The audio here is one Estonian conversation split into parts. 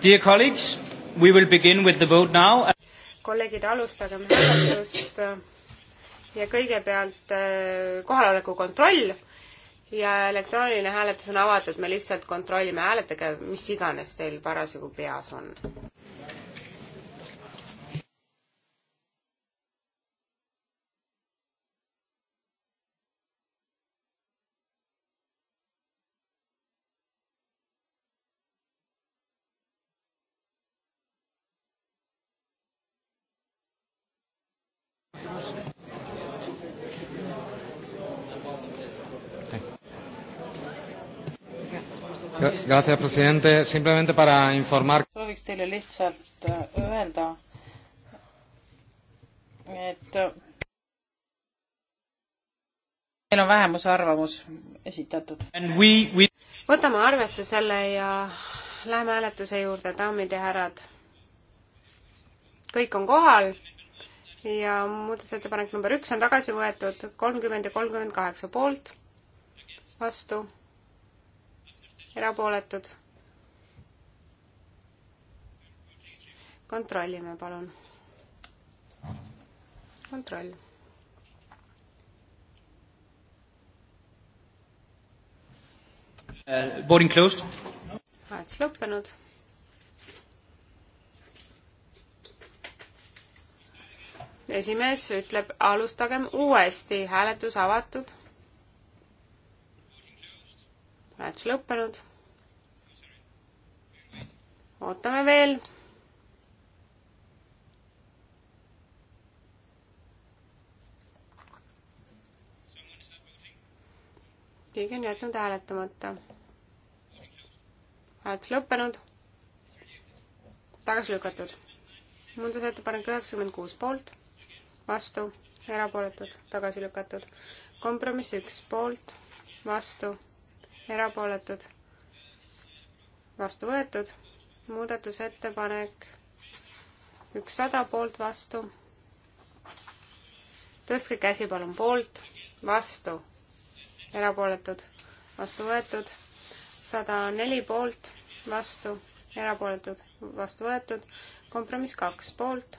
Dear colleagues, we will begin with the vote now. kolleegid, alustagem hääletust ja kõigepealt äh, kohaloleku kontroll ja elektrooniline hääletus on avatud, me lihtsalt kontrollime, hääletage mis iganes teil parasjagu peas on. Gracias, presidente. Simplemente para informar. sooviks teile lihtsalt äh, öelda, et meil on vähemuse arvamus esitatud. We... võtame arvesse selle ja läheme hääletuse juurde, daamid ja härrad. kõik on kohal ja muudatusettepanek number üks on tagasi võetud, kolmkümmend ja kolmkümmend kaheksa poolt, vastu erapooletud. kontrollime, palun. kontroll. Boarding uh, closed. hääletus lõppenud. esimees ütleb, alustagem uuesti, hääletus avatud. hääletus lõppenud ootame veel. keegi on jätnud hääletamata. hääletus lõppenud. tagasi lükatud. muudatusettepanek üheksakümmend kuus poolt, vastu, erapooletud, tagasi lükatud. kompromiss üks poolt, vastu, erapooletud, vastu võetud muudatusettepanek ükssada poolt vastu. tõstke käsi palun poolt, vastu, erapooletud, vastu võetud, sada neli poolt, vastu, erapooletud, vastu võetud, kompromiss kaks poolt,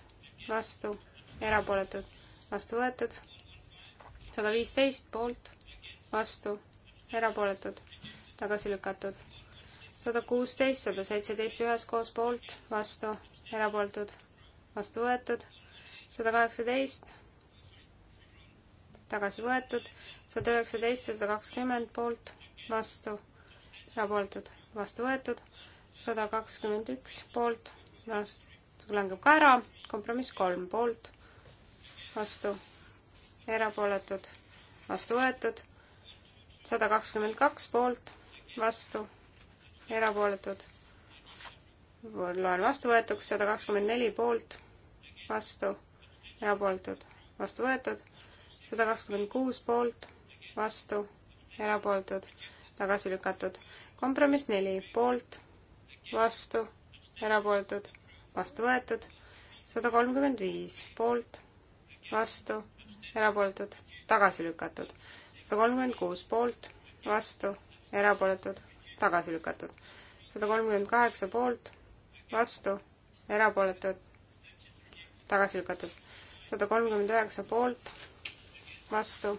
vastu, erapooletud, vastu võetud, sada viisteist poolt, vastu, erapooletud, tagasi lükatud sada kuusteist, sada seitseteist üheskoos poolt, vastu, erapooletud, vastu võetud, sada kaheksateist, tagasi võetud, sada üheksateist ja sada kakskümmend poolt, vastu, erapooletud, vastu võetud, sada kakskümmend üks poolt, vastu langeb ka ära, kompromiss kolm poolt, vastu, erapooletud, vastu võetud, sada kakskümmend kaks poolt, vastu erapooletud, loen vastuvõetuks, sada kakskümmend neli poolt, vastu, erapooletud, vastu võetud, sada kakskümmend kuus poolt, vastu, erapooletud, tagasi lükatud. kompromiss neli, poolt, vastu, erapooletud, vastu võetud, sada kolmkümmend viis poolt, vastu, erapooletud, tagasi lükatud. sada kolmkümmend kuus poolt, vastu, erapooletud, tagasi lükatud. sada kolmkümmend kaheksa poolt, vastu, erapooletud, tagasi lükatud. sada kolmkümmend üheksa poolt, vastu,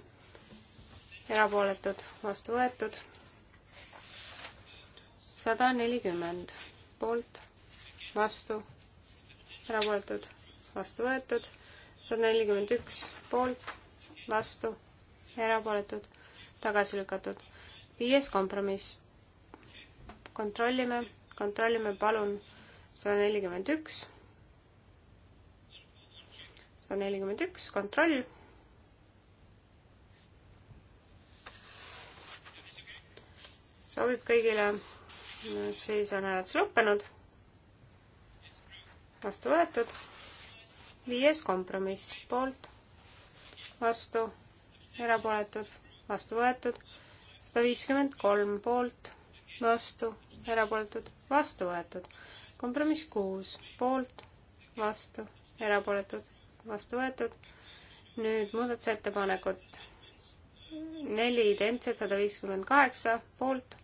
erapooletud, vastu võetud. sada nelikümmend poolt, vastu, erapooletud, vastu võetud. sada nelikümmend üks poolt, vastu, erapooletud, tagasi lükatud. viies kompromiss kontrollime, kontrollime, palun, sada nelikümmend üks, sada nelikümmend üks, kontroll. sobib kõigile, siis on hääletus lõppenud, vastu võetud, viies kompromiss, poolt, vastu, erapooletud, vastu võetud, sada viiskümmend kolm poolt, vastu erapooletud, vastu võetud. kompromiss kuus, poolt, vastu, erapooletud, vastu võetud. nüüd muudatusettepanekud neli identset, sada viiskümmend kaheksa, poolt,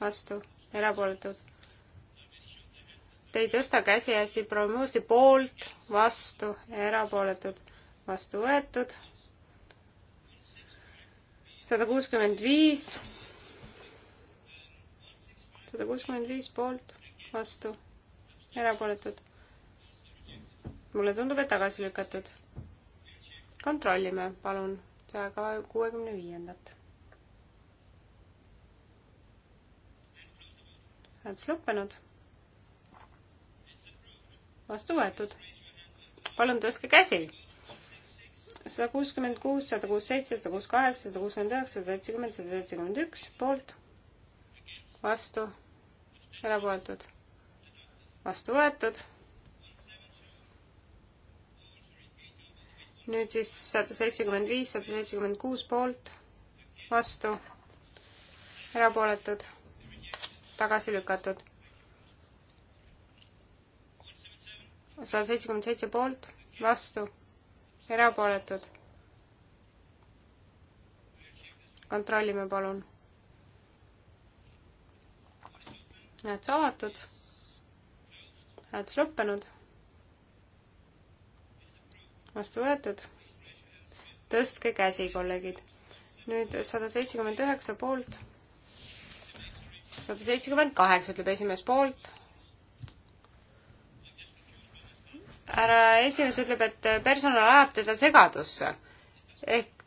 vastu, erapooletud. Te ei tõsta käsi hästi, proovime uuesti, poolt, vastu, erapooletud, vastu võetud. sada kuuskümmend viis sada kuuskümmend viis poolt, vastu, erapooletud. mulle tundub, et tagasi lükatud. kontrollime, palun, saja kuuekümne viiendat. hääletus lõppenud. vastu võetud. palun tõstke käsi sada kuuskümmend kuus, sada kuus seitse, sada kuus kaheksa, sada kuuskümmend üheksa, sada seitsekümmend, sada seitsekümmend üks poolt, vastu, erapooletud, vastu võetud. nüüd siis sada seitsekümmend viis, sada seitsekümmend kuus poolt, vastu, erapooletud, tagasi lükatud. sada seitsekümmend seitse poolt, vastu, erapooletud. kontrollime palun hääletus avatud, hääletus lõppenud, vastu võetud. tõstke käsi, kolleegid. nüüd sada seitsekümmend üheksa poolt, sada seitsekümmend kaheksa ütleb esimees poolt härra esimees ütleb, et personal ajab teda segadusse. ehk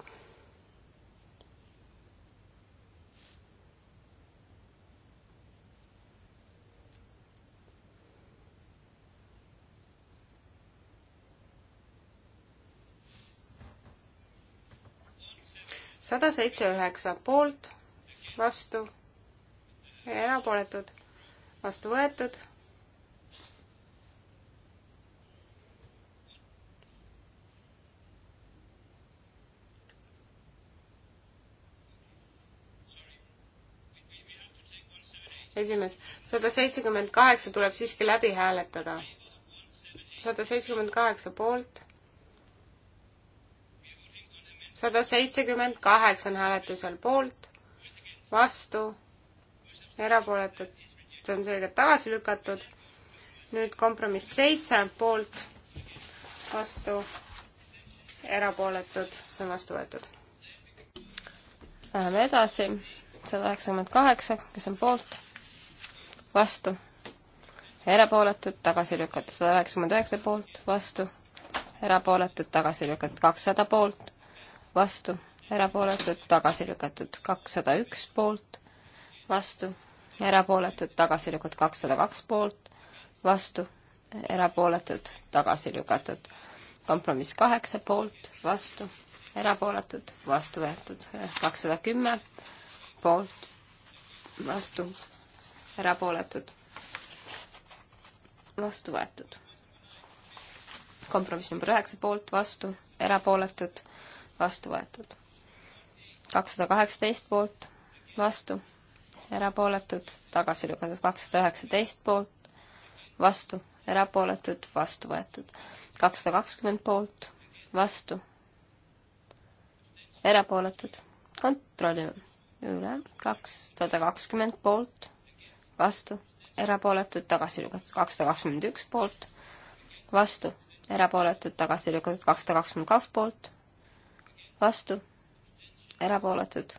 sada seitse üheksa poolt, vastu, erapooletud, vastu võetud. esimees, sada seitsekümmend kaheksa tuleb siiski läbi hääletada. sada seitsekümmend kaheksa poolt sada seitsekümmend kaheksa on hääletusel poolt, vastu, erapooletud, see on selgelt tagasi lükatud. nüüd kompromiss seitse poolt, vastu, erapooletud, see on vastu võetud. Läheme edasi, sada üheksakümmend kaheksa, kes on poolt, vastu, erapooletud, tagasi lükatud, sada üheksakümmend üheksa poolt, vastu, erapooletud, tagasi lükatud, kakssada poolt vastu, erapooletud, tagasi lükatud kakssada üks poolt, vastu, erapooletud, tagasi lükatud kakssada kaks poolt, vastu, erapooletud, tagasi lükatud. kompromiss kaheksa poolt, vastu, erapooletud, vastu võetud kakssada kümme poolt, vastu, erapooletud, vastu võetud. kompromiss number üheksa poolt, vastu, erapooletud vastu võetud. kakssada kaheksateist poolt, vastu, erapooletud, tagasi lükatud, kakssada üheksateist poolt, vastu, erapooletud, vastu võetud. kakssada kakskümmend poolt, vastu, erapooletud, kontrollime üle, kakssada kakskümmend poolt, vastu, erapooletud, tagasi lükatud, kakssada kakskümmend üks poolt, vastu, erapooletud, tagasi lükatud, kakssada kakskümmend kaks poolt vastu, erapooletud.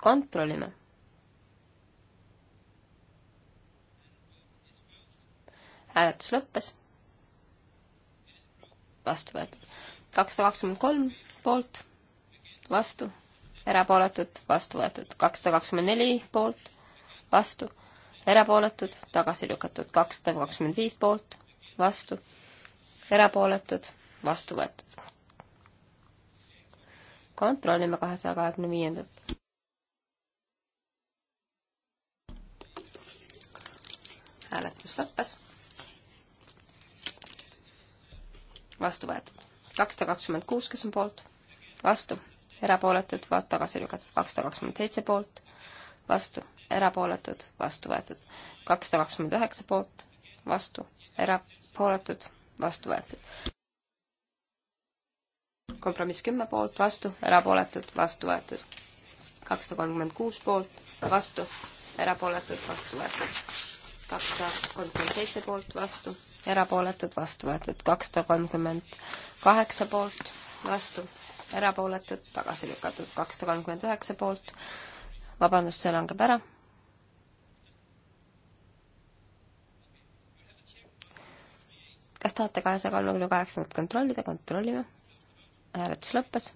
kontrollime. hääletus lõppes. vastu võetud. kakssada kakskümmend kolm poolt, vastu, erapooletud, vastu võetud. kakssada kakskümmend neli poolt, vastu, erapooletud, tagasi lükatud. kakssada kakskümmend viis poolt, vastu, erapooletud, vastu võetud kontrollime kahesaja kahekümne viiendat. hääletus lõppes. vastu võetud. kakssada kakskümmend kuus, kes on poolt, vastu, erapooletud, tagasi lükatud, kakssada kakskümmend seitse poolt, vastu, erapooletud, vastu võetud. kakssada kakskümmend üheksa poolt, vastu, erapooletud, vastu võetud kompromiss kümme poolt, vastu, erapooletud, vastu võetud. kakssada kolmkümmend kuus poolt, vastu, erapooletud, vastu võetud. kakssada kolmkümmend seitse poolt, vastu, erapooletud, vastu võetud. kakssada kolmkümmend kaheksa poolt, vastu, erapooletud, tagasi lükatud. kakssada kolmkümmend üheksa poolt, vabandust, see langeb ära kas tahate kahesaja kolmekümne kaheksandat kontrollida, kontrollime hääletus lõppes.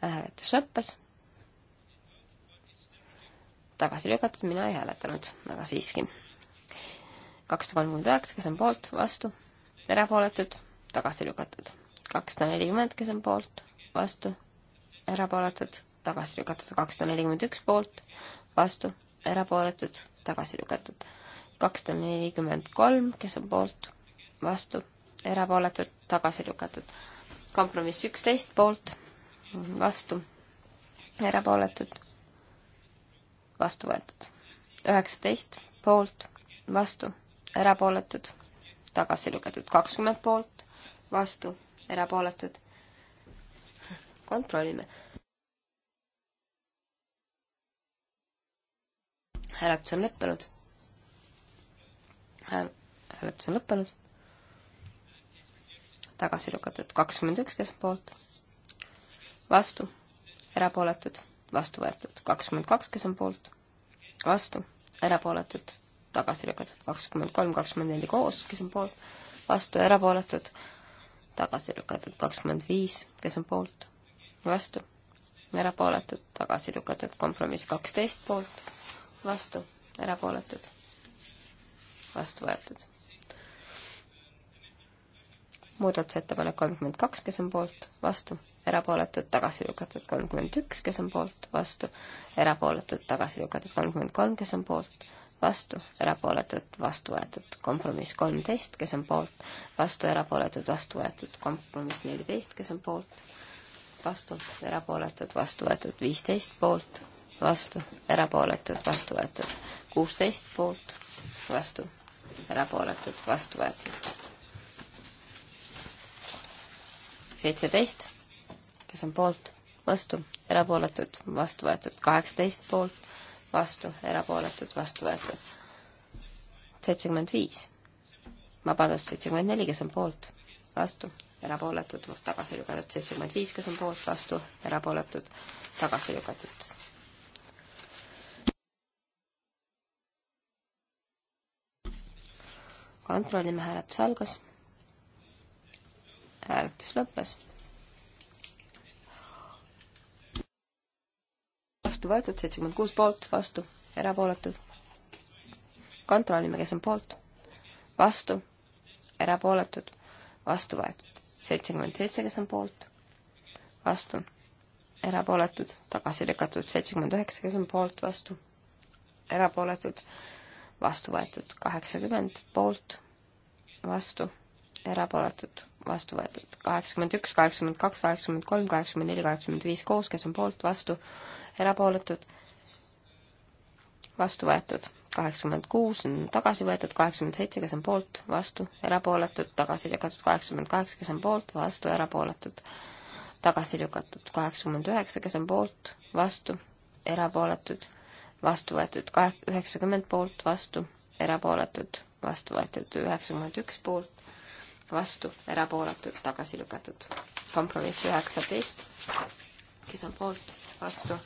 hääletus lõppes. tagasi lükatud, mina ei hääletanud, aga siiski. kakssada kolmkümmend üheksa, kes on poolt, vastu, erapooletud, tagasi lükatud. kakssada nelikümmend, kes on poolt, vastu, erapooletud, tagasi lükatud. kakssada nelikümmend üks poolt, vastu, erapooletud, tagasi lükatud. kakssada nelikümmend kolm, kes on poolt, vastu erapooletud, tagasi lükatud. kompromiss üksteist poolt, vastu, erapooletud, vastu võetud. üheksateist poolt, vastu, erapooletud, tagasi lükatud. kakskümmend poolt, vastu, erapooletud. kontrollime. hääletus on lõppenud hääl-, hääletus on lõppenud tagasi lükatud kakskümmend üks, kes on poolt, vastu, erapooletud, vastu võetud kakskümmend kaks, kes on poolt, vastu, erapooletud, tagasi lükatud kakskümmend kolm, kakskümmend neli koos, kes on poolt, vastu, erapooletud, tagasi lükatud kakskümmend viis, kes on poolt, vastu, erapooletud, tagasi lükatud kompromiss kaksteist poolt, vastu, erapooletud, vastu võetud muudatusettepanek kolmkümmend kaks, kes on poolt, vastu, erapooletud, tagasi lükatud kolmkümmend üks, kes on poolt, vastu, erapooletud, tagasi lükatud kolmkümmend kolm, kes on poolt, vastu, erapooletud, vastu võetud, kompromiss kolmteist, kes on poolt, vastu, erapooletud, vastu võetud, kompromiss neliteist, kes on poolt, vastu, erapooletud, vastu võetud, viisteist poolt, vastu, erapooletud, vastu võetud, kuusteist poolt, vastu, erapooletud, vastu võetud seitseteist, kes on poolt, vastu, erapooletud, vastu võetud, kaheksateist poolt, vastu, erapooletud, vastu võetud. seitsekümmend viis, vabandust, seitsekümmend neli, kes on poolt, vastu, erapooletud, tagasi lükatud, seitsekümmend viis, kes on poolt, vastu, erapooletud, tagasi lükatud. kontrollime, hääletus algas hääletus lõppes. vastu võetud, seitsekümmend kuus poolt, vastu, erapooletud. kontrollime, kes on poolt, vastu, erapooletud, vastu võetud. seitsekümmend seitse, kes on poolt, vastu, erapooletud, tagasi lükatud. seitsekümmend üheksa, kes on poolt, vastu, erapooletud, vastu võetud. kaheksakümmend poolt, vastu, erapooletud, vastu võetud. kaheksakümmend üks, kaheksakümmend kaks, kaheksakümmend kolm, kaheksakümmend neli, kaheksakümmend viis koos, kes on poolt, vastu, erapooletud, vastu võetud. kaheksakümmend kuus on tagasi võetud, kaheksakümmend seitse, kes on poolt, vastu, erapooletud, tagasi lükatud, kaheksakümmend kaheksa, kes on poolt, vastu, erapooletud, tagasi lükatud, kaheksakümmend üheksa, kes on poolt, vastu, erapooletud, vastu võetud, kahe-, üheksakümmend poolt, vastu, erapooletud, vastu võetud, üheksakümmend üks poolt, vastu, erapooletud, tagasi lükatud. kompromiss üheksateist, kes on poolt, vastu,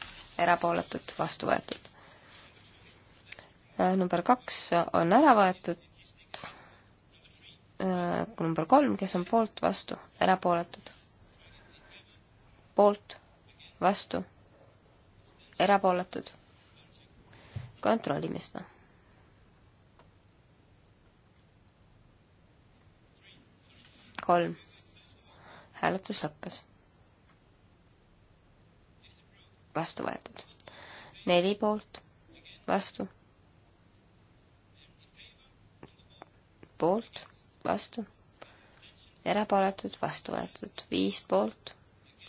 erapooletud, vastu võetud. Äh, number kaks on ära võetud, äh, number kolm, kes on poolt, vastu, erapooletud. poolt, vastu, erapooletud. kontrollime seda kolm. hääletus lõppes. vastu võetud. neli poolt, vastu. poolt, vastu. erapooletud, vastu võetud. viis poolt,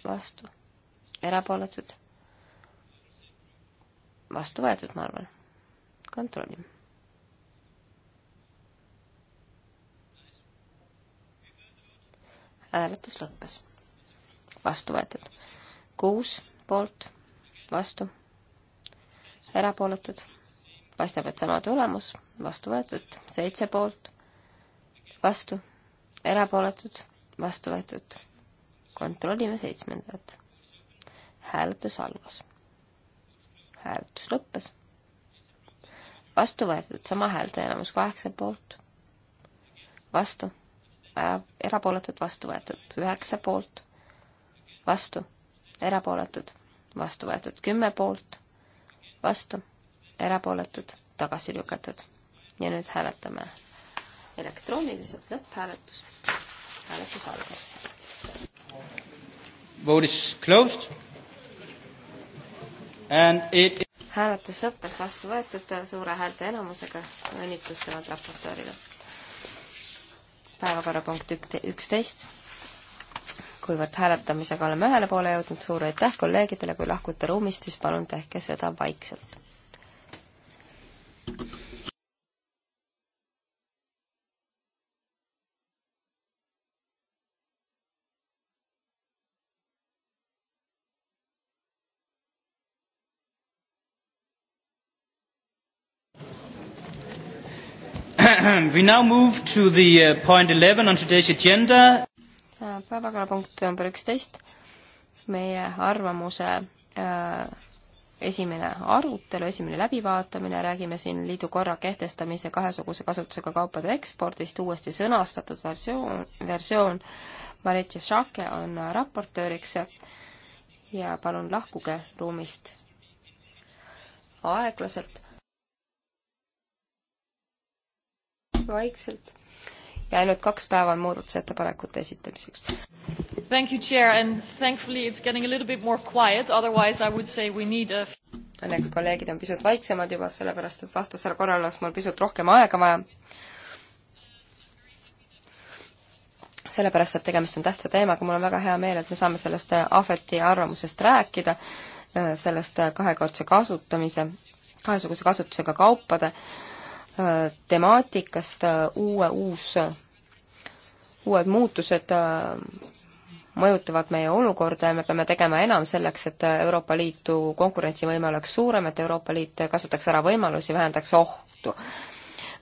vastu. erapooletud, vastu võetud, ma arvan. kontrollime hääletus lõppes. vastu võetud. kuus poolt, vastu, erapooletud, paistab, et sama tulemus, vastu võetud, seitse poolt, vastu, erapooletud, vastu võetud. kontrollime seitsmendat. hääletus algas. hääletus lõppes. vastu võetud, sama häälte enamus kaheksa poolt, vastu Äh, erapooletud, vastu võetud. üheksa poolt, vastu, erapooletud, vastu võetud. kümme poolt, vastu, erapooletud, tagasi lükatud. ja nüüd hääletame elektrooniliselt, lõpphääletus. hääletus algas. Vote is closed. And it hääletus lõppes vastu võetud suure häälte enamusega, õnnitlused raportöörile päevakorrapunkt üksteist. kuivõrd hääletamisega oleme ühele poole jõudnud, suur aitäh kolleegidele, kui lahkute ruumist, siis palun tehke seda vaikselt Um, we now move to the uh, point 11 on today's agenda. Äh, päevakorrapunkt number üksteist, meie arvamuse äh, esimene arutelu, esimene läbivaatamine, räägime siin liidu korra kehtestamise kahesuguse kasutusega kaupade ekspordist, uuesti sõnastatud versioon, versioon. Maritja Šake on raportööriks ja palun lahkuge ruumist aeglaselt vaikselt ja ainult kaks päeva on muudatusettepanekute esitamiseks. Thank you, chair, and thankfully it's getting a little bit more quiet, otherwise I would say we need a Õnneks kolleegid on pisut vaiksemad juba, sellepärast et vastasel korral oleks mul pisut rohkem aega vaja. sellepärast, et tegemist on tähtsa teemaga, mul on väga hea meel, et me saame sellest äh, ahveti arvamusest rääkida, äh, sellest äh, kahekordse kasutamise, kahesuguse kasutusega kaupade äh, temaatikast, uue, uus, uued muutused äh, mõjutavad meie olukorda ja me peame tegema enam selleks, et Euroopa Liitu konkurentsivõime oleks suurem, et Euroopa Liit kasutaks ära võimalusi, vähendaks ohtu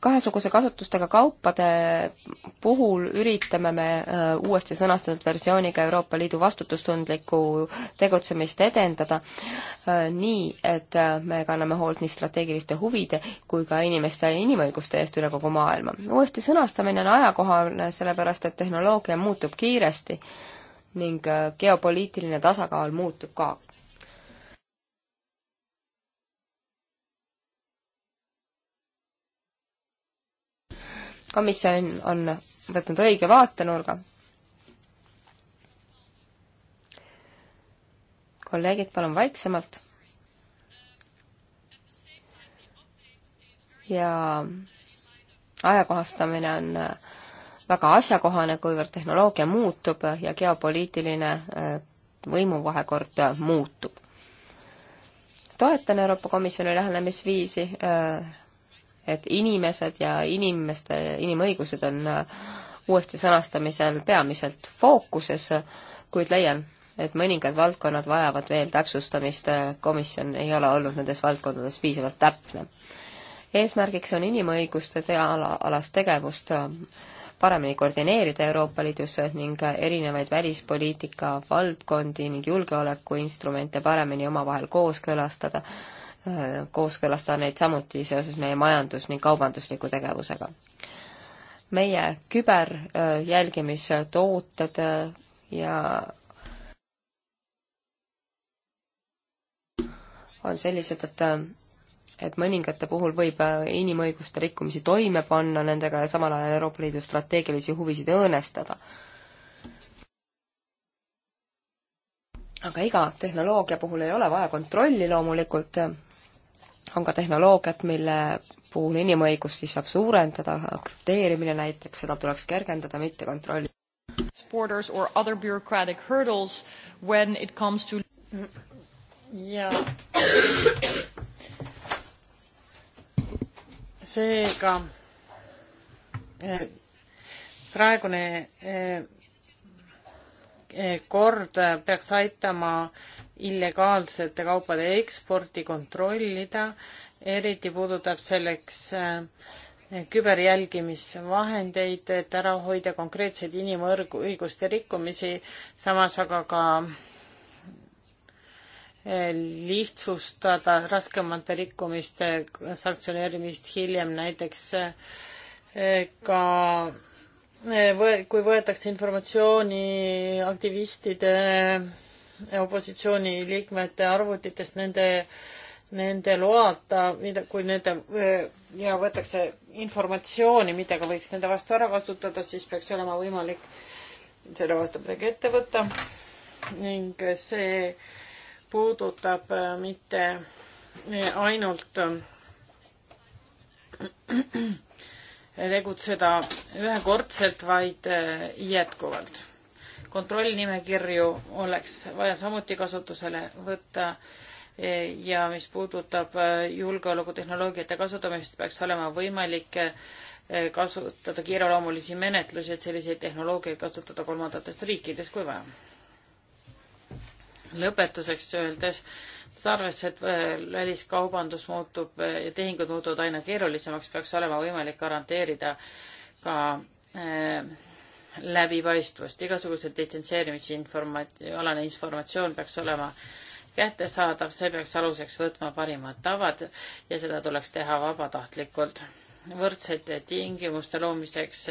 kahesuguse kasutustega kaupade puhul üritame me äh, uuesti sõnastatud versiooniga Euroopa Liidu vastutustundlikku tegutsemist edendada äh, nii, et äh, me kanname hoolt nii strateegiliste huvide kui ka inimeste inimõiguste eest üle kogu maailma. uuesti sõnastamine on ajakohane, sellepärast et tehnoloogia muutub kiiresti ning geopoliitiline tasakaal muutub ka komisjon on võtnud õige vaatenurga. kolleegid, palun vaiksemalt. ja ajakohastamine on väga asjakohane, kuivõrd tehnoloogia muutub ja geopoliitiline äh, võimuvahekord muutub. toetan Euroopa Komisjoni lähenemisviisi äh, et inimesed ja inimeste, inimõigused on äh, uuesti sõnastamisel peamiselt fookuses, kuid leian, et mõningad valdkonnad vajavad veel täpsustamist, äh, komisjon ei ole olnud nendes valdkondades piisavalt täpne. eesmärgiks on inimõiguste alast tegevust äh, paremini koordineerida Euroopa Liidus ning erinevaid välispoliitika valdkondi ning julgeolekuinstrumente paremini omavahel kooskõlastada kooskõlastada neid samuti seoses meie majandus- ning kaubandusliku tegevusega. meie küberjälgimistooted äh, ja on sellised, et äh, et mõningate puhul võib äh, inimõiguste rikkumisi toime panna nendega ja samal ajal Euroopa Liidu strateegilisi huvisid õõnestada. aga iga tehnoloogia puhul ei ole vaja kontrolli loomulikult, on ka tehnoloogiat, mille puhul inimõigust siis saab suurendada, krüpteerimine näiteks, seda tuleks kergendada, mitte kontrollida. Borders or other bureaucratic hurdles when it comes to ja seega eh, praegune eh, eh, kord peaks aitama äh, illegaalsete kaupade eksporti kontrollida, eriti puudutab selleks äh, küberjälgimisvahendeid, et ära hoida konkreetseid inimõiguste rikkumisi, samas aga ka äh, lihtsustada raskemate rikkumiste sanktsioneerimist hiljem, näiteks äh, ka kui võetakse informatsiooni aktivistide opositsiooni liikmete arvutitest nende, nende loata, mida, kui nende ja võetakse informatsiooni, mida ka võiks nende vastu ära kasutada, siis peaks olema võimalik selle vastu midagi ette võtta. ning see puudutab äh, mitte äh, ainult äh, tegutseda ühekordselt, vaid jätkuvalt kontrollnimekirju oleks vaja samuti kasutusele võtta ja mis puudutab äh, julgeolekutehnoloogiate kasutamist, peaks olema võimalik äh, kasutada kiireloomulisi menetlusi, et selliseid tehnoloogiaid kasutada kolmandates riikides, kui vaja. lõpetuseks öeldes, arvesse, et äh, väliskaubandus muutub ja tehingud muutuvad aina keerulisemaks, peaks olema võimalik garanteerida ka äh, läbipaistvust, igasugused litsenseerimise informat-, alane informatsioon peaks olema kättesaadav, see peaks aluseks võtma parimad tavad ja seda tuleks teha vabatahtlikult. võrdsete tingimuste loomiseks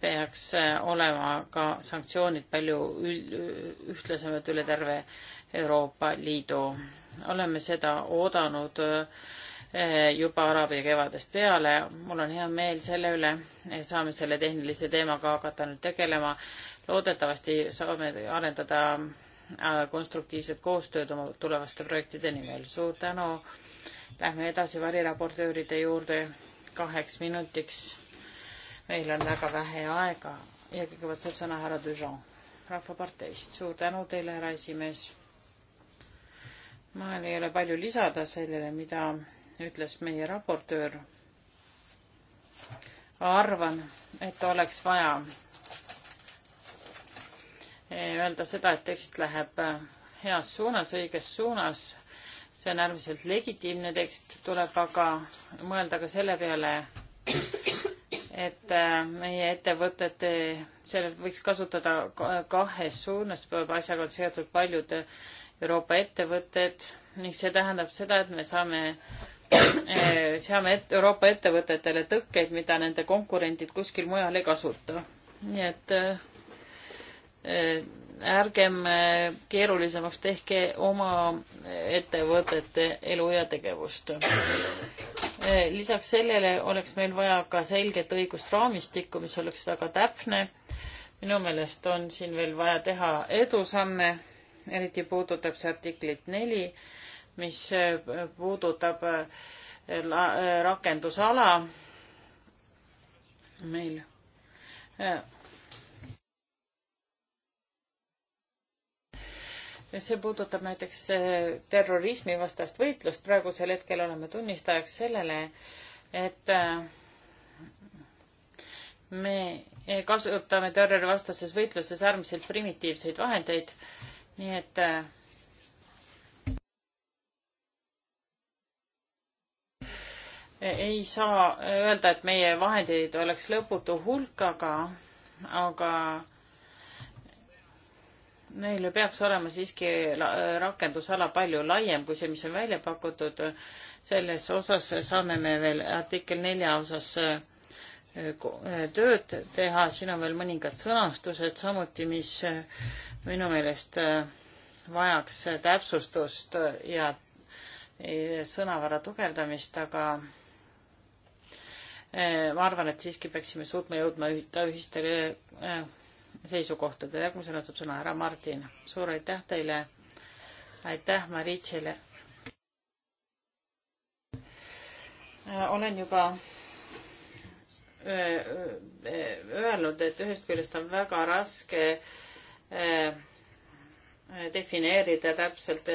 peaks olema ka sanktsioonid palju ül-, ühtlasemad üle terve Euroopa Liidu. oleme seda oodanud äh, Eh, juba araabia kevadest peale. mul on hea meel selle üle, et saame selle tehnilise teemaga hakata nüüd tegelema. loodetavasti saame arendada äh, konstruktiivset koostööd oma tulevaste projektide nimel. suur tänu. Lähme edasi variraportööride juurde kaheks minutiks. meil on väga vähe aega ja kõigepealt saab sõna härra Dujon Rahvaparteist. suur tänu teile, härra esimees. mul ei ole palju lisada sellele, mida ütles meie raportöör. arvan, et oleks vaja öelda seda, et tekst läheb heas suunas, õiges suunas. see on äärmiselt legitiimne tekst, tuleb aga mõelda ka selle peale, et meie ettevõtete, sellel võiks kasutada kahes suunas, asjaga on seotud paljud Euroopa ettevõtted ning see tähendab seda, et me saame Eh, seame et Euroopa ettevõtetele tõkkeid, mida nende konkurendid kuskil mujal ei kasuta. nii et eh, ärgem eh, keerulisemaks tehke oma ettevõtete elu ja tegevust. lisaks sellele oleks meil vaja ka selget õigusraamistikku, mis oleks väga täpne. minu meelest on siin veel vaja teha edusamme, eriti puudutab see artiklit neli mis eh, puudutab eh, eh, rakendusala meil see puudutab näiteks terrorismivastast võitlust, praegusel hetkel oleme tunnistajaks sellele, et me kasutame terrorivastases võitluses äärmiselt primitiivseid vahendeid, nii et ei saa öelda, et meie vahendeid oleks lõputu hulk, aga, aga neil peaks olema siiski rakendusala palju laiem kui see, mis on välja pakutud. selles osas saame me veel artikkel nelja osas eh, eh, tööd teha, siin on veel mõningad sõnastused samuti, mis eh, minu meelest vajaks täpsustust ja sõnavara tugevdamist, aga Äh, ma arvan, et siiski peaksime suutma jõudma ühistele äh, seisukohtadele. järgmisena saab sõna härra Martin. suur aitäh teile. aitäh Maritšile. Äh, olen juba öelnud, et ühest küljest on väga raske defineerida täpselt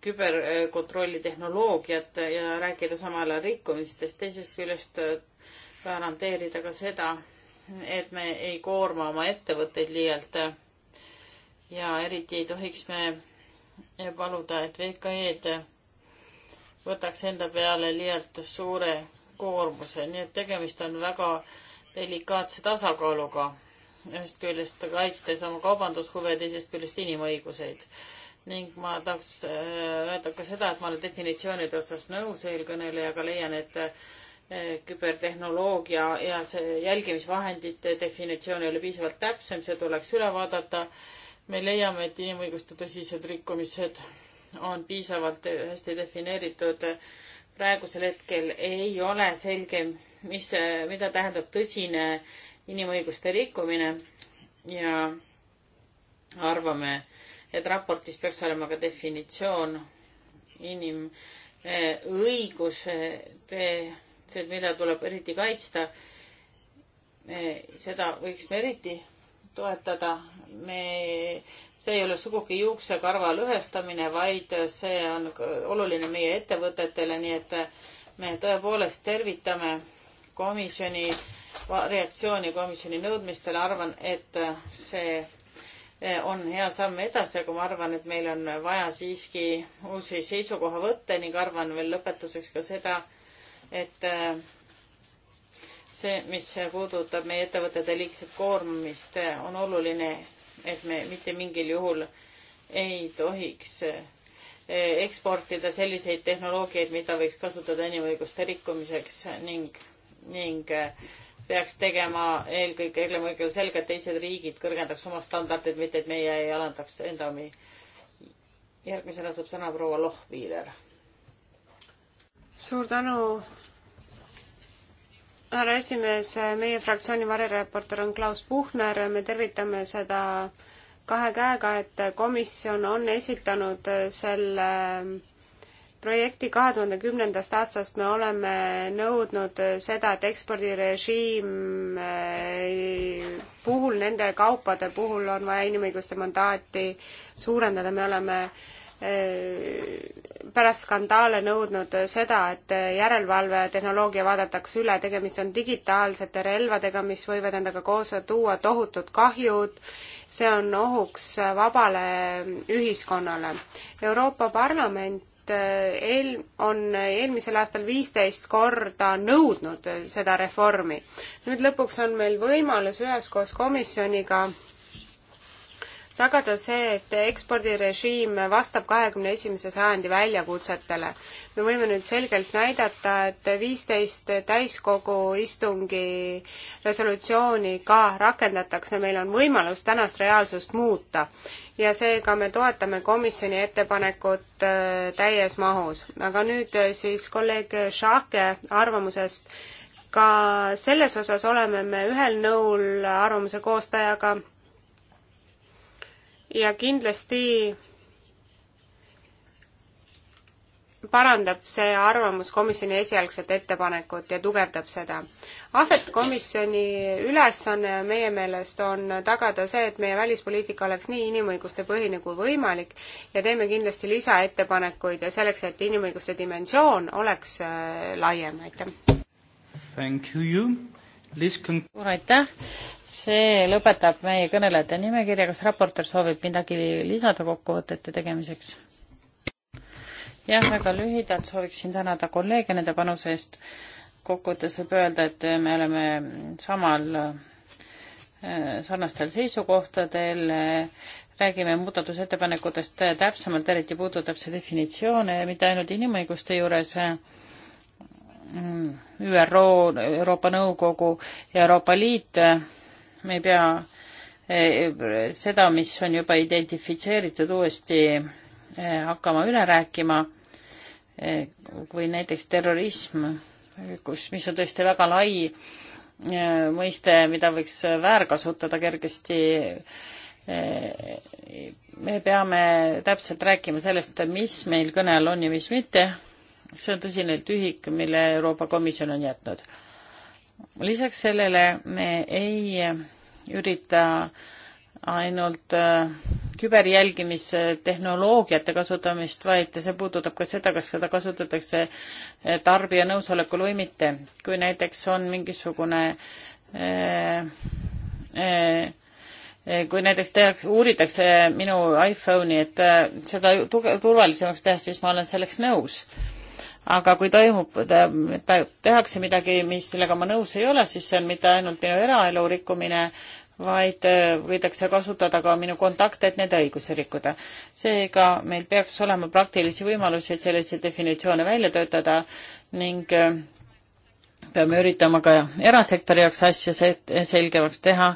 küberkontrolli tehnoloogiat ja rääkida samal ajal rikkumistest, teisest küljest garanteerida äh, ka seda, et me ei koorma oma ettevõtteid liialt. ja eriti ei tohiks me paluda, et VKE-d võtaks enda peale liialt suure koormuse, nii et tegemist on väga delikaatse tasakaaluga. ühest küljest kaitstes oma kaubandushuve, teisest küljest inimõiguseid ning ma tahaks äh, öelda ka seda, et ma olen definitsioonide osas nõus eelkõnelejaga, leian, et äh, kübertehnoloogia ja see jälgimisvahendite definitsioon ei ole piisavalt täpsem, see tuleks üle vaadata. me leiame, et inimõiguste tõsised rikkumised on piisavalt hästi defineeritud. praegusel hetkel ei ole selge, mis, mida tähendab tõsine inimõiguste rikkumine ja arvame, et raportis peaks olema ka definitsioon inimõiguse, see, mida tuleb eriti kaitsta, seda võiks me eriti toetada. me, see ei ole sugugi juuksekarva lõhestamine, vaid see on oluline meie ettevõtetele, nii et me tõepoolest tervitame komisjoni reaktsiooni komisjoni nõudmistele, arvan, et see Eh, on hea samm edasi, aga ma arvan, et meil on vaja siiski uusi seisukohavõtte ning arvan veel lõpetuseks ka seda, et eh, see, mis puudutab meie ettevõtete liigset koormamist, eh, on oluline, et me mitte mingil juhul ei tohiks eksportida selliseid tehnoloogiaid, mida võiks kasutada inimõiguste rikkumiseks ning, ning peaks tegema eelkõige eelkõige selga, et teised riigid kõrgendaks oma standardeid, mitte et meie ei alandaks enda omi. järgmisena saab sõna proua Lohviiler. suur tänu, härra esimees, meie fraktsiooni varireporter on Klaus Puhner, me tervitame seda kahe käega, et komisjon on esitanud selle projekti kahe tuhande kümnendast aastast me oleme nõudnud seda, et ekspordirežiim eh, puhul, nende kaupade puhul on vaja inimõiguste mandaati suurendada, me oleme eh, pärast skandaale nõudnud seda, et järelevalvetehnoloogia vaadatakse üle, tegemist on digitaalsete relvadega, mis võivad endaga koos tuua tohutud kahjud, see on ohuks vabale ühiskonnale. Euroopa Parlament et äh, eel-, on eelmisel aastal viisteist korda nõudnud äh, seda reformi. nüüd lõpuks on meil võimalus üheskoos komisjoniga tagada see, et ekspordirežiim vastab kahekümne esimese sajandi väljakutsetele. me võime nüüd selgelt näidata, et viisteist täiskogu istungi resolutsiooni ka rakendatakse, meil on võimalus tänast reaalsust muuta ja seega me toetame komisjoni ettepanekut äh, täies mahus. aga nüüd äh, siis kolleeg Šake arvamusest. ka selles osas oleme me ühel nõul arvamuse koostajaga ja kindlasti parandab see arvamus komisjoni esialgset ettepanekut ja tugevdab seda asetkomisjoni ülesanne meie meelest on tagada see, et meie välispoliitika oleks nii inimõiguste põhine kui võimalik ja teeme kindlasti lisaettepanekuid ja selleks, et inimõiguste dimensioon oleks äh, laiem, aitäh! suur aitäh, see lõpetab meie kõnelejate nimekirja, kas raportöör soovib midagi lisada kokkuvõtete tegemiseks? jah, väga lühidalt sooviksin tänada kolleege nende panuse eest kokkuvõttes võib öelda, et me oleme samal, äh, sarnastel seisukohtadel, räägime muudatusettepanekutest täpsemalt, eriti puudutab see definitsioone, mitte ainult inimõiguste juures, mm, ÜRO, Euroopa Nõukogu ja Euroopa Liit, me ei pea eh, seda, mis on juba identifitseeritud, uuesti eh, hakkama üle rääkima, eh, kui näiteks terrorism kus, mis on tõesti väga lai äh, mõiste, mida võiks väärkasutada kergesti. Äh, me peame täpselt rääkima sellest, mis meil kõne all on ja mis mitte. see on tõsine tühik, mille Euroopa Komisjon on jätnud. lisaks sellele me ei ürita ainult äh, küberjälgimistehnoloogiate kasutamist, vaid see puudutab ka seda, kas seda kasutatakse eh, tarbija nõusolekul või mitte. kui näiteks on mingisugune eh, eh, kui näiteks tehakse, uuritakse minu iPhone'i, et seda turvalisemaks teha, siis ma olen selleks nõus aga kui toimub, tehakse midagi, mis, millega ma nõus ei ole, siis see on mitte ainult minu eraelu rikkumine, vaid äh, võidakse kasutada ka minu kontakte, et nende õigusi rikkuda. seega meil peaks olema praktilisi võimalusi, et selliseid definitsioone välja töötada ning äh, peame üritama ka erasektori jaoks asja selgemaks teha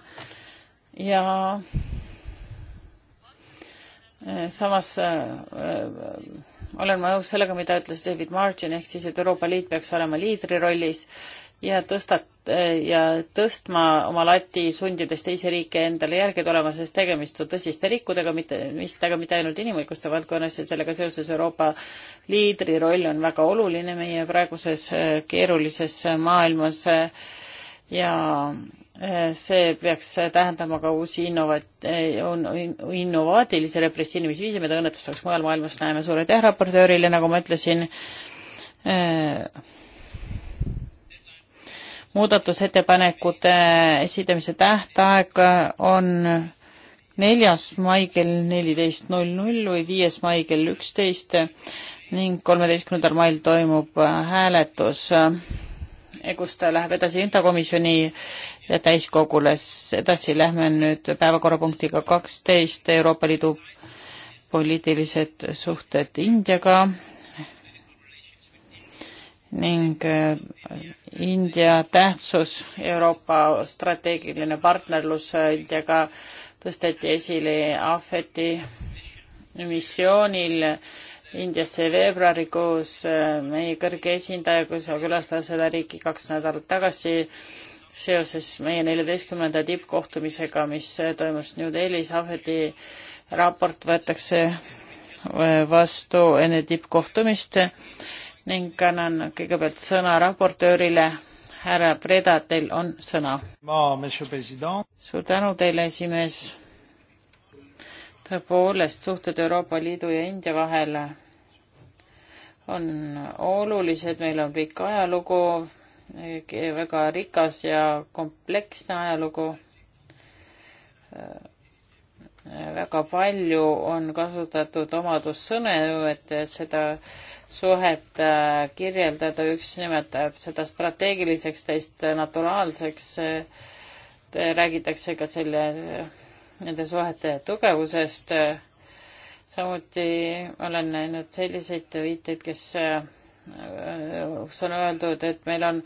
ja äh, samas olen ma nõus sellega, mida ütles David Martin, ehk siis, et Euroopa Liit peaks olema liidri rollis ja tõstat-, Eh, ja tõstma oma lati, sundides teisi riike endale järgi tulema, sest tegemist on tõsiste rikkudega, mitte, mis taga mitte ainult inimõiguste valdkonnas ja sellega seoses Euroopa liidri roll on väga oluline meie praeguses eh, keerulises maailmas eh, ja see peaks tähendama ka uusi innovat-, innovaatilisi repressiinimisviise, mida õnnetuseks mujal maailmas näeme. suur aitäh raportöörile, nagu ma ütlesin äh,, muudatusettepanekute esitamise tähtaeg on neljas mai kell neliteist null null või viies mai kell üksteist ning kolmeteistkümnendal mail toimub hääletus, kus ta läheb edasi intakomisjoni täiskogule. edasi lähme nüüd päevakorrapunktiga kaksteist Euroopa Liidu poliitilised suhted Indiaga ning äh, India tähtsus, Euroopa strateegiline partnerlus äh, Indiaga tõsteti esile Ahveti missioonil Indiasse veebruarikuus. Äh, meie kõrge esindaja, kui sa külastad seda riiki kaks nädalat tagasi seoses meie neljateistkümnenda tippkohtumisega, mis toimus New Delhis, Ahveti raport võetakse vastu enne tippkohtumist ning annan kõigepealt sõna raportöörile. härra Preda, teil on sõna. suur tänu teile, esimees. tõepoolest, suhted Euroopa Liidu ja India vahel on olulised, meil on pikk ajalugu, väga rikas ja kompleksne ajalugu väga palju on kasutatud omadussõnu, et seda suhet äh, kirjeldada, üks nimetab seda strateegiliseks, teist naturaalseks. räägitakse ka selle, nende suhete tugevusest. samuti olen näinud selliseid viiteid, kes äh, kus on öeldud, et meil on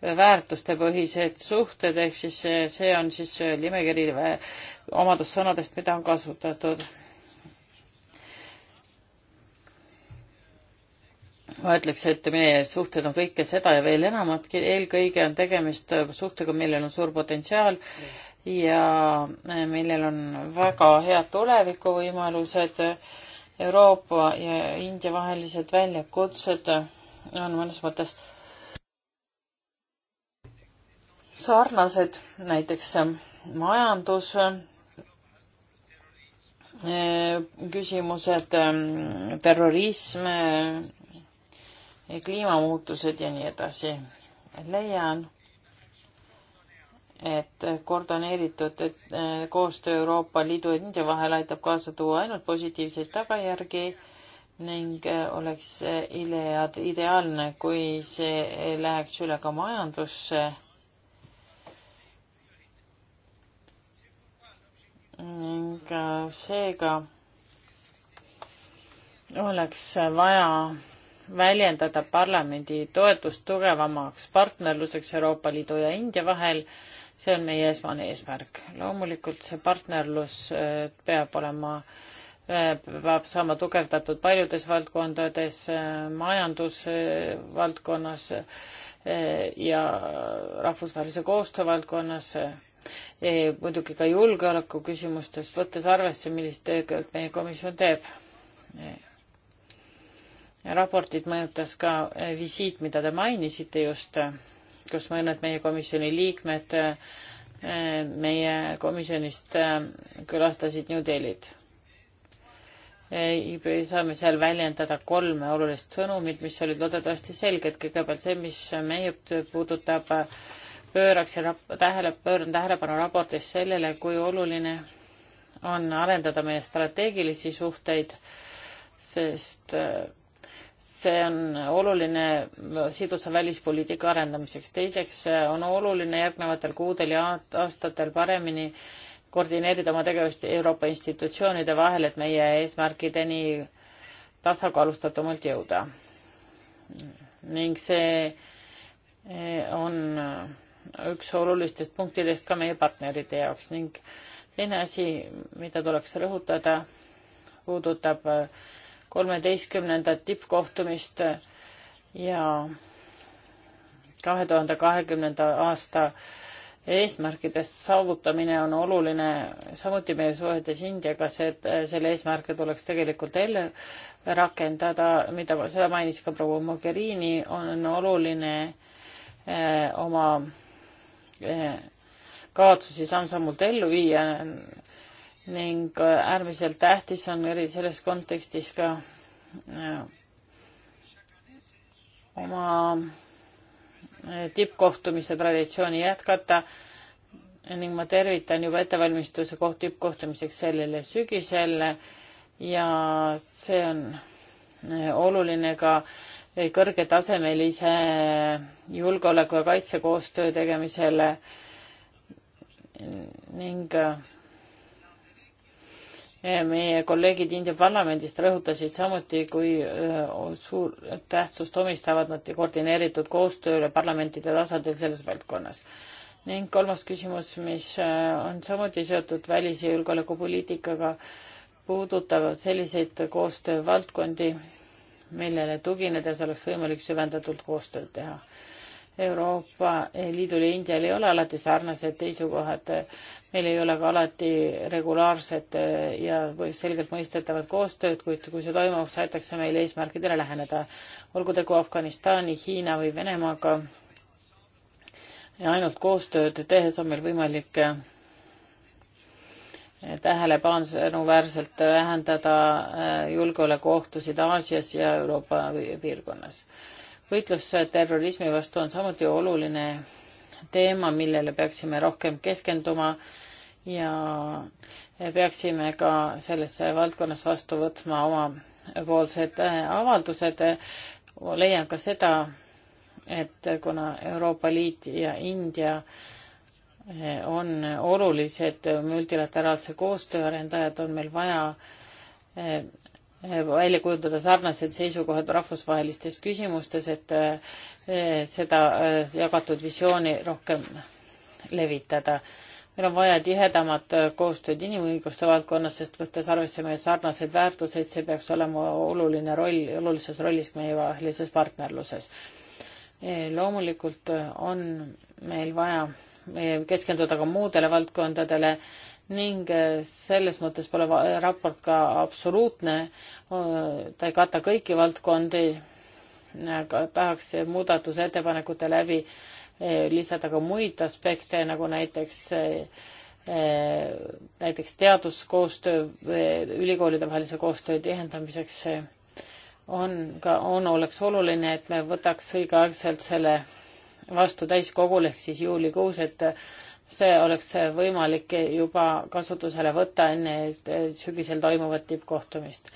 väärtustepõhised suhted, ehk siis see on siis nimekiri äh, omadussõnadest, mida on kasutatud. ma ütleks, et meie suhted on kõike seda ja veel enamatki, eelkõige on tegemist suhtega, millel on suur potentsiaal ja äh, millel on väga head tulevikuvõimalused. Euroopa ja India vahelised väljakutsed on mõnes mõttes äh, sarnased, näiteks ähm, majandus, äh, küsimused, ähm, terrorism, äh, kliimamuutused ja nii edasi. leian, et koordineeritud et äh, koostöö Euroopa Liidu ja India vahel aitab kaasa tuua ainult positiivseid tagajärgi ning oleks ideaalne, kui see läheks üle ka majandusse ning äh, seega oleks vaja väljendada parlamendi toetust tugevamaks partnerluseks Euroopa Liidu ja India vahel. see on meie esmane eesmärk. loomulikult see partnerlus äh, peab olema, äh, peab saama tugevdatud paljudes valdkondades, majandusvaldkonnas ja rahvusvahelise koostöö valdkonnas E, muidugi ka julgeoleku küsimustes, võttes arvesse, millist tööd meie komisjon teeb. E, raportit mõjutas ka e, visiit, mida te mainisite just, kus mõned meie komisjoni liikmed meie komisjonist külastasid New Delhit saame seal väljendada kolme olulist sõnumit, mis olid loodetavasti selged. kõigepealt see, mis meie puudutab pööraks ja tähele, pööran tähelepanu raportis sellele, kui oluline on arendada meie strateegilisi suhteid, sest äh, see on oluline sidusa välispoliitika arendamiseks. teiseks äh, on oluline järgnevatel kuudel ja aastatel paremini koordineerida oma tegevust Euroopa institutsioonide vahel, et meie eesmärkideni tasakaalustatumalt jõuda. ning see äh, on üks olulistest punktidest ka meie partnerite jaoks ning teine asi, mida tuleks rõhutada, puudutab kolmeteistkümnendat tippkohtumist ja kahe tuhande kahekümnenda aasta eesmärkide saavutamine on oluline samuti meie suhetes Indiaga, see, et selle eesmärke tuleks tegelikult ellu rakendada, mida, seda mainis ka proua Mogherini, on oluline eh, oma kavatsusi samm-sammult ellu viia ning äh, äärmiselt tähtis on eri selles kontekstis ka äh, oma äh, tippkohtumise traditsiooni jätkata ning ma tervitan juba ettevalmistuse koht tippkohtumiseks sellele sügisel ja see on oluline ka kõrgetasemelise julgeoleku ja kaitsekoostöö tegemisele ning äh, meie kolleegid India parlamendist rõhutasid samuti, kui äh, suur tähtsust omistavad nad koordineeritud koostööle parlamentide tasandil selles valdkonnas. ning kolmas küsimus, mis äh, on samuti seotud välis- ja julgeolekupoliitikaga, puudutavad selliseid koostöövaldkondi, millele tuginedes oleks võimalik süvendatult koostööd teha. Euroopa Liidul ja Indial ei ole alati sarnased seisukohad, meil ei ole ka alati regulaarset ja selgelt mõistetavat koostööd, kuid kui see toimuks, aitaks see meil eesmärkidele läheneda. olgu tegu Afganistani, Hiina või Venemaaga ja ainult koostööd tehes on meil võimalik tähelepanuväärselt vähendada äh, julgeolekuohtusid Aasias ja Euroopa piirkonnas. võitlus terrorismi vastu on samuti oluline teema, millele peaksime rohkem keskenduma ja peaksime ka selles valdkonnas vastu võtma omapoolsed äh, avaldused. leian ka seda, et kuna Euroopa Liit ja India äh, on olulised multilateraalse koostöö arendajad, on meil vaja eh, välja kujundada sarnased seisukohad rahvusvahelistes küsimustes, et eh, seda eh, jagatud visiooni rohkem levitada. meil on vaja tihedamat koostööd inimõiguste valdkonnas, sest võttes arvesse meie sarnaseid väärtuseid, see peaks olema oluline roll, olulises rollis meievahelises partnerluses. loomulikult on meil vaja keskenduda ka muudele valdkondadele ning äh, selles mõttes pole raport ka absoluutne, äh, ta ei kata kõiki valdkondi, aga tahaks muudatusettepanekute läbi äh, lisada ka muid aspekte, nagu näiteks näiteks teaduskoostöö, ülikoolide vahelise koostöö tihendamiseks on ka, on, oleks oluline, et me võtaks õigeaegselt selle vastu täiskogul ehk siis juulikuus, et see oleks võimalik juba kasutusele võtta enne sügisel toimuvat tippkohtumist.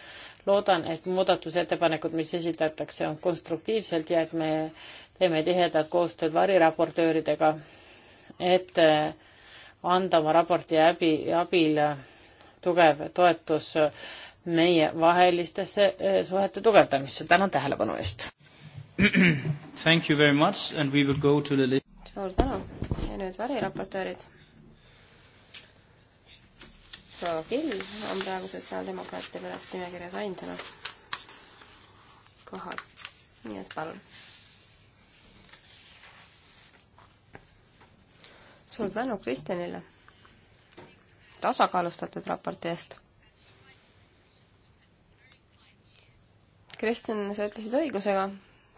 loodan, et muudatusettepanekud, mis esitatakse, on konstruktiivselt ja et me teeme tihedat koostööd variraportööridega, et eh, anda oma raporti abi, abil tugev toetus meie vahelistesse eh, suhete tugevdamisse. tänan tähelepanu eest! Thank you very much and we will go to the list. suur tänu ja nüüd variraportöörid. proua Kill on praegu sotsiaaldemokraatide pärast nimekirjas ainsana kohal, nii et palun. suur tänu Kristjanile tasakaalustatud raporti eest Kristjan, sa ütlesid õigusega,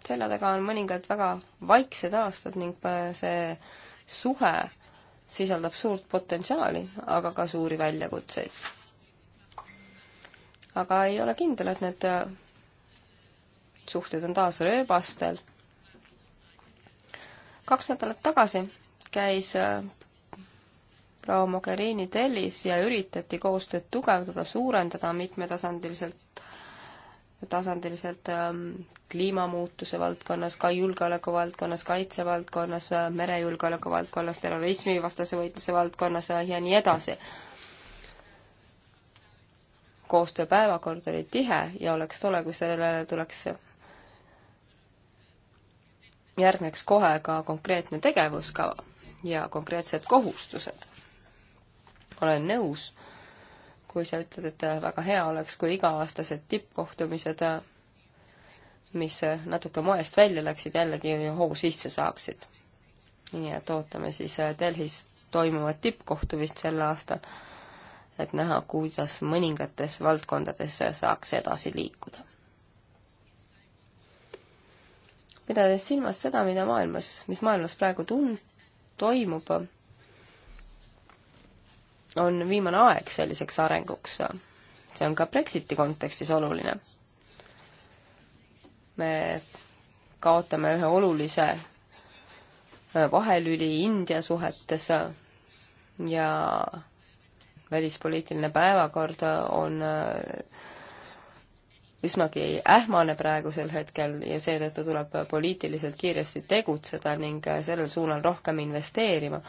selja taga on mõningad väga vaiksed aastad ning see suhe sisaldab suurt potentsiaali, aga ka suuri väljakutseid. aga ei ole kindel, et need äh, suhted on taas rööbastel. kaks nädalat tagasi käis äh, proua Mogherini tellis ja üritati koostööd tugevdada, suurendada mitmetasandiliselt tasandiliselt ähm, kliimamuutuse valdkonnas, ka julgeoleku valdkonnas, kaitse valdkonnas, äh, merejulgeoleku valdkonnas, terrorismivastase võitluse valdkonnas äh, ja nii edasi. koostöö päevakord oli tihe ja oleks tore, kui sellele tuleks, järgneks kohe ka konkreetne tegevuskava ja konkreetsed kohustused. olen nõus kui sa ütled, et väga hea oleks, kui iga-aastased tippkohtumised, mis natuke moest välja läksid, jällegi hoo sisse saaksid. nii et ootame siis äh, Delhis toimuvat tippkohtumist sel aastal, et näha, kuidas mõningates valdkondades saaks edasi liikuda. pidades silmas seda, mida maailmas, mis maailmas praegu tun-, toimub, on viimane aeg selliseks arenguks. see on ka Brexiti kontekstis oluline. me kaotame ühe olulise äh, vahelüli India suhetes ja välispoliitiline päevakord on äh, üsnagi ähmane praegusel hetkel ja seetõttu tuleb poliitiliselt kiiresti tegutseda ning äh, sellel suunal rohkem investeerima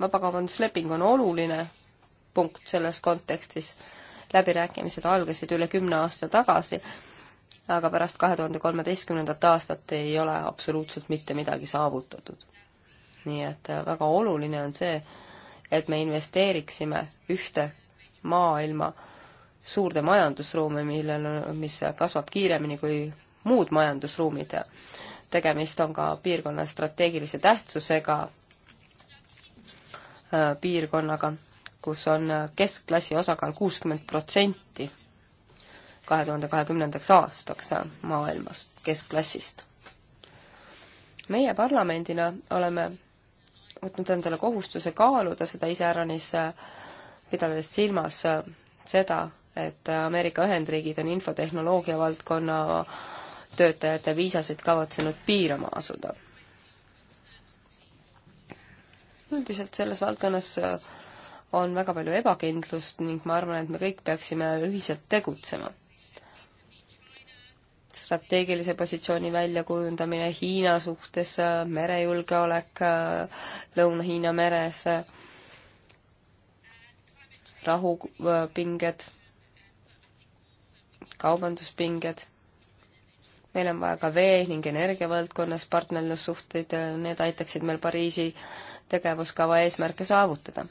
vabakaubandusleping on oluline punkt selles kontekstis. läbirääkimised algasid üle kümne aasta tagasi, aga pärast kahe tuhande kolmeteistkümnendat aastat ei ole absoluutselt mitte midagi saavutatud. nii et äh, väga oluline on see, et me investeeriksime ühte maailma suurde majandusruumi, millel, mis kasvab kiiremini kui muud majandusruumid. tegemist on ka piirkonna strateegilise tähtsusega Äh, piirkonnaga, kus on äh, keskklassi osakaal kuuskümmend protsenti kahe tuhande kahekümnendaks aastaks äh, maailmas keskklassist. meie parlamendina oleme võtnud endale kohustuse kaaluda seda iseäranis, pidades silmas seda, et Ameerika Ühendriigid on infotehnoloogia valdkonna töötajate viisasid kavatsenud piirama asuda. üldiselt selles valdkonnas äh, on väga palju ebakindlust ning ma arvan, et me kõik peaksime ühiselt tegutsema. strateegilise positsiooni väljakujundamine Hiina suhtes, äh, merejulgeolek äh, Lõuna-Hiina meres, rahupinged, kaubanduspinged meil on vaja ka vee- ning energiavaldkonnas partnerlussuhteid, need aitaksid meil Pariisi tegevuskava eesmärke saavutada.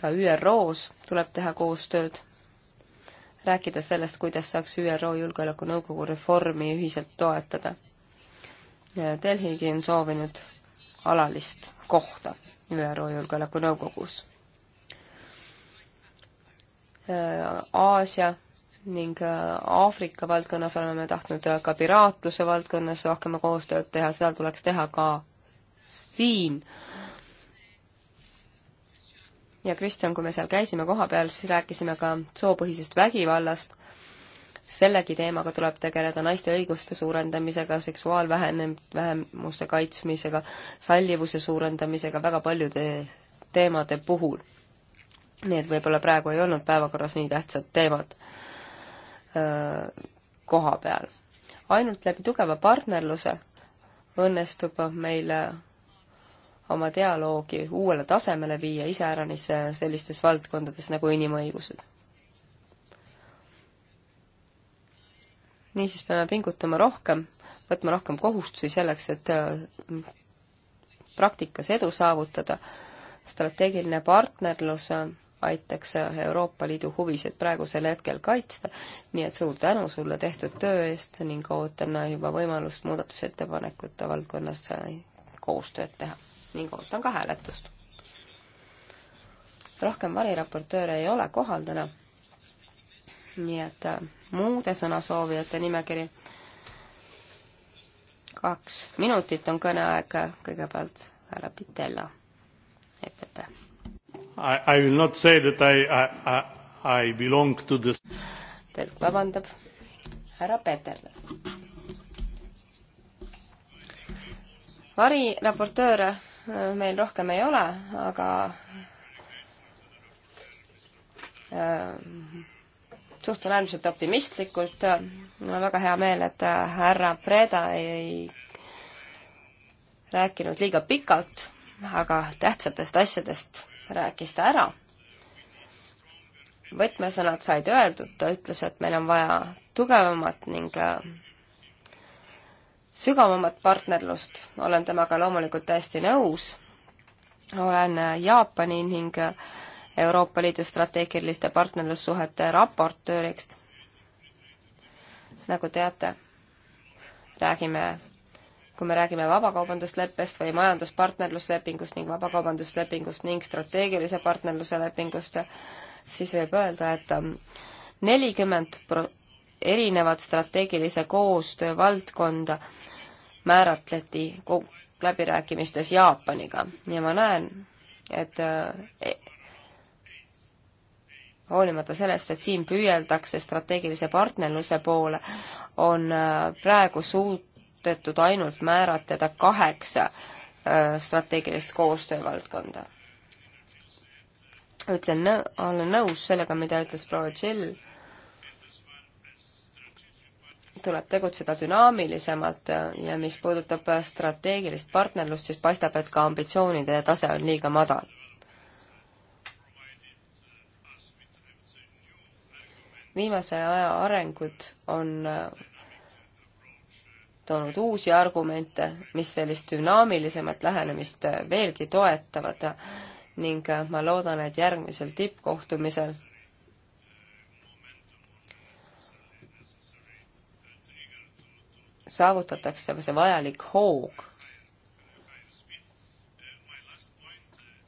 ka ÜRO-s tuleb teha koostööd, rääkida sellest, kuidas saaks ÜRO Julgeolekunõukogu reformi ühiselt toetada. Delhigi on soovinud alalist kohta ÜRO Julgeolekunõukogus. Aasia ning äh, Aafrika valdkonnas oleme me tahtnud äh, ka piraatluse valdkonnas rohkem koostööd teha, seda tuleks teha ka siin. ja Kristjan, kui me seal käisime kohapeal, siis rääkisime ka soopõhisest vägivallast. sellegi teemaga tuleb tegeleda, naiste õiguste suurendamisega, seksuaalvähenem-, vähemuste kaitsmisega, sallivuse suurendamisega, väga paljude teemade puhul. Need võib-olla praegu ei olnud päevakorras nii tähtsad teemad koha peal. ainult läbi tugeva partnerluse õnnestub meil oma dialoogi uuele tasemele viia, iseäranis sellistes valdkondades nagu inimõigused. niisiis peame pingutama rohkem, võtma rohkem kohustusi selleks, et praktikas edu saavutada, strateegiline partnerlus aitaks Euroopa Liidu huvisid praegusel hetkel kaitsta, nii et suur tänu sulle tehtud töö eest ning ootan juba võimalust muudatusettepanekute valdkonnas koostööd teha ning ootan ka hääletust. rohkem variraportööre ei ole kohal täna, nii et äh, muude sõnasoovijate nimekiri kaks minutit on kõneaeg, kõigepealt härra Pitella, EPP I, I will not say that I, I, I belong to the Peeter, vabandab, härra Peeterle. variraportööre äh, meil rohkem ei ole, aga äh, suhtun äärmiselt optimistlikult. mul on väga hea meel, et äh, härra Preda ei rääkinud liiga pikalt, aga tähtsatest asjadest rääkis ta ära. võtmesõnad said öeldud, ta ütles, et meil on vaja tugevamat ning äh, sügavamat partnerlust, olen temaga loomulikult täiesti nõus, olen äh, Jaapani ning äh, Euroopa Liidu strateegiliste partnerlussuhete raportööriks. nagu teate, räägime kui me räägime vabakaubandusleppest või majanduspartnerluslepingust ning vabakaubanduslepingust ning strateegilise partnerluse lepingust, siis võib öelda et, et ähm, nelikümmend erinevat strateegilise koostöö valdkonda määratleti läbirääkimistes Jaapaniga ja ma näen, et äh, e-, hoolimata sellest, et siin püüeldakse strateegilise partnerluse poole, on äh, praegu suut-, suudetud ainult määratleda kaheksa äh, strateegilist koostöövaldkonda. ütlen nõ-, olen nõus sellega, mida ütles proua Jill, tuleb tegutseda dünaamilisemalt ja mis puudutab strateegilist partnerlust, siis paistab, et ka ambitsioonide tase on liiga madal. viimase aja arengud on äh, toonud uusi argumente, mis sellist dünaamilisemat lähenemist veelgi toetavad ning ma loodan, et järgmisel tippkohtumisel saavutatakse see vajalik hoog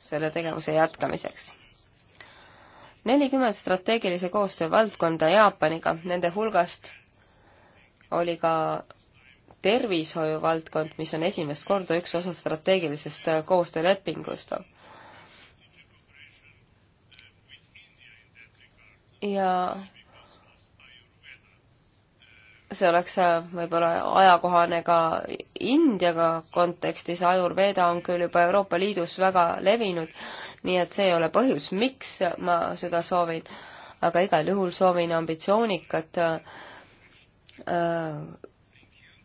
selle tegevuse jätkamiseks. nelikümmend strateegilise koostöö valdkonda Jaapaniga, nende hulgast oli ka tervishoiu valdkond, mis on esimest korda üks osa strateegilisest äh, koostöölepingust. ja see oleks äh, võib-olla ajakohane ka Indiaga kontekstis, Ayurveda on küll juba Euroopa Liidus väga levinud, nii et see ei ole põhjus, miks ma seda soovin, aga igal juhul soovin ambitsioonikat äh,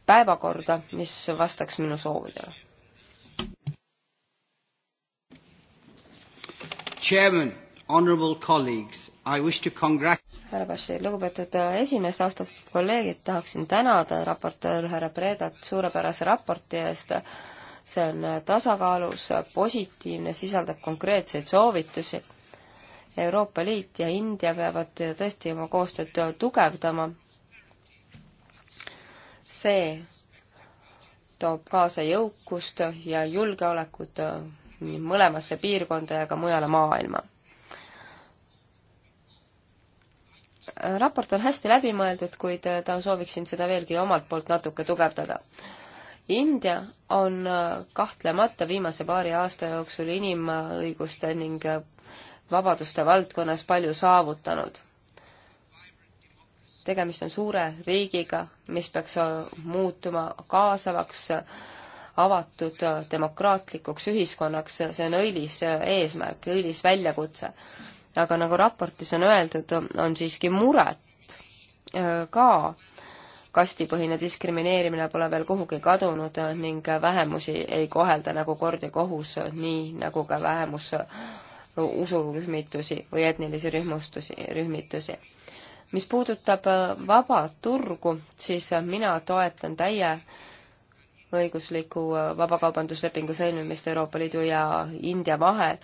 päevakorda, mis vastaks minu soovidele. Chairman, honorable colleagues, I wish to congrat-. härra Bashir, lugupeetud äh, esimees, austatud kolleegid, tahaksin tänada raportöör härra Predat suurepärase raporti eest. see on äh, tasakaalus, äh, positiivne, sisaldab konkreetseid soovitusi Euroopa Liit ja India peavad tõesti oma koostööd tugevdama see toob kaasa jõukust ja julgeolekut mõlemasse piirkonda ja ka mujale maailma. raport on hästi läbimõeldud, kuid ta sooviksin seda veelgi omalt poolt natuke tugevdada. India on kahtlemata viimase paari aasta jooksul inimõiguste ning vabaduste valdkonnas palju saavutanud tegemist on suure riigiga, mis peaks muutuma kaasavaks, avatud demokraatlikuks ühiskonnaks, see on õilis äh, eesmärk, õilis väljakutse. aga nagu raportis on öeldud, on siiski muret äh, ka. kastipõhine diskrimineerimine pole veel kuhugi kadunud ning vähemusi ei kohelda nagu kord ja kohus, nii nagu ka vähemus usurühmitusi või etnilisi rühmustusi, rühmitusi mis puudutab äh, vaba turgu, siis äh, mina toetan täie õigusliku äh, vabakaubanduslepingu sõlmimist Euroopa Liidu ja India vahel,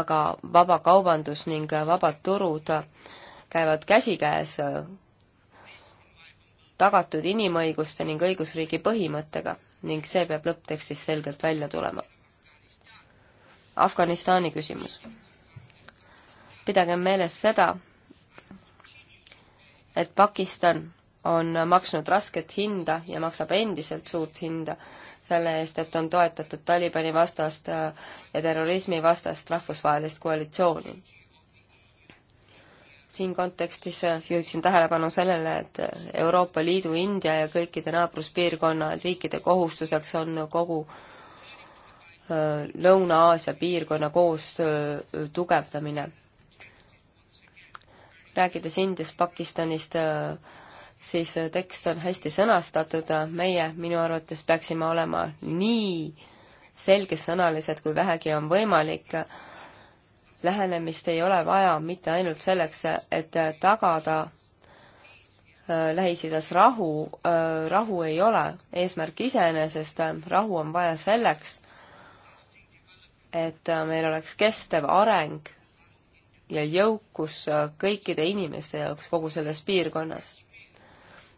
aga vabakaubandus ning vabad turud käivad käsikäes tagatud inimõiguste ning õigusriigi põhimõttega ning see peab lõpptekstis selgelt välja tulema. Afganistani küsimus. pidagem meeles seda, et Pakistan on maksnud rasket hinda ja maksab endiselt suurt hinda selle eest, et on toetatud Talibani vastast äh, ja terrorismi vastast rahvusvahelist koalitsiooni. siin kontekstis äh, juhiksin tähelepanu sellele, et äh, Euroopa Liidu, India ja kõikide naabruspiirkonna riikide kohustuseks on kogu Lõuna-Aasia piirkonna koostöö tugevdamine rääkides Indiast, Pakistanist, äh, siis äh, tekst on hästi sõnastatud, äh, meie minu arvates peaksime olema nii selgesõnalised, kui vähegi on võimalik. lähenemist ei ole vaja mitte ainult selleks, et tagada Lähis-Idas rahu, rahu ei ole eesmärk iseenesest, rahu on vaja selleks, et meil oleks kestev areng ja jõukus äh, kõikide inimeste jaoks kogu selles piirkonnas.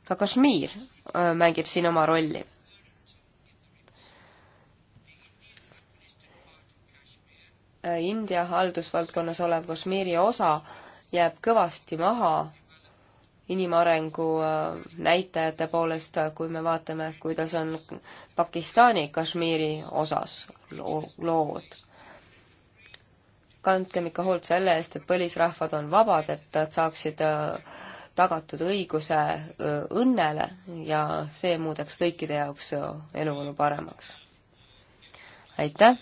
ka Kashmir äh, mängib siin oma rolli. Äh, India haldusvaldkonnas olev Kashmiri osa jääb kõvasti maha inimarengu näitajate poolest, kui me vaatame, kuidas on Pakistani Kashmiri osas lood kandkem ikka hoolt selle eest, et põlisrahvad on vabad, et nad saaksid äh, tagatud õiguse äh, õnnele ja see muudaks kõikide jaoks äh, eluolu paremaks. aitäh!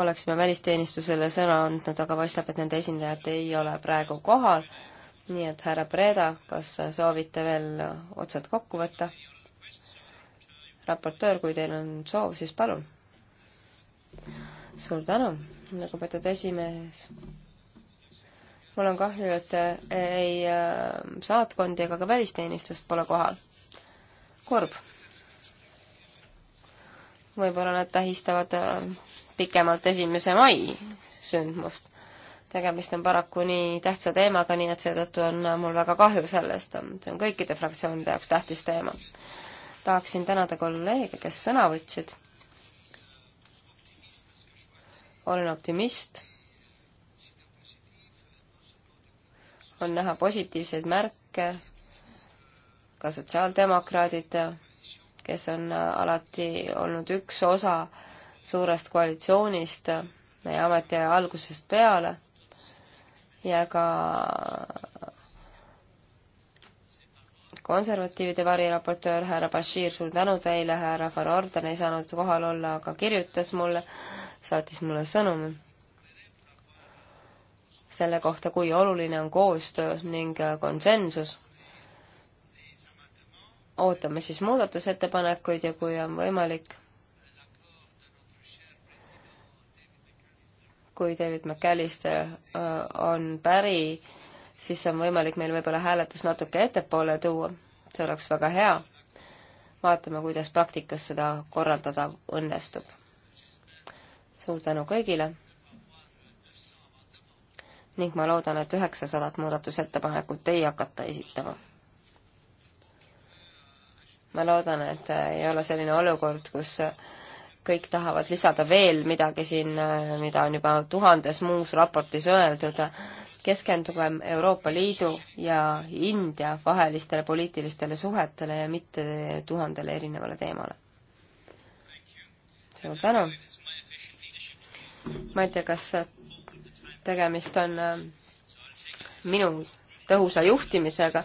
oleksime välisteenistusele sõna andnud, aga paistab, et nende esindajad ei ole praegu kohal, nii et härra Breda, kas soovite veel otsad kokku võtta? raportöör, kui teil on soov, siis palun suur tänu, lugupeetud esimees. mul on kahju, et ei äh, saatkondi ega ka välisteenistust pole kohal. kurb. võib-olla nad tähistavad äh, pikemalt esimese mai sündmust. tegemist on paraku nii tähtsa teemaga, nii et seetõttu on äh, mul väga kahju sellest, see on kõikide fraktsioonide jaoks tähtis teema. tahaksin tänada kolleege, kes sõna võtsid olen optimist. on näha positiivseid märke, ka sotsiaaldemokraadid, kes on äh, alati olnud üks osa suurest koalitsioonist meie ametiaja algusest peale ja ka konservatiivide variraportöör härra Bashir, suur tänu teile, härra Van Orden ei saanud kohal olla, aga kirjutas mulle saatis mulle sõnumi selle kohta, kui oluline on koostöö ning äh, konsensus. ootame siis muudatusettepanekuid ja kui on võimalik, kui David McAllister äh, on päri, siis on võimalik meil võib-olla hääletus natuke ettepoole tuua, see oleks väga hea. vaatame, kuidas praktikas seda korraldada õnnestub suur tänu kõigile ning ma loodan, et üheksasadat muudatusettepanekut ei hakata esitama. ma loodan, et ei ole selline olukord, kus kõik tahavad lisada veel midagi siin, mida on juba tuhandes muus raportis öeldud, keskendugem Euroopa Liidu ja India vahelistele poliitilistele suhetele ja mitte tuhandele erinevale teemale. suur tänu! ma ei tea, kas tegemist on äh, minu tõhusa juhtimisega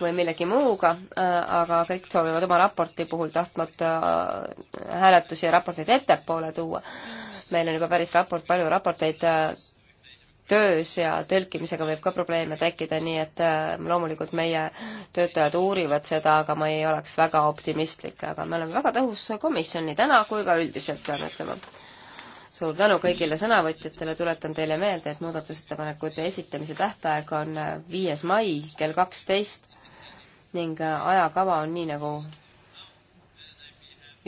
või millegi muuga, äh, aga kõik soovivad oma raporti puhul tahtmata äh, hääletusi ja raporteid ettepoole tuua. meil on juba päris raport, palju raporteid töös ja tõlkimisega võib ka probleeme tekkida, nii et loomulikult meie töötajad uurivad seda, aga ma ei oleks väga optimistlik, aga me oleme väga tõhus komisjon nii täna kui ka üldiselt, pean ütlema suur tänu kõigile sõnavõtjatele, tuletan teile meelde, et muudatusettepanekute esitamise tähtaeg on äh, viies mai kell kaksteist ning äh, ajakava on nii, nagu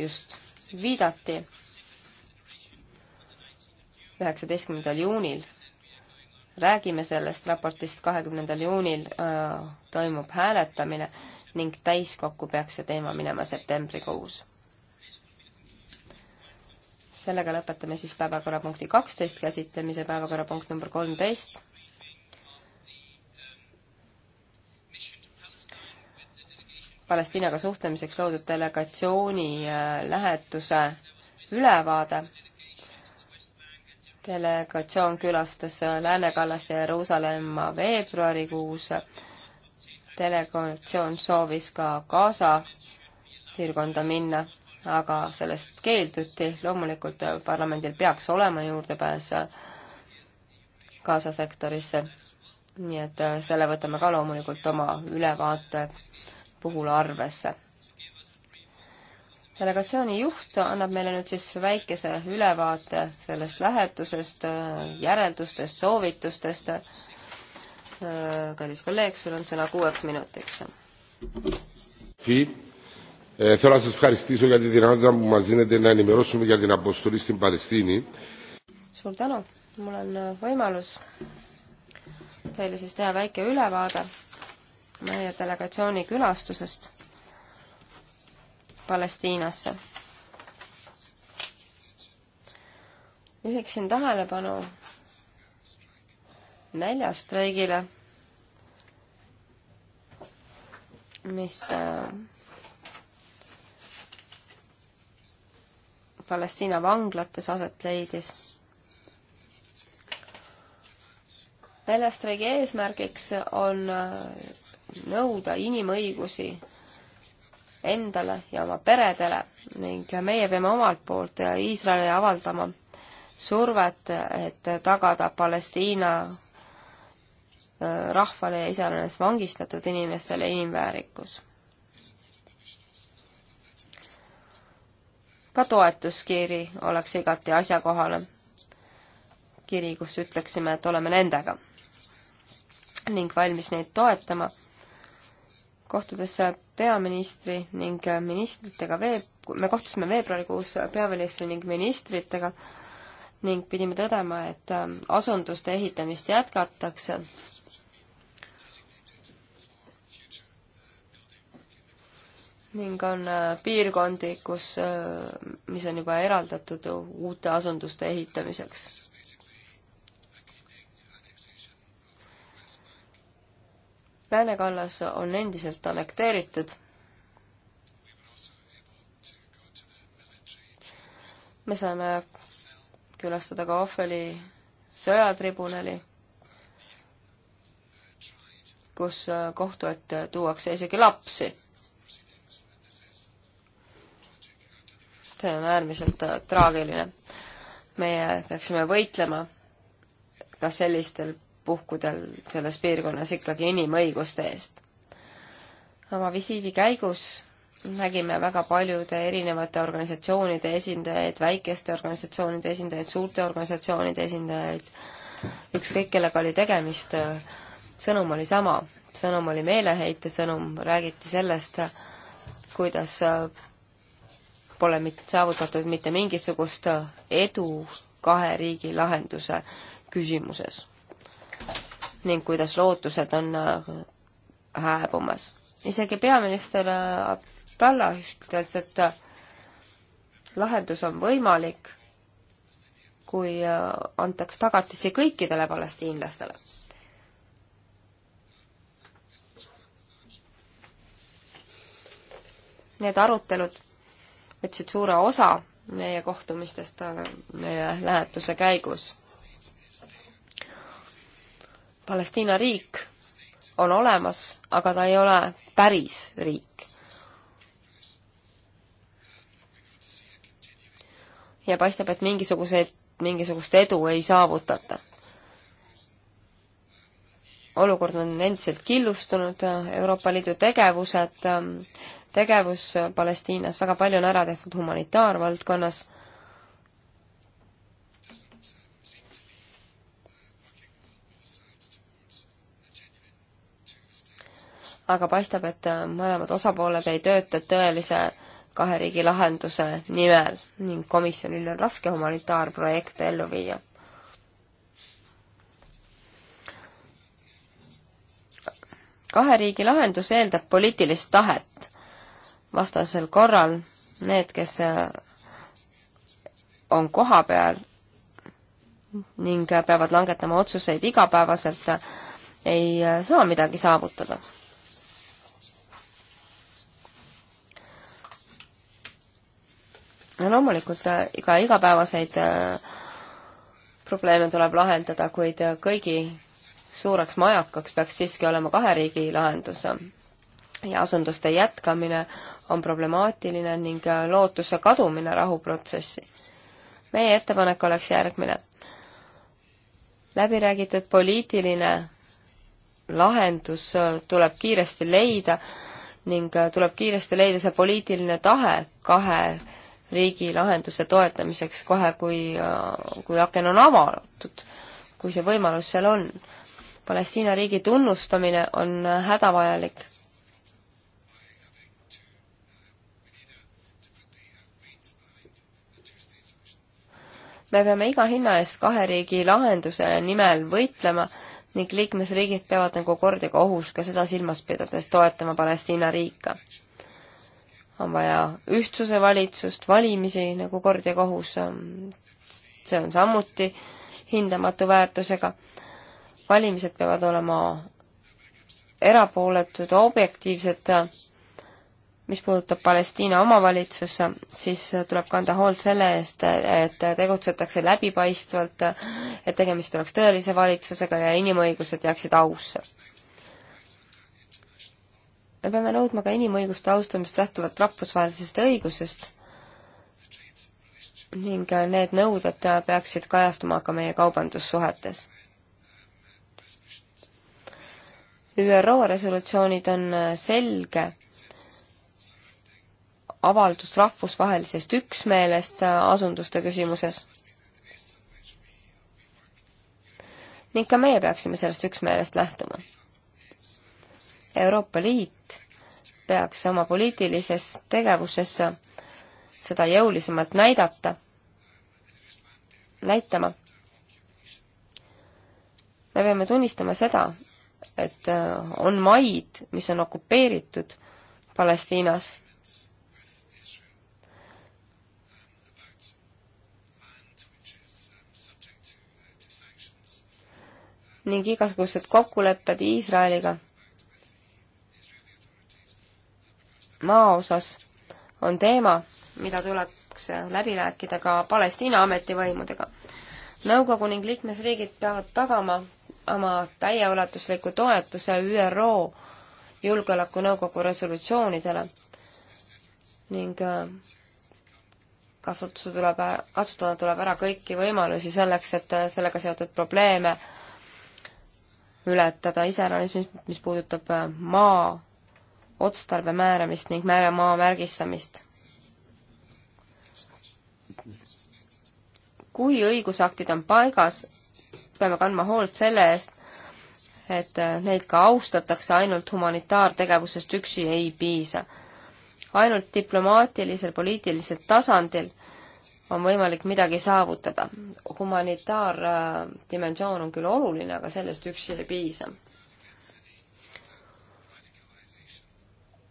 just viidati, üheksateistkümnendal juunil. räägime sellest raportist, kahekümnendal juunil öö, äh, toimub hääletamine ning täiskokku peaks see teema minema septembrikuus sellega lõpetame siis päevakorrapunkti kaksteist käsitlemise, päevakorrapunkt number kolmteist. Palestiinaga suhtlemiseks loodud delegatsiooni äh, lähetuse ülevaade. delegatsioon külastas äh, Läänekallast ja Jeruusalemma veebruarikuus. delegatsioon soovis ka Gaza piirkonda minna aga sellest keelduti, loomulikult parlamendil peaks olema juurdepääs Gaza sektorisse, nii et äh, selle võtame ka loomulikult oma ülevaate puhul arvesse. delegatsiooni juht annab meile nüüd siis väikese ülevaate sellest lähetusest, äh, järeldustest, soovitustest. Äh, kallis kolleeg, sul on sõna kuueks minutiks. Ε, θέλω να σας ευχαριστήσω για τη δυνατότητα που μας δίνετε να ενημερώσουμε για την αποστολή στην Παλαιστίνη. Suur tänu, mul on võimalus teile siis teha väike ülevaade meie delegatsiooni külastusest Palestiinasse. juhiksin tähelepanu näljastreigile, mis äh, Palestiina vanglates aset leidis. näljastreigi eesmärgiks on äh, nõuda inimõigusi endale ja oma peredele ning meie peame omalt poolt Iisraelile avaldama survet, et tagada Palestiina äh, rahvale ja iseäranis vangistatud inimestele inimväärikus ka toetuskiri oleks igati asjakohane. kiri, kus ütleksime, et oleme nendega ning valmis neid toetama. kohtudes peaministri ning ministritega veeb-, me kohtusime veebruarikuus peaministri ning ministritega ning pidime tõdema, et asunduste ehitamist jätkatakse ning on äh, piirkondi, kus, äh, mis on juba eraldatud uute asunduste ehitamiseks. läänekallas on endiselt annekteeritud. me saame külastada ka Ohveli sõjatribunali, kus äh, kohtu ette tuuakse isegi lapsi see on äärmiselt äh, traagiline. meie peaksime võitlema ka sellistel puhkudel selles piirkonnas ikkagi inimõiguste eest. oma visiidi käigus nägime väga paljude erinevate organisatsioonide esindajaid, väikeste organisatsioonide esindajaid, suurte organisatsioonide esindajaid, ükskõik kellega oli tegemist, äh, sõnum oli sama, sõnum oli meeleheite sõnum, räägiti sellest, kuidas äh, pole mitte saavutatud mitte mingisugust edu kahe riigi lahenduse küsimuses ning kuidas lootused on äh, hääbumas. isegi peaminister äh, Abdallah ütles, et äh, lahendus on võimalik, kui antaks tagatisi kõikidele palestiinlastele. Need arutelud võtsid suure osa meie kohtumistest äh, meie lähetuse käigus. Palestiina riik on olemas, aga ta ei ole päris riik. ja paistab, et mingisuguseid, mingisugust edu ei saavutata olukord on endiselt killustunud, Euroopa Liidu tegevused, tegevus Palestiinas, väga palju on ära tehtud humanitaarvaldkonnas, aga paistab, et mõlemad osapooled ei tööta tõelise kahe riigi lahenduse nimel ning komisjonil on raske humanitaarprojekte ellu viia kahe riigi lahendus eeldab poliitilist tahet. vastasel korral need, kes äh, on kohapeal ning äh, peavad langetama otsuseid igapäevaselt, äh, ei saa midagi saavutada. no loomulikult ka igapäevaseid probleeme tuleb lahendada, kuid kõigi suureks majakaks peaks siiski olema kahe riigi lahendus ja asunduste jätkamine on problemaatiline ning lootuse kadumine rahuprotsessi. meie ettepanek oleks järgmine. läbiräägitud poliitiline lahendus tuleb kiiresti leida ning tuleb kiiresti leida see poliitiline tahe kahe riigi lahenduse toetamiseks kohe, kui, kui aken on avatud, kui see võimalus seal on Palestiina riigi tunnustamine on hädavajalik. me peame iga hinna eest kahe riigi lahenduse nimel võitlema ning liikmesriigid peavad nagu kord ja kohus ka seda silmas pidades toetama Palestiina riika. on vaja ühtsuse valitsust, valimisi nagu kord ja kohus, see on samuti hindamatu väärtusega valimised peavad olema erapooletud, objektiivsed, mis puudutab Palestiina omavalitsusse, siis tuleb kanda hoolt selle eest, et tegutsetakse läbipaistvalt, et tegemist oleks tõelise valitsusega ja inimõigused jääksid ausse. me peame nõudma ka inimõiguste austamist lähtuvalt rahvusvahelisest õigusest ning need nõuded peaksid kajastuma ka meie kaubandussuhetes ÜRO resolutsioonid on äh, selge avaldus rahvusvahelisest üksmeelest äh, asunduste küsimuses. ning ka meie peaksime sellest üksmeelest lähtuma. Euroopa Liit peaks oma poliitilises tegevuses seda jõulisemalt näidata, näitama. me peame tunnistama seda, et äh, on maid, mis on okupeeritud Palestiinas ning igasugused kokkulepped Iisraeliga maa osas on teema, mida tuleks läbi rääkida ka Palestiina ametivõimudega. nõukogu ning liikmesriigid peavad tagama oma täieulatusliku toetuse ÜRO Julgeolekunõukogu resolutsioonidele ning äh, kasutuse tuleb, kasutada tuleb ära kõiki võimalusi selleks, et äh, sellega seotud probleeme ületada, iseäranis mis, mis puudutab äh, maa otstarbe määramist ning määramaa märgistamist. kui õigusaktid on paigas, peame kandma hoolt selle eest, et äh, neid ka austatakse, ainult humanitaartegevusest üksi ei piisa. ainult diplomaatilisel, poliitilisel tasandil on võimalik midagi saavutada. humanitaardimensioon äh, on küll oluline, aga sellest üksi ei piisa.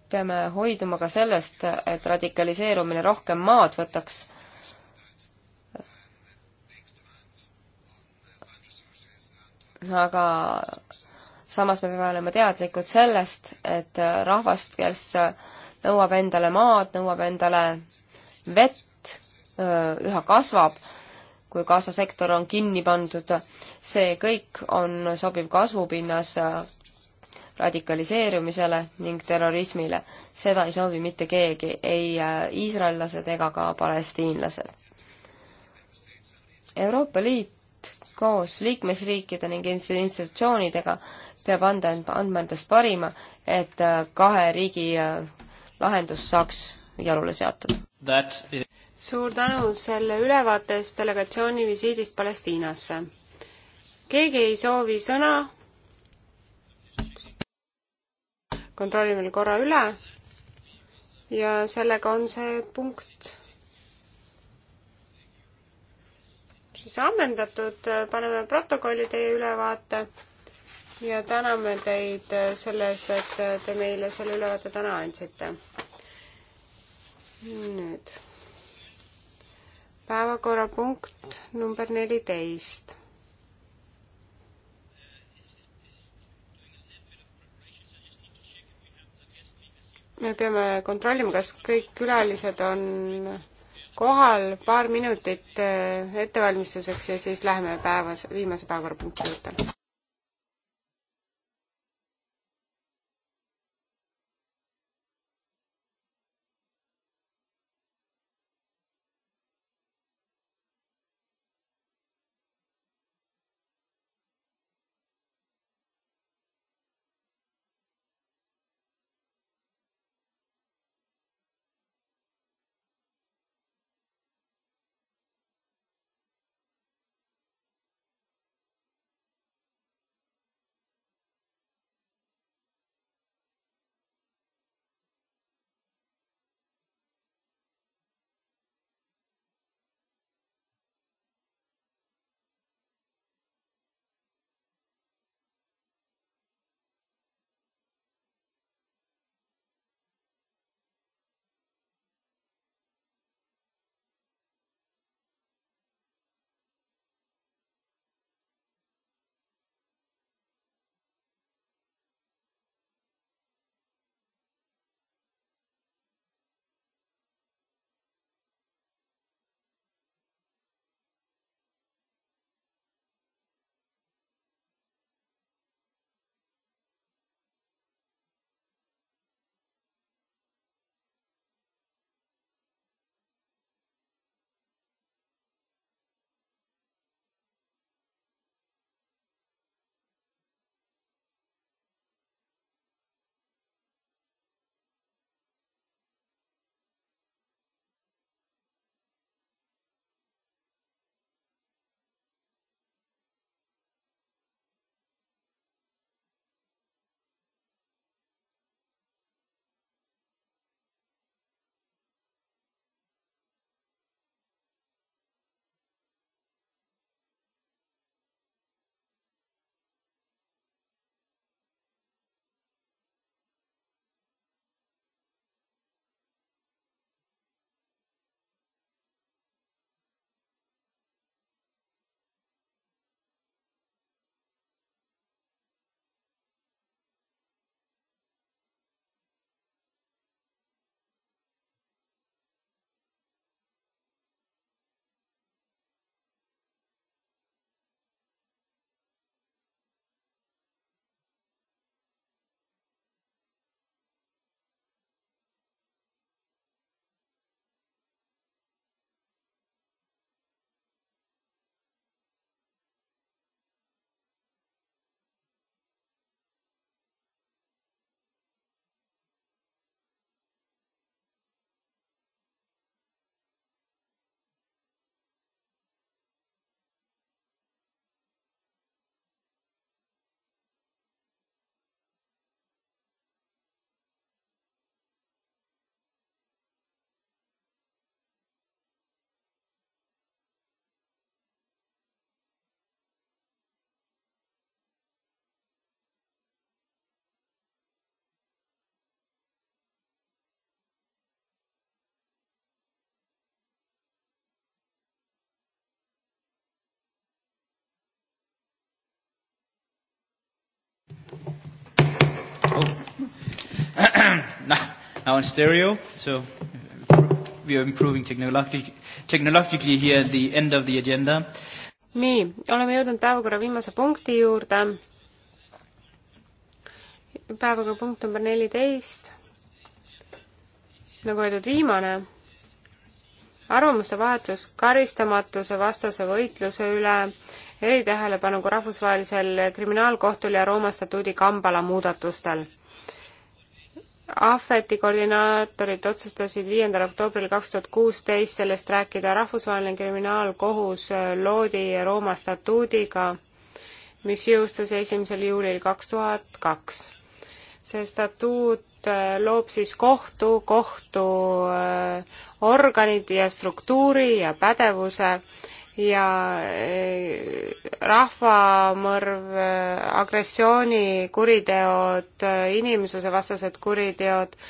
peame hoiduma ka sellest, et radikaliseerumine rohkem maad võtaks aga samas me peame olema teadlikud sellest, et rahvast, kes nõuab endale maad, nõuab endale vett, üha kasvab, kui Gaza sektor on kinni pandud, see kõik on sobiv kasvupinnas radikaliseerumisele ning terrorismile. seda ei soovi mitte keegi, ei äh, iisraellased ega ka palestiinlased. Euroopa Liit koos liikmesriikide ning institutsioonidega peab anda, andma endast parima, et äh, kahe riigi äh, lahendus saaks jalule seatud. suur tänu selle ülevaate eest delegatsiooni visiidist Palestiinasse. keegi ei soovi sõna. kontrollime korra üle. ja sellega on see punkt siis ammendatud, paneme protokolli teie ülevaate ja täname teid selle eest, et te meile selle ülevaate täna andsite. nüüd päevakorrapunkt number neliteist. me peame kontrollima, kas kõik külalised on kohal paar minutit äh, ettevalmistuseks ja siis läheme päevas, viimase päevakorrapunkti juurde. now on stereo, so we are improving technologi technologically here at the end of the agenda. nii, oleme jõudnud päevakorra viimase punkti juurde. päevakorrapunkt number neliteist, nagu öeldud, viimane. arvamuste vahetus karistamatuse vastase võitluse üle eritähelepanu kui rahvusvahelisel kriminaalkohtul ja Rooma statuudi Kambala muudatustel Ahveti koordinaatorid otsustasid viiendal oktoobril kaks tuhat kuusteist sellest rääkida. rahvusvaheline kriminaalkohus äh, loodi Rooma statuudiga, mis jõustus esimesel juulil kaks tuhat kaks. see statuut äh, loob siis kohtu, kohtuorganid äh, ja struktuuri ja pädevuse ja eh, rahvamõrv, eh, agressioonikuriteod, inimsusevastased kuriteod eh,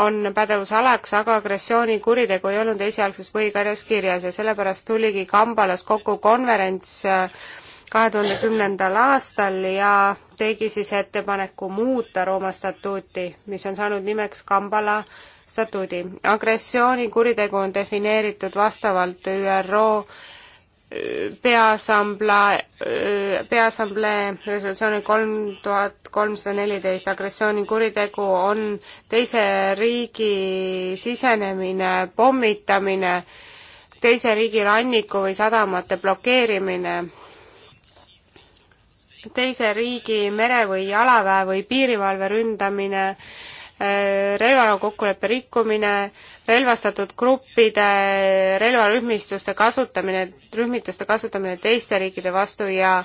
on pädevusalaks, aga agressioonikuritegu ei olnud esialgses põhikarjas kirjas ja sellepärast tuligi Kambalas kokku konverents kahe tuhande kümnendal aastal ja tegi siis ettepaneku muuta Rooma statuuti, mis on saanud nimeks Kambala statuudi. agressioonikuritegu on defineeritud vastavalt ÜRO äh, peaassambla, äh, peaassamblee resolutsiooni kolm tuhat kolmsada neliteist agressioonikuritegu on teise riigi sisenemine, pommitamine, teise riigi ranniku või sadamate blokeerimine, teise riigi mere- või jalaväe või piirivalve ründamine äh,, Äh, relvakokkuleppe rikkumine, relvastatud gruppide relvarühmistuste kasutamine, rühmituste kasutamine teiste riikide vastu ja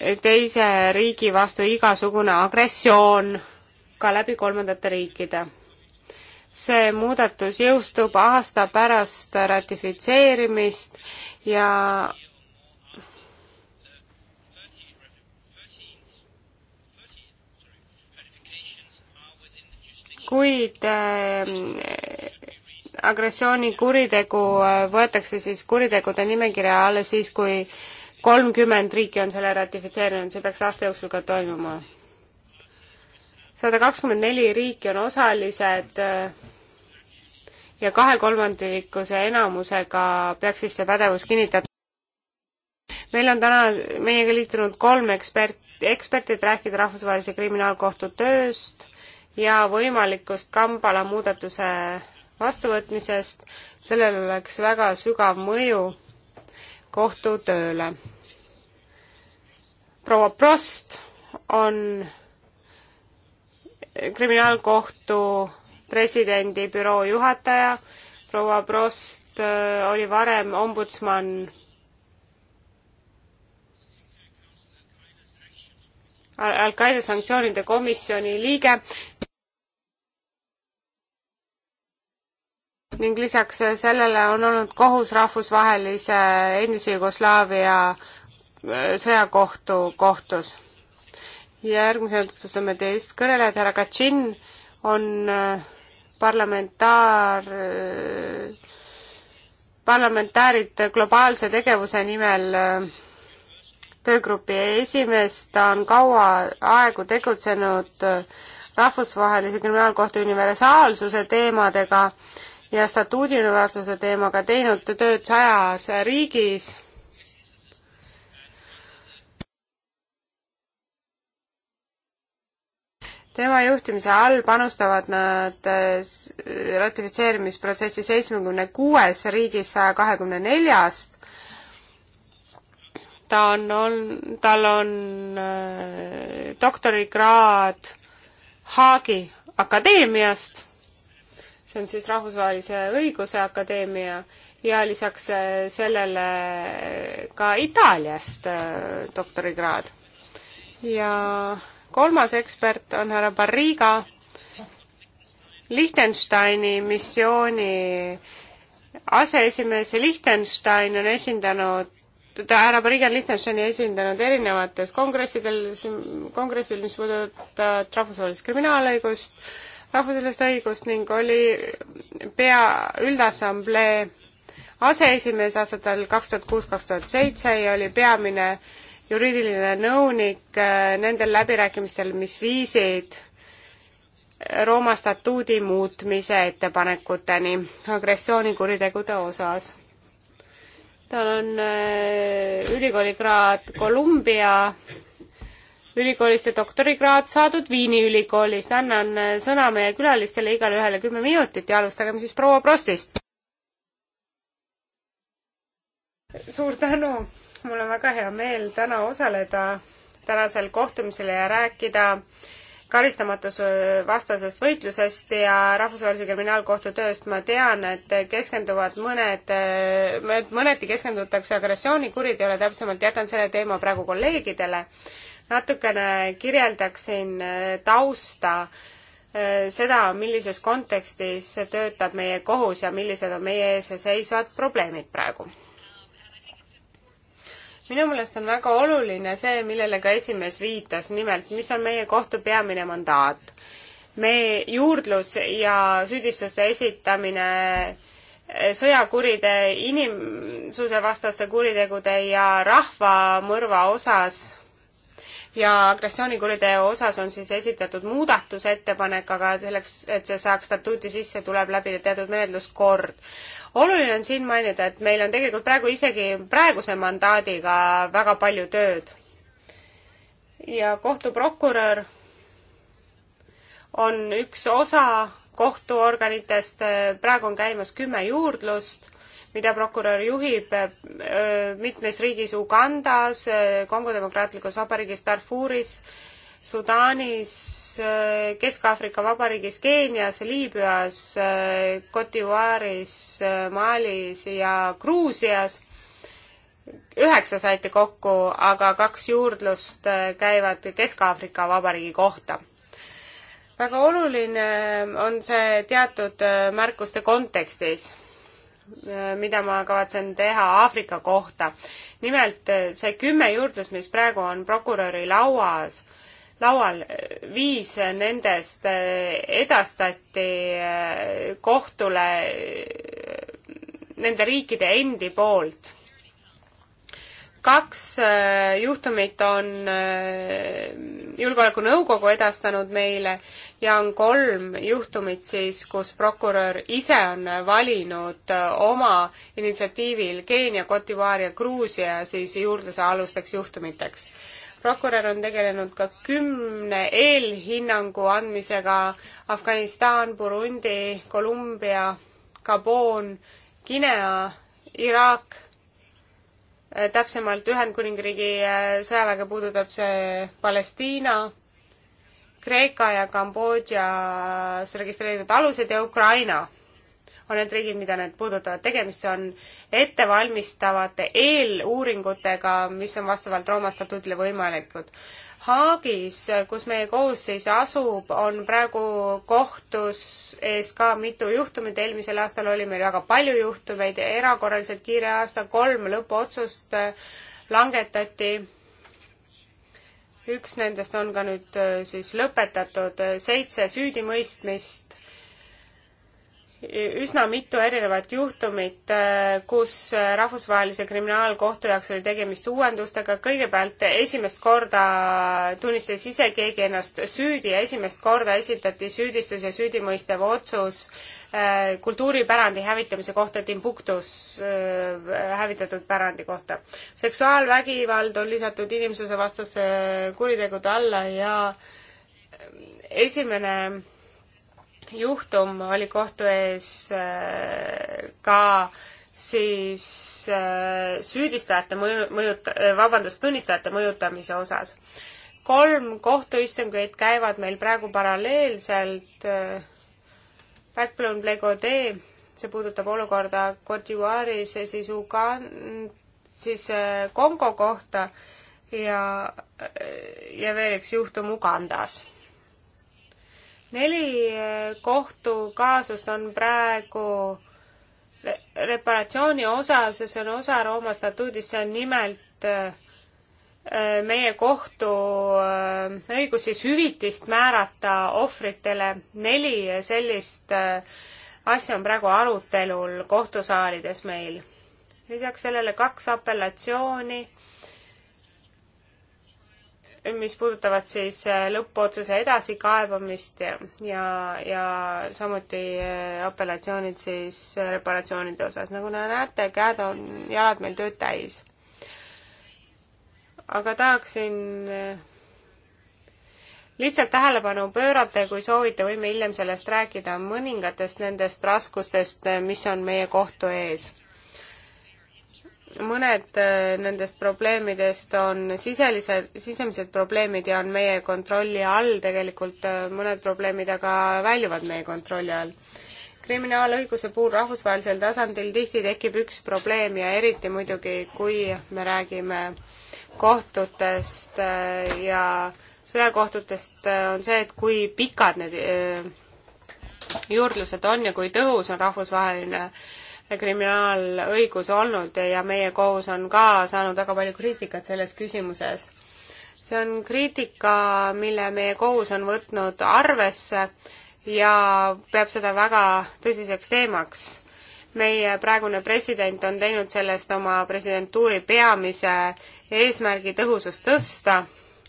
äh, teise riigi vastu igasugune agressioon ka läbi kolmandate riikide. see muudatus jõustub aasta pärast ratifitseerimist ja kuid ähm, agressioonikuritegu äh, võetakse siis kuritegude nimekirja alles siis, kui kolmkümmend riiki on selle ratifitseerinud, see peaks aasta jooksul ka toimuma. sada kakskümmend neli riiki on osalised äh, ja kahekolmandilikuse enamusega peaks siis see pädevus kinnitatud. meil on täna meiega liitunud kolm ekspert, ekspertit, rääkida Rahvusvahelise Kriminaalkohtu tööst ja võimalikust Kambala muudatuse vastuvõtmisest, sellel oleks väga sügav mõju kohtu tööle. proua Prost on kriminaalkohtu presidendi büroo juhataja, proua Prost äh, oli varem ombudsman Al-Qaeda sanktsioonide komisjoni liige ning lisaks sellele on olnud kohus rahvusvahelise endise Jugoslaavia äh, sõjakohtu kohtus. järgmisena tutvustame teist kõnelejat, härra Katšin on äh, parlamentaar, äh, parlamentäärid globaalse tegevuse nimel äh, töögrupi esimees, ta on kaua aegu tegutsenud äh, rahvusvahelise kriminaalkohtu universaalsuse teemadega ja statuudi universaalsuse teemaga, teinud tööd sajas riigis. tema juhtimise all panustavad nad äh, ratifitseerimisprotsessi seitsmekümne kuues riigis saja kahekümne neljast ta on, on, tal on äh, doktorikraad Haagi akadeemiast, see on siis Rahvusvahelise Õiguse Akadeemia, ja lisaks äh, sellele ka Itaaliast äh, doktorikraad. ja kolmas ekspert on härra Barriga, Liechtensteini missiooni aseesimees Liechtenstein on esindanud ta, härra Brigham Lichtensteini esindanud erinevates kongressidel, kongressil, mis puudutab rahvusvahelist kriminaalõigust, rahvusvahelist õigust ning oli pea üldassamblee aseesimees aastatel kaks tuhat kuus, kaks tuhat seitse ja oli peamine juriidiline nõunik äh, nendel läbirääkimistel, mis viisid Rooma statuudi muutmise ettepanekuteni agressioonikuritegude osas tal on äh, ülikoolikraad Columbia ülikoolist ja doktorikraad saadud Viini ülikoolist. annan äh, sõna meie külalistele igale ühele kümme minutit ja alustagem siis proua Prostist. suur tänu, mul on väga hea meel täna osaleda tänasel kohtumisel ja rääkida äh, karistamatuse vastasest võitlusest ja Rahvusvahelise Kriminaalkohtu tööst ma tean, et keskenduvad mõned, mõneti keskendutakse agressioonikuriteole, täpsemalt jätan selle teema praegu kolleegidele. natukene kirjeldaksin tausta, seda, millises kontekstis töötab meie kohus ja millised on meie ees seisvad probleemid praegu minu meelest on väga oluline see, millele ka esimees viitas, nimelt mis on meie kohtu peamine mandaat. me juurdlus ja süüdistuste esitamine eh, sõjakuride, inimsusevastaste kuritegude ja rahvamõrva osas ja agressioonikuriteo osas on siis esitatud muudatusettepanek, aga selleks, et see saaks statuuti sisse, tuleb läbida teatud menetluskord. oluline on siin mainida, et meil on tegelikult praegu isegi praeguse mandaadiga väga palju tööd. ja kohtuprokurör on üks osa kohtuorganitest, praegu on käimas kümme juurdlust mida prokurör juhib äh, mitmes riigis Ugandas, äh, Kongo Demokraatlikus Vabariigis, Darfuris, Sudaanis, äh, Kesk-Aafrika Vabariigis, Keenias, Liibüas, Cote d'Ivoire'is, Malis ja Gruusias. üheksa saite kokku, aga kaks juurdlust käivad Kesk-Aafrika Vabariigi kohta väga oluline on see teatud märkuste kontekstis Äh, mida ma kavatsen teha Aafrika kohta. nimelt äh, see kümme juurdlust, mis praegu on prokuröri lauas, laual, äh, viis nendest edastati kohtule nende riikide endi poolt kaks äh, juhtumit on äh, Julgeolekunõukogu edastanud meile ja on kolm juhtumit siis, kus prokurör ise on valinud äh, oma initsiatiivil Keenia, Cotivaari ja Gruusia siis juurdluse alusteks juhtumiteks. prokurör on tegelenud ka kümne eelhinnangu andmisega Afganistan, Burundi, Kolumbia, Gabon, Guinea, Iraak Äh, täpsemalt Ühendkuningriigi äh, sõjaväge puudutab see Palestiina, Kreeka ja Kambodžas äh, registreeritud alused ja Ukraina on need riigid, mida need puudutavad. tegemist on ettevalmistavate eeluuringutega, mis on vastavalt Rooma statuudile võimalikud. Haagis, kus meie koosseis asub, on praegu kohtus ees ka mitu juhtumit, eelmisel aastal oli meil väga palju juhtumeid, erakorraliselt kiire aasta, kolm lõpuotsust äh, langetati. üks nendest on ka nüüd äh, siis lõpetatud, seitse süüdimõistmist üsna mitu erinevat juhtumit, äh, kus äh, Rahvusvahelise Kriminaalkohtu jaoks oli tegemist uuendustega, kõigepealt esimest korda tunnistas ise keegi ennast süüdi ja esimest korda esitati süüdistus ja süüdimõistev otsus äh, kultuuripärandi hävitamise kohta Timbuktus hävitatud pärandi kohta. seksuaalvägivald on lisatud inimsusevastaste kuritegude alla ja esimene juhtum oli kohtu ees äh, ka siis äh, süüdistajate mõju, mõjuta-, äh, vabandust, tunnistajate mõjutamise osas. kolm kohtuistungeid käivad meil praegu paralleelselt. Backbone Blegode, see puudutab olukorda Cote d'Ivoire'is ja siis Ugan-, siis Kongo kohta ja, ja veel üks juhtum Ugandas neli eh, kohtukaasust on praegu reparatsiooni osas ja see on osa Rooma statuudist, see on nimelt eh, eh, meie kohtu õigus siis hüvitist määrata ohvritele. neli sellist asja on praegu arutelul kohtusaalides meil. lisaks sellele kaks apellatsiooni mis puudutavad siis äh, lõppotsuse edasikaebamist ja, ja, ja samuti äh, apellatsioonid siis äh, reparatsioonide osas. nagu te näete, käed on, jalad meil tööd täis. aga tahaksin lihtsalt tähelepanu pöörata ja kui soovite, võime hiljem sellest rääkida mõningatest nendest raskustest, mis on meie kohtu ees mõned äh, nendest probleemidest on siselised, sisemised probleemid ja on meie kontrolli all tegelikult, äh, mõned probleemid aga väljuvad meie kontrolli all. kriminaalõiguse puhul rahvusvahelisel tasandil tihti tekib üks probleem ja eriti muidugi, kui me räägime kohtutest äh, ja sõjakohtutest, on see, et kui pikad need juurdlused on ja kui tõhus on rahvusvaheline äh, kriminaalõigus olnud ja meie kohus on ka saanud väga palju kriitikat selles küsimuses. see on kriitika, mille meie kohus on võtnud arvesse ja peab seda väga tõsiseks teemaks. meie praegune president on teinud sellest oma presidentuuri peamise eesmärgi tõhusust tõsta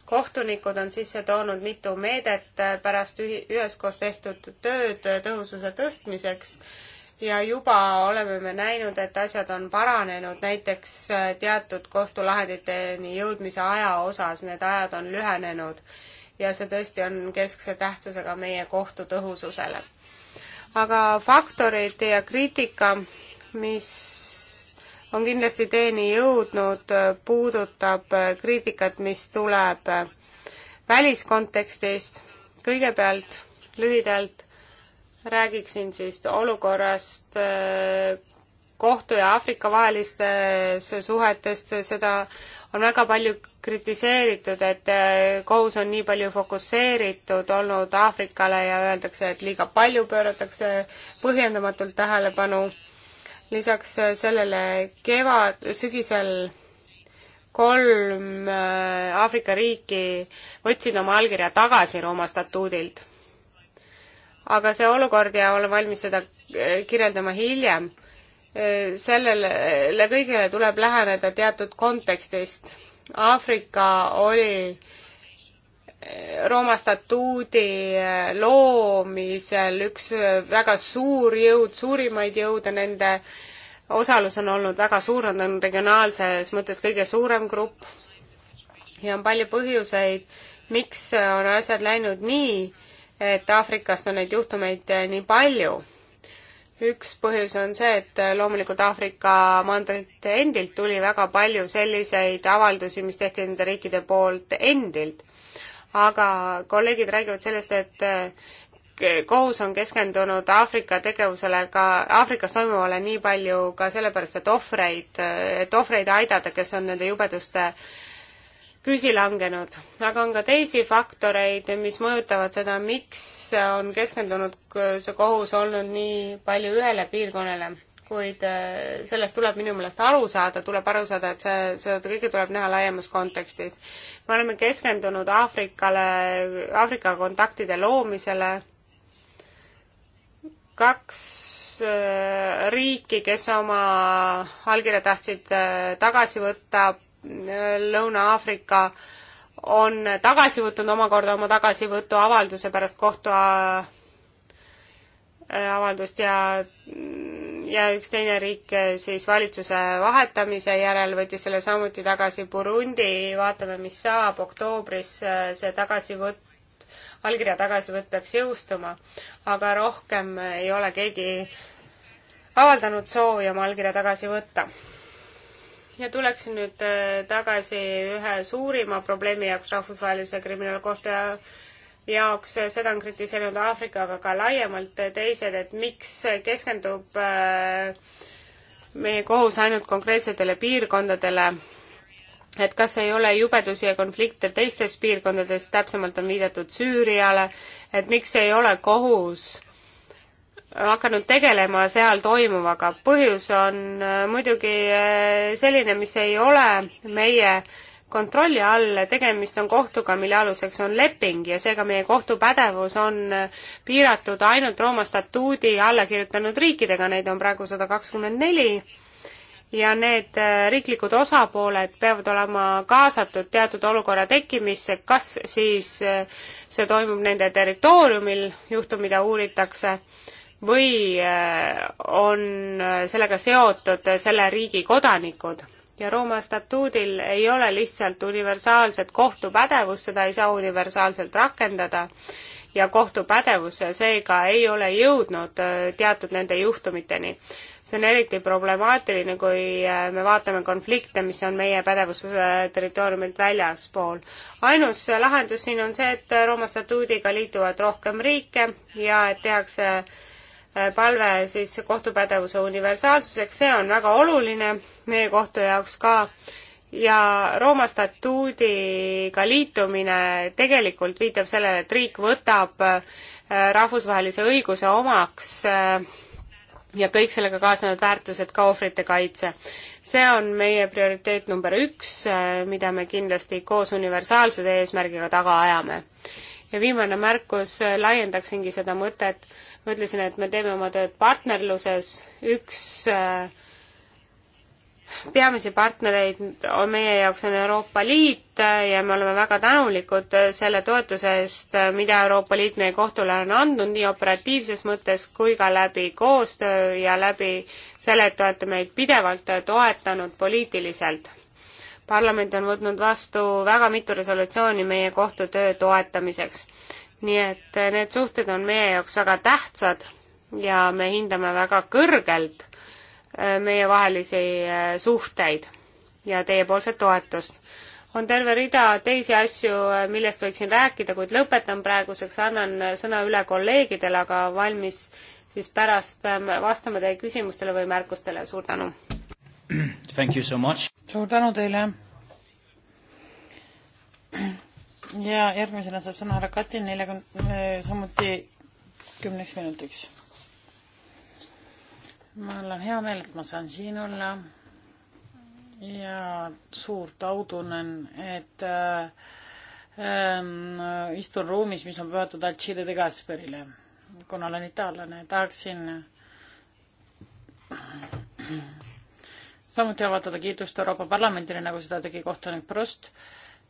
kohtunikud on sisse toonud mitu meedet pärast ühi-, üheskoos tehtud tööd tõhususe tõstmiseks ja juba oleme me näinud, et asjad on paranenud, näiteks äh, teatud kohtulahenditeni jõudmise aja osas, need ajad on lühenenud ja see tõesti on keskse tähtsusega meie kohtu tõhususele. aga faktorid ja kriitika, mis on kindlasti teieni jõudnud, äh, puudutab äh, kriitikat, mis tuleb väliskontekstist, kõigepealt lühidalt räägiksin siis olukorrast äh, kohtu ja Aafrika vahelistes suhetest, seda on väga palju kritiseeritud, et äh, kohus on nii palju fokusseeritud olnud Aafrikale ja öeldakse, et liiga palju pööratakse põhjendamatult tähelepanu. lisaks äh, sellele kevad, sügisel kolm Aafrika riiki võtsid oma allkirja tagasi Rooma statuudilt aga see olukord ja olen valmis seda äh, kirjeldama hiljem, äh, sellele kõigile tuleb läheneda teatud kontekstist. Aafrika oli äh, Rooma statuudi loomisel üks väga suur jõud, suurimaid jõude, nende osalus on olnud väga suur, nad on regionaalses mõttes kõige suurem grupp ja on palju põhjuseid, miks on asjad läinud nii et Aafrikast on neid juhtumeid eh, nii palju. üks põhjus on see, et eh, loomulikult Aafrika mandrilt endilt tuli väga palju selliseid avaldusi, mis tehti nende riikide poolt endilt. aga kolleegid räägivad sellest, et eh, kohus on keskendunud Aafrika tegevusele ka, Aafrikas toimuvale nii palju ka sellepärast, et ohvreid, et ohvreid aidata, kes on nende jubeduste äh, püsi langenud, aga on ka teisi faktoreid, mis mõjutavad seda, miks on keskendunud see kohus olnud nii palju ühele piirkonnale. kuid äh, sellest tuleb minu meelest aru saada, tuleb aru saada, et see, seda kõike tuleb näha laiemas kontekstis. me oleme keskendunud Aafrikale, Aafrika kontaktide loomisele, kaks äh, riiki, kes oma allkirja tahtsid äh, tagasi võtta, Lõuna-Aafrika on tagasi võtnud omakorda oma tagasivõtuavalduse pärast kohtu äh, avaldust ja, ja üks teine riik äh, siis valitsuse vahetamise järel võttis selle samuti tagasi Burundi, vaatame, mis saab, oktoobris äh, see tagasivõtt, allkirja tagasivõtt peaks jõustuma, aga rohkem ei ole keegi avaldanud soovi oma allkirja tagasi võtta ja tuleksin nüüd äh, tagasi ühe suurima probleemi jaoks rahvusvahelise kriminaalkohtu jaoks, seda on kritiseerinud Aafrika, aga ka laiemalt teised, et miks keskendub äh, meie kohus ainult konkreetsetele piirkondadele, et kas ei ole jubedusi ja konflikte teistes piirkondades, täpsemalt on viidatud Süüriale, et miks ei ole kohus hakanud tegelema seal toimuvaga. põhjus on äh, muidugi äh, selline, mis ei ole meie kontrolli all, tegemist on kohtuga, mille aluseks on leping ja seega meie kohtupädevus on äh, piiratud ainult Rooma statuudi alla kirjutanud riikidega, neid on praegu sada kakskümmend neli, ja need riiklikud osapooled peavad olema kaasatud teatud olukorra tekkimisse, kas siis see toimub nende territooriumil, juhtum, mida uuritakse, või äh, on äh, sellega seotud selle riigi kodanikud ja Rooma statuudil ei ole lihtsalt universaalset kohtupädevust, seda ei saa universaalselt rakendada ja kohtupädevus seega ei ole jõudnud äh, teatud nende juhtumiteni. see on eriti problemaatiline, kui me vaatame konflikte, mis on meie pädevuse territooriumilt väljaspool. ainus lahendus siin on see, et Rooma statuudiga liituvad rohkem riike ja et tehakse Äh, palve siis kohtupädevuse universaalsuseks, see on väga oluline meie kohtu jaoks ka ja Rooma statuudiga liitumine tegelikult viitab sellele, et riik võtab äh, rahvusvahelise õiguse omaks äh, ja kõik sellega kaasnevad väärtused ka ohvrite kaitse. see on meie prioriteet number üks, mida me kindlasti koos universaalsuse eesmärgiga taga ajame ja viimane märkus, laiendaksingi seda mõtet, ma ütlesin, et me teeme oma tööd partnerluses, üks äh, peamisi partnereid on meie jaoks on Euroopa Liit ja me oleme väga tänulikud selle toetuse eest, mida Euroopa Liit meie kohtule on andnud nii operatiivses mõttes kui ka läbi koostöö ja läbi selle, et te olete meid pidevalt toetanud poliitiliselt parlament on võtnud vastu väga mitu resolutsiooni meie kohtutöö toetamiseks. nii et need suhted on meie jaoks väga tähtsad ja me hindame väga kõrgelt äh, meievahelisi äh, suhteid ja teiepoolset toetust. on terve rida teisi asju, äh, millest võiksin rääkida, kuid lõpetan praeguseks, annan sõna üle kolleegidele, aga valmis siis pärast vastama teie küsimustele või märkustele, suur tänu! Thank you so much. suur tänu teile. ja järgmisena saab sõna härra Katin neljakümne, eh, samuti kümneks minutiks. mul on hea meel, et ma saan siin olla ja suurt au tunnen, et äh, äh, istun ruumis, mis on pööratud Alcide de Gasperile, kuna olen itaallane, tahaksin samuti avaldada kiidust Euroopa Parlamendile, nagu seda tegi kohtunik Prost,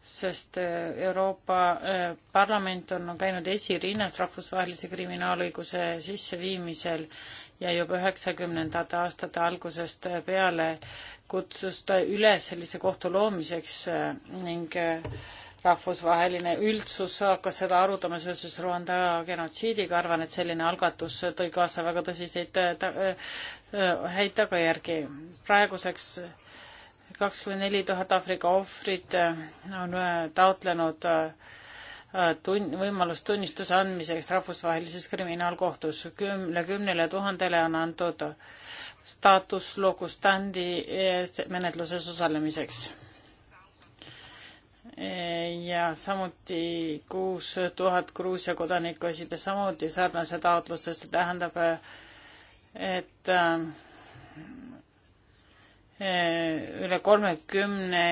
sest äh, Euroopa äh, Parlament on käinud esirinnas rahvusvahelise kriminaalõiguse sisseviimisel ja juba üheksakümnendate aastate algusest peale kutsus ta üles sellise kohtu loomiseks äh, ning äh, rahvusvaheline üldsus hakkas seda arutama seoses Rwanda genotsiidiga, arvan, et selline algatus tõi kaasa väga tõsiseid äh, ta, äh, häid tagajärgi. praeguseks kakskümmend neli tuhat Aafrika ohvrit äh, on taotlenud tun-, võimalust tunnistuse andmiseks rahvusvahelises kriminaalkohtus. kümne, kümnele tuhandele on antud staatus locustandi menetluses osalemiseks ja samuti kuus tuhat Gruusia kodanikku esitas samuti sarnase taotluse, see tähendab, et äh, äh, üle kolmekümne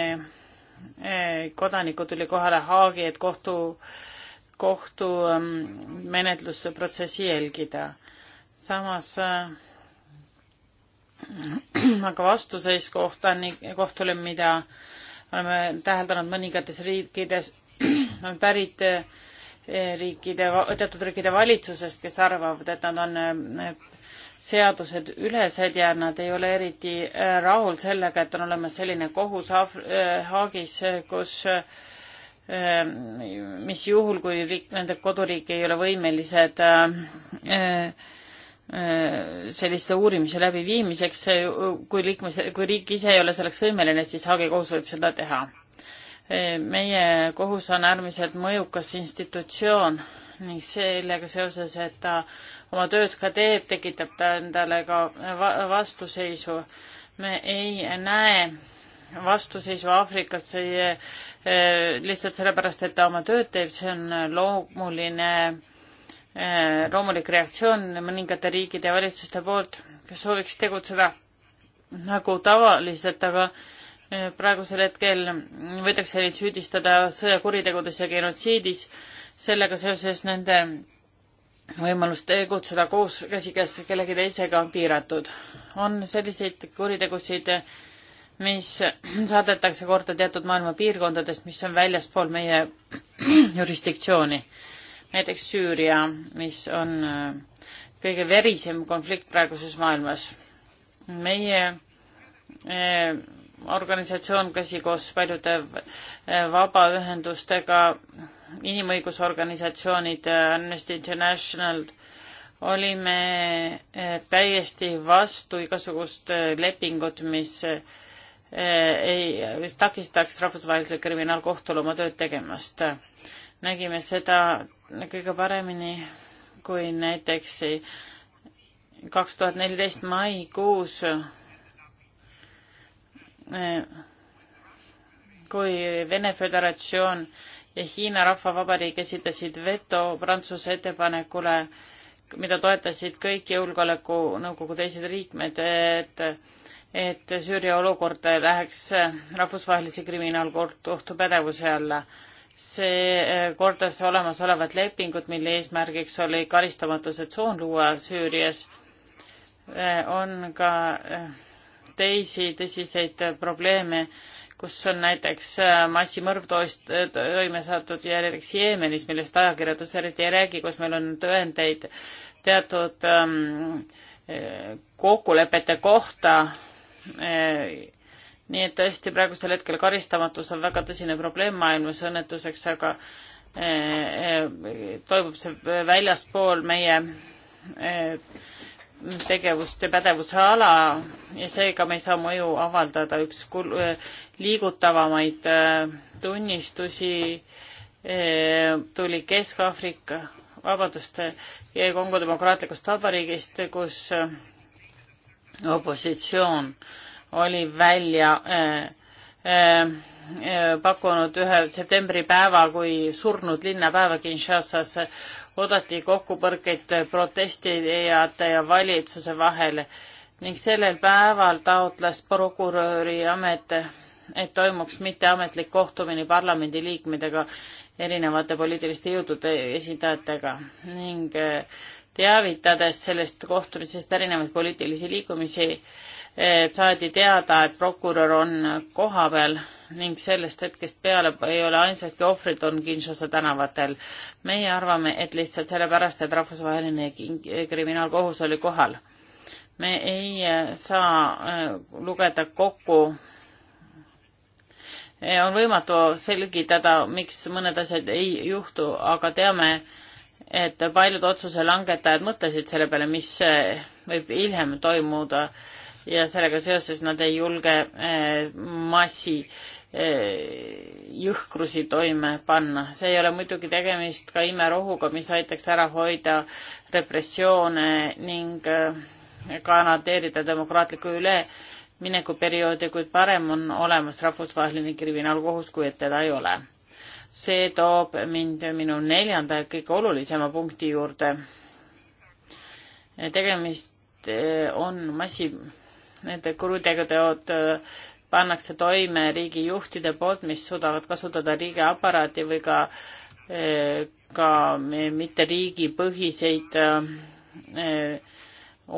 äh, kodaniku tuli kohale Haagi, et kohtu, kohtumenetluse ähm, protsessi jälgida. samas aga vastuseis kohtanik, kohtule, mida oleme täheldanud mõningates riikides, on pärit eh, riikide, teatud riikide valitsusest, kes arvavad, et nad on eh, seadused ülesed ja nad ei ole eriti eh, rahul sellega, et on olemas selline kohus Haagis, kus mis juhul, kui riik, nende koduriik ei ole võimelised äh, selliste uurimise läbiviimiseks, kui liikmes, kui riik ise ei ole selleks võimeline, siis Haagi kohus võib seda teha. meie kohus on äärmiselt mõjukas institutsioon ning sellega seoses, et ta oma tööd ka teeb, tekitab ta endale ka vastuseisu. me ei näe vastuseisu Aafrikas eh, lihtsalt sellepärast, et ta oma tööd teeb, see on loomuline Äh, loomulik reaktsioon mõningate riikide ja valitsuste poolt, kes sooviks tegutseda nagu tavaliselt, aga äh, praegusel hetkel võidakse neid süüdistada sõjakuritegudes ja genotsiidis, sellega seoses nende võimalus tegutseda koos käsikäes kellegi teisega on piiratud. on selliseid kuritegusid, mis saadetakse korda teatud maailma piirkondadest, mis on väljaspool meie jurisdiktsiooni näiteks Süüria, mis on äh, kõige verisem konflikt praeguses maailmas. meie äh, organisatsioon käsi koos paljude äh, vabaühendustega, inimõigusorganisatsioonid, Amnesty International, olime täiesti vastu igasugust lepingut, mis ei, mis takistaks rahvusvahelisel kriminaalkohtul oma tööd tegemast nägime seda kõige paremini kui näiteks kaks tuhat neliteist maikuus, kui Vene Föderatsioon ja Hiina Rahvavabariik esitasid veto Prantsuse ettepanekule, mida toetasid kõik Julgeolekunõukogu teised liikmed, et et Süüria olukord läheks rahvusvahelise kriminaalkohtu pädevuse alla see eh, kordas olemasolevat lepingut, mille eesmärgiks oli karistamatuse tsoon luua Süürias. Eh, on ka eh, teisi tõsiseid probleeme, kus on näiteks massimõrv toime saadud ja näiteks Jeemenis, millest ajakirjandus eriti ei räägi, kus meil on tõendeid teatud ehm, kokkulepete kohta nii et tõesti praegusel hetkel karistamatus on väga tõsine probleem maailmas õnnetuseks, aga eh, eh, toimub see väljaspool meie eh, tegevuste pädevuse ala ja seega me ei saa mõju avaldada üks kul-, liigutavamaid tunnistusi tuli Kesk-Aafrika, vabandust, Kongo demokraatlikust vabariigist, kus opositsioon äh, oli välja äh, äh, äh, pakkunud ühe septembripäeva kui surnud linnapäeva Kinshasas oodati kokkupõrkeid protestijate ja valitsuse vahel ning sellel päeval taotles prokuröri amet, et toimuks mitteametlik kohtumine parlamendiliikmetega, erinevate poliitiliste jõudude esindajatega ning teavitades sellest kohtumisest erinevaid poliitilisi liikumisi, saadi teada, et prokurör on kohapeal ning sellest hetkest peale ei ole ainsadki ohvrid on Kinshasa tänavatel. meie arvame, et lihtsalt sellepärast, et rahvusvaheline kriminaalkohus oli kohal. me ei äh, saa äh, lugeda kokku äh, on võimatu selgitada, miks mõned asjad ei juhtu, aga teame, et paljud otsuse langetajad mõtlesid selle peale, mis võib hiljem toimuda äh, ja sellega seoses nad ei julge eh, massi eh, jõhkrusi toime panna. see ei ole muidugi tegemist ka imerohuga, mis aitaks ära hoida repressioone ning eh, kanadeerida demokraatliku üleminekuperioodi, kuid parem on olemas rahvusvaheline kriminaalkohus, kui et teda ei ole. see toob mind minu neljanda ja kõige olulisema punkti juurde. tegemist on massi nende kuriteguteod pannakse toime riigijuhtide poolt, mis suudavad kasutada riigiaparaati või ka, ka e, mitte riigipõhiseid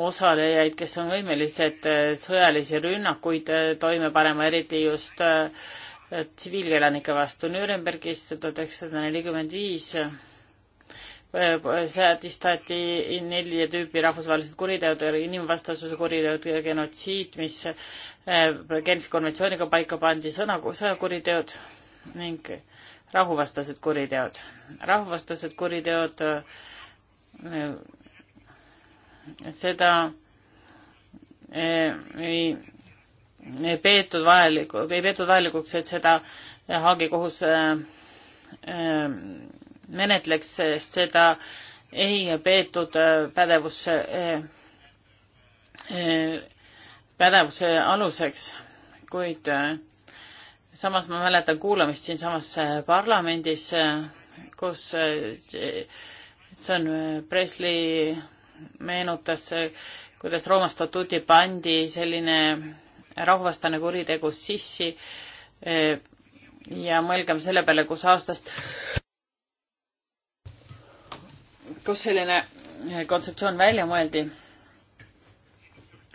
osalejaid, kes on võimelised sõjalisi rünnakuid toime panema, eriti just tsiviilelanike vastu. Nürnbergis tuhat üheksasada nelikümmend viis seadistati nelja tüüpi rahvusvahelised kuriteod, inimvastasuse kuriteod ja genotsiid, mis äh, Genfi konventsiooniga paika pandi, sõna, sõjakuriteod ning rahuvastased kuriteod. rahuvastased kuriteod, äh, seda äh, ei, ei peetud vajaliku, ei peetud vajalikuks, et seda Haagi kohus äh, äh, menetleks, sest seda ei peetud äh, pädevusse, äh, äh, pädevuse aluseks, kuid samas ma mäletan kuulamist siinsamas parlamendis, kus John Presley meenutas, kuidas Rooma statuudi pandi selline rahvastane kuritegu sissi ja mõelgem selle peale, kus aastast kus selline eh, kontseptsioon välja mõeldi.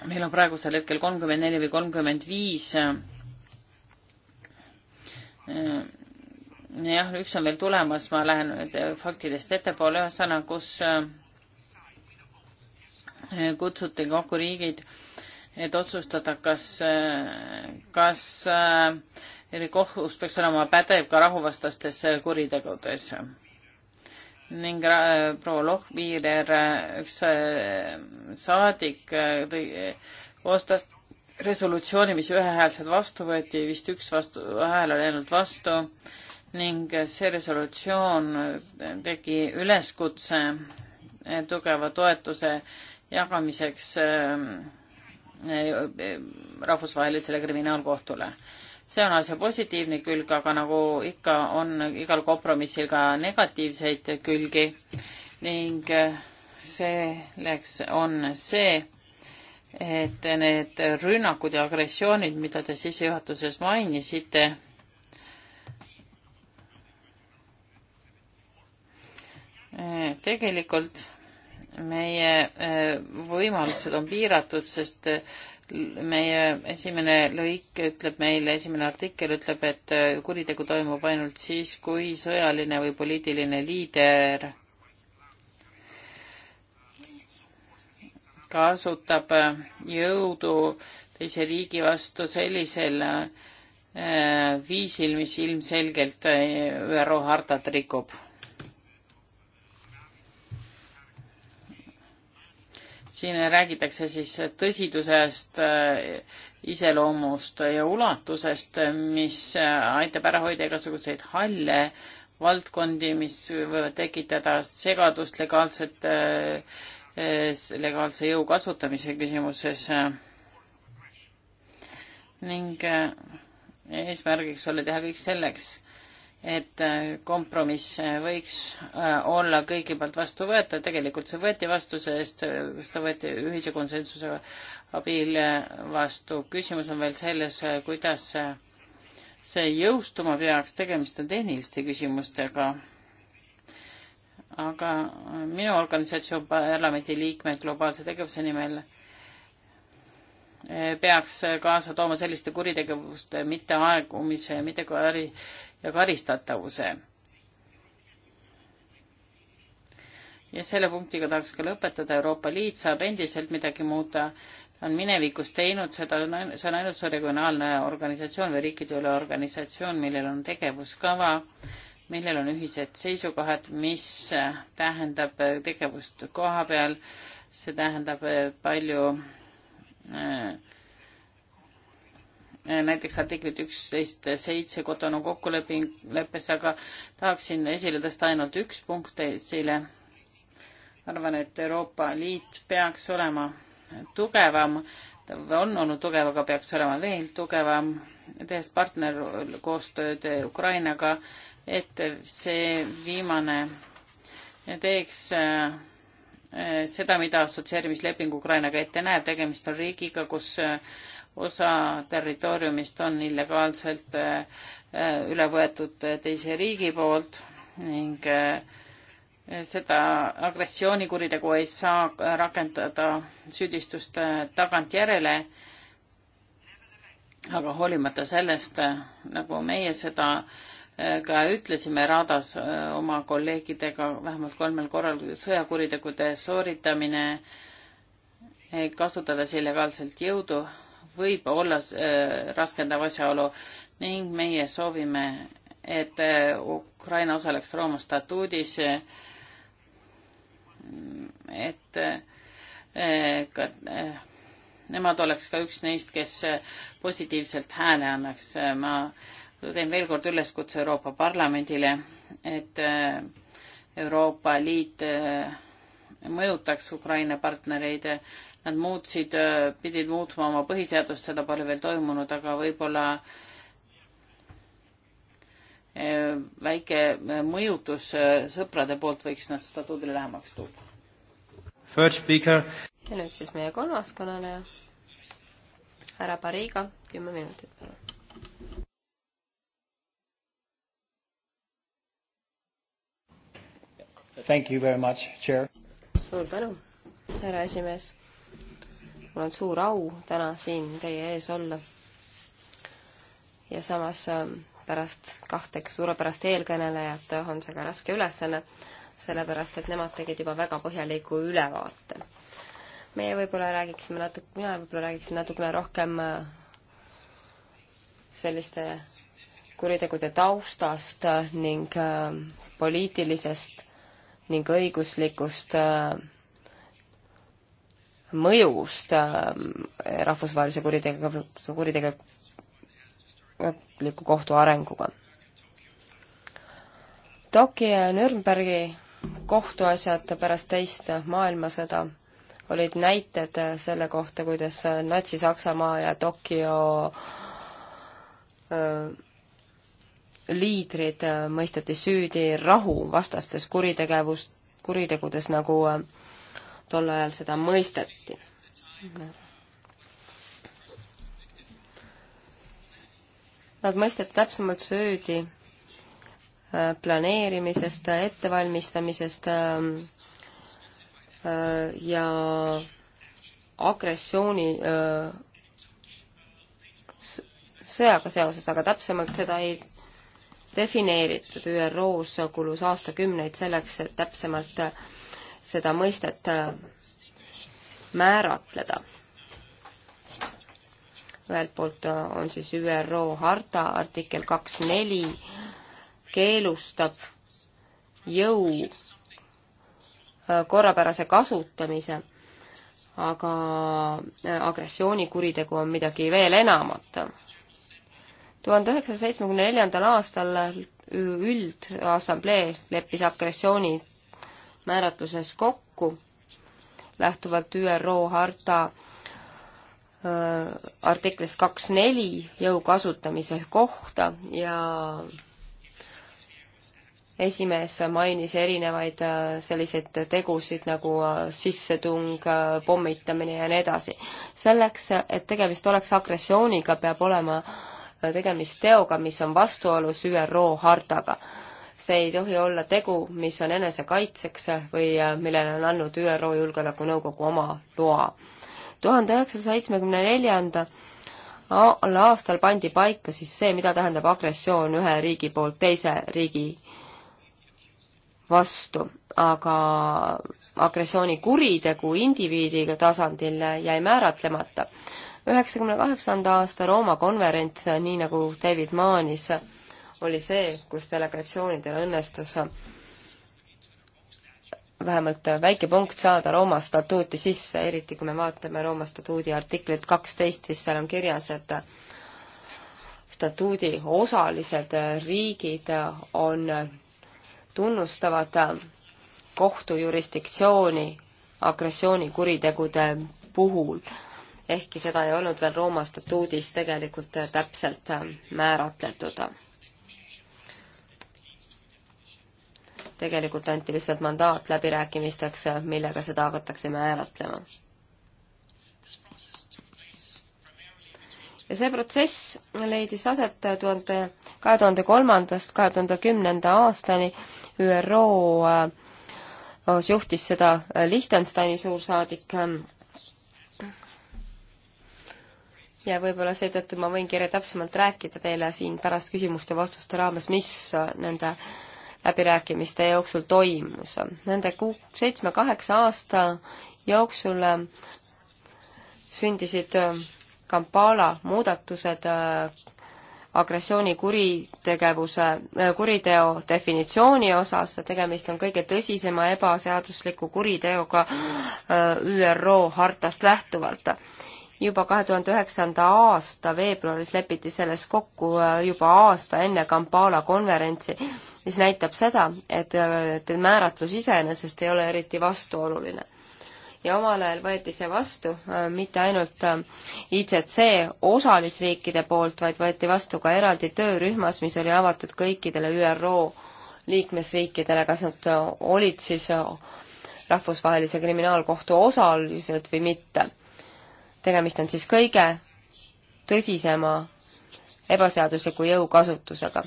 meil on praegusel hetkel kolmkümmend neli või kolmkümmend viis eh, eh, jah, üks on veel tulemas, ma lähen nüüd faktidest ettepoole, ühesõnaga, kus kutsuti kokku riigid, et otsustada, kas, kas kohus peaks olema pädev ka rahuvastastes kuritegudes ning proua Lohmiiler, üks äh, saadik äh, tõi, äh, koostas resolutsiooni, mis ühehäälselt vastu võeti, vist üks vastu, hääl oli ainult vastu ning see resolutsioon tegi üleskutse tugeva toetuse jagamiseks rahvusvahelisele kriminaalkohtule see on asja positiivne külg, aga nagu ikka, on igal kompromissil ka negatiivseid külgi ning eh, selleks on see, et need rünnakud ja agressioonid, mida te sissejuhatuses mainisite, eh, tegelikult meie eh, võimalused on piiratud, sest meie esimene lõik ütleb meile, esimene artikkel ütleb, et äh, kuritegu toimub ainult siis, kui sõjaline või poliitiline liider kasutab äh, jõudu teise riigi vastu sellisel äh, viisil, mis ilmselgelt ÜRO hartat rikub siin räägitakse siis tõsidusest, iseloomust ja ulatusest, mis aitab ära hoida igasuguseid halle valdkondi, mis võivad tekitada segadust legaalset, eh, legaalse jõu kasutamise küsimuses. ning eh, eesmärgiks oli teha kõik selleks, et äh, kompromiss äh, võiks äh, olla kõigi poolt vastu võetav, tegelikult see võeti vastu, sest seda võeti ühise konsensuse abil vastu. küsimus on veel selles, kuidas see jõustuma peaks, tegemist on tehniliste küsimustega. aga minu organisatsioon, parlamendi liikmed globaalse tegevuse nimel peaks kaasa tooma selliste kuritegevuste mitteaegumise, mitte kari ja karistatavuse. ja selle punktiga tahaks ka lõpetada, Euroopa Liit saab endiselt midagi muuta, ta on minevikus teinud seda, see on ainus regionaalne organisatsioon või riikideüle organisatsioon, millel on tegevuskava, millel on ühised seisukohad, mis tähendab tegevust koha peal, see tähendab palju äh, näiteks artiklit üksteist seitse Cotonou kokkuleppes, aga tahaksin esile tõsta ainult üks punkt esile. arvan, et Euroopa Liit peaks olema tugevam, ta on olnud tugev, aga peaks olema veel tugevam, tehes partnerkoostööd Ukrainaga, et see viimane teeks äh, seda, mida assotsieerimisleping Ukrainaga ette näeb, tegemist on riigiga, kus äh, osa territooriumist on illegaalselt äh, äh, üle võetud teise riigi poolt ning äh, seda agressioonikuritegu ei saa rakendada süüdistust tagantjärele. aga hoolimata sellest, nagu meie seda ka ütlesime Radas oma kolleegidega vähemalt kolmel korral, sõjakuritegude sooritamine, kasutades illegaalselt jõudu võib olla äh, raskendav asjaolu ning meie soovime, et äh, Ukraina osaleks Rooma statuudis, äh, et ka nemad oleks ka üks neist, kes positiivselt hääle annaks. ma teen veel kord üleskutse Euroopa Parlamendile, et Euroopa Liit mõjutaks Ukraina partnereid. Nad muutsid, pidid muutma oma põhiseadust, seda pole veel toimunud, aga võib-olla e, väike mõjutus e, sõprade poolt võiks nad statuudile lähemaks tuua. ja nüüd siis meie kolmas kõneleja, härra Pariga, kümme minutit, palun. Thank you very much, Chair suur tänu, härra esimees. mul on suur au täna siin teie ees olla. ja samas ähm, pärast kahte suurepärast eelkõnelejat on see ka raske ülesanne, sellepärast et nemad tegid juba väga põhjaliku ülevaate. meie võib-olla räägiksime natuke, mina võib-olla räägiksin natukene rohkem äh, selliste kuritegude taustast ning äh, poliitilisest ning õiguslikust äh, mõjust äh, rahvusvahelise kuritegu, kuritegeliku kohtu arenguga. Toki ja Nürnbergi kohtuasjad pärast teist maailmasõda olid näited selle kohta, kuidas Natsi-Saksamaa ja Tokyo öö, äh, liidrid äh, mõisteti süüdi rahuvastastes kuritegevus, kuritegudes, nagu äh, tol ajal seda mõisteti. Nad mõisteti täpsemalt süüdi äh, planeerimisest, ettevalmistamisest ähm, ja agressiooni sõjaga seoses, aga täpsemalt seda ei defineeritud ÜRO-s, kulus aastakümneid selleks, et täpsemalt seda mõistet äh, määratleda. ühelt poolt äh, on siis ÜRO harta artikkel kaks neli keelustab jõu äh, korrapärase kasutamise, aga agressioonikuritegu on midagi veel enamat tuhande üheksasaja seitsmekümne neljandal aastal üldassamblee leppis agressiooni määratluses kokku lähtuvalt ÜRO harta artiklist kaks neli jõu kasutamise kohta ja esimees mainis erinevaid selliseid tegusid nagu sissetung, pommitamine ja nii edasi. selleks, et tegemist oleks agressiooniga, peab olema äh, tegemist teoga, mis on vastuolus ÜRO hartaga. see ei tohi olla tegu, mis on enesekaitseks või äh, millele on andnud ÜRO Julgeolekunõukogu oma loa. tuhande üheksasaja seitsmekümne neljanda aastal pandi paika siis see, mida tähendab agressioon ühe riigi poolt teise riigi vastu, aga agressioonikuritegu indiviidiga tasandil jäi määratlemata üheksakümne kaheksanda aasta Rooma konverents, nii nagu David maanis, oli see, kus delegatsioonidel õnnestus vähemalt väike punkt saada Rooma statuuti sisse, eriti kui me vaatame Rooma statuudi artiklit kaksteist, siis seal on kirjas, et statuudi osalised riigid on, tunnustavad kohtu jurisdiktsiooni agressioonikuritegude puhul ehkki seda ei olnud veel Rooma statuudis tegelikult äh, täpselt äh, määratletud. tegelikult anti lihtsalt mandaat läbirääkimisteks, äh, millega seda hakatakse määratlema. ja see protsess leidis aset tuhande, kahe tuhande kolmandast kahe tuhande kümnenda aastani ÜRO juhtis seda Liechtensteini suursaadik ähm, ja võib-olla seetõttu ma võin kirja täpsemalt rääkida teile siin pärast küsimuste-vastuste raames, mis nende läbirääkimiste jooksul toimus. Nende kuu, seitsme-kaheksa aasta jooksul äh, sündisid äh, Kampala muudatused äh, agressioonikuritegevuse, kuriteo definitsiooni osas, tegemist on kõige tõsisema ebaseadusliku kuriteoga ÜRO hartast lähtuvalt juba kahe tuhande üheksanda aasta veebruaris lepiti selles kokku äh, juba aasta enne Kampala konverentsi, mis näitab seda, äh, et määratlus iseenesest ei ole eriti vastuoluline ja omal ajal võeti see vastu äh, mitte ainult äh, ICC osalisriikide poolt, vaid võeti vastu ka eraldi töörühmas, mis oli avatud kõikidele ÜRO liikmesriikidele, kas nad äh, olid siis äh, rahvusvahelise kriminaalkohtu osalised või mitte tegemist on siis kõige tõsisema ebaseadusliku jõu kasutusega.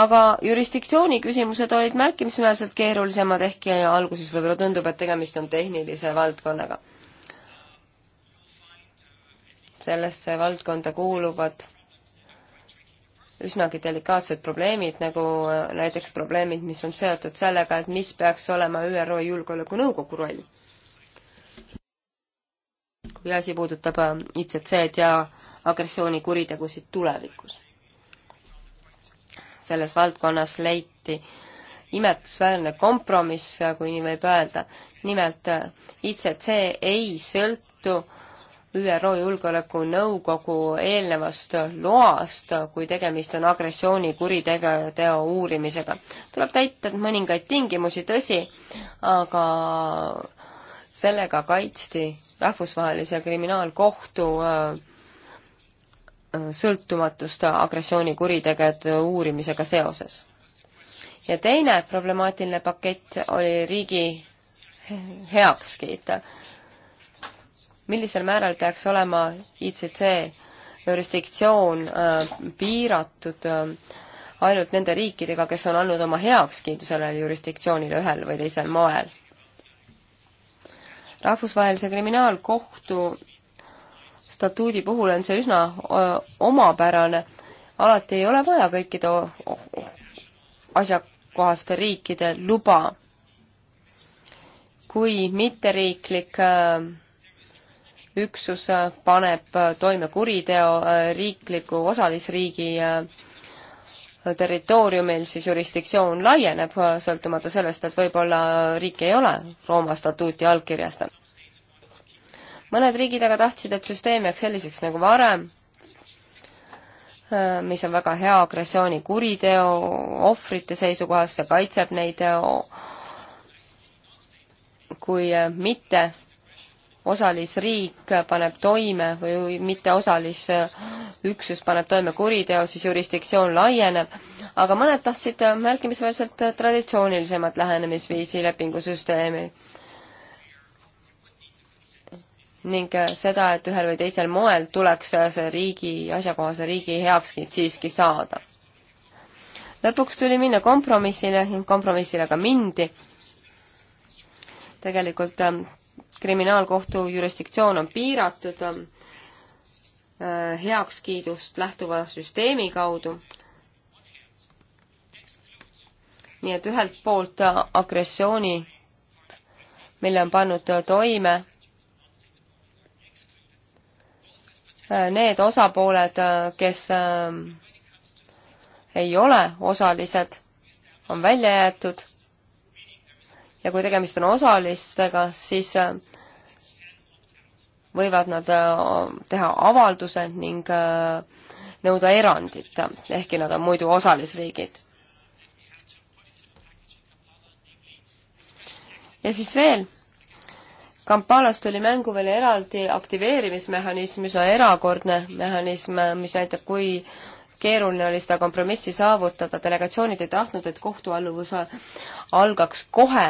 aga jurisdiktsiooni küsimused olid märkimisväärselt keerulisemad, ehkki alguses võib-olla tundub, et tegemist on tehnilise valdkonnaga. sellesse valdkonda kuuluvad üsnagi delikaatsed probleemid, nagu näiteks probleemid, mis on seotud sellega, et mis peaks olema ÜRO Julgeolekunõukogu roll kui asi puudutab äh, ICC-d ja agressioonikuritegusid tulevikus. selles valdkonnas leiti imetlusväärne kompromiss, äh, kui nii võib öelda. nimelt äh, ICC ei sõltu ÜRO Julgeolekunõukogu eelnevast loast, kui tegemist on agressioonikuriteo uurimisega. tuleb täita mõningaid tingimusi, tõsi, aga sellega kaitsti Rahvusvahelise Kriminaalkohtu äh, äh, sõltumatust agressioonikuritegude uurimisega seoses. ja teine problemaatiline pakett oli riigi heakskiit. millisel määral peaks olema ICC jurisdiktsioon äh, piiratud ainult nende riikidega, kes on andnud oma heakskiidu sellele jurisdiktsioonile ühel või teisel moel rahvusvahelise kriminaalkohtu statuudi puhul on see üsna omapärane, alati ei ole vaja kõikide oh, oh, asjakohaste riikide luba. kui mitteriiklik üksus paneb toime kuriteo riikliku osalisriigi territooriumil siis jurisdiktsioon laieneb, sõltumata sellest, et võib-olla riik ei ole Rooma statuuti allkirjastanud. mõned riigid aga tahtsid, et süsteem jääks selliseks nagu varem, mis on väga hea agressioonikuriteo ohvrite seisukohast, see kaitseb neid kui mitte osalisriik paneb toime või mitte osalisüksus paneb toime kuriteo, siis jurisdiktsioon laieneb, aga mõned tahtsid märkimisväärselt traditsioonilisemat lähenemisviisi lepingusüsteemi. ning seda, et ühel või teisel moel tuleks see riigi, asjakohase riigi heakskiit siiski saada. lõpuks tuli minna kompromissile, kompromissile ka mindi tegelikult ähm, kriminaalkohtu jurisdiktsioon on piiratud äh, heakskiidust lähtuva süsteemi kaudu. nii et ühelt poolt agressiooni, mille on pannud toime äh, need osapooled, kes äh, ei ole osalised, on välja jäetud ja kui tegemist on osalistega, siis äh, võivad nad äh, teha avalduse ning äh, nõuda erandit, ehkki nad on muidu osalisriigid. ja siis veel, Kampalas tuli mängu veel eraldi aktiveerimismehhanism, üsna erakordne mehhanism, mis näitab, kui keeruline oli seda kompromissi saavutada, delegatsioonid ei tahtnud, et kohtualluvus algaks kohe.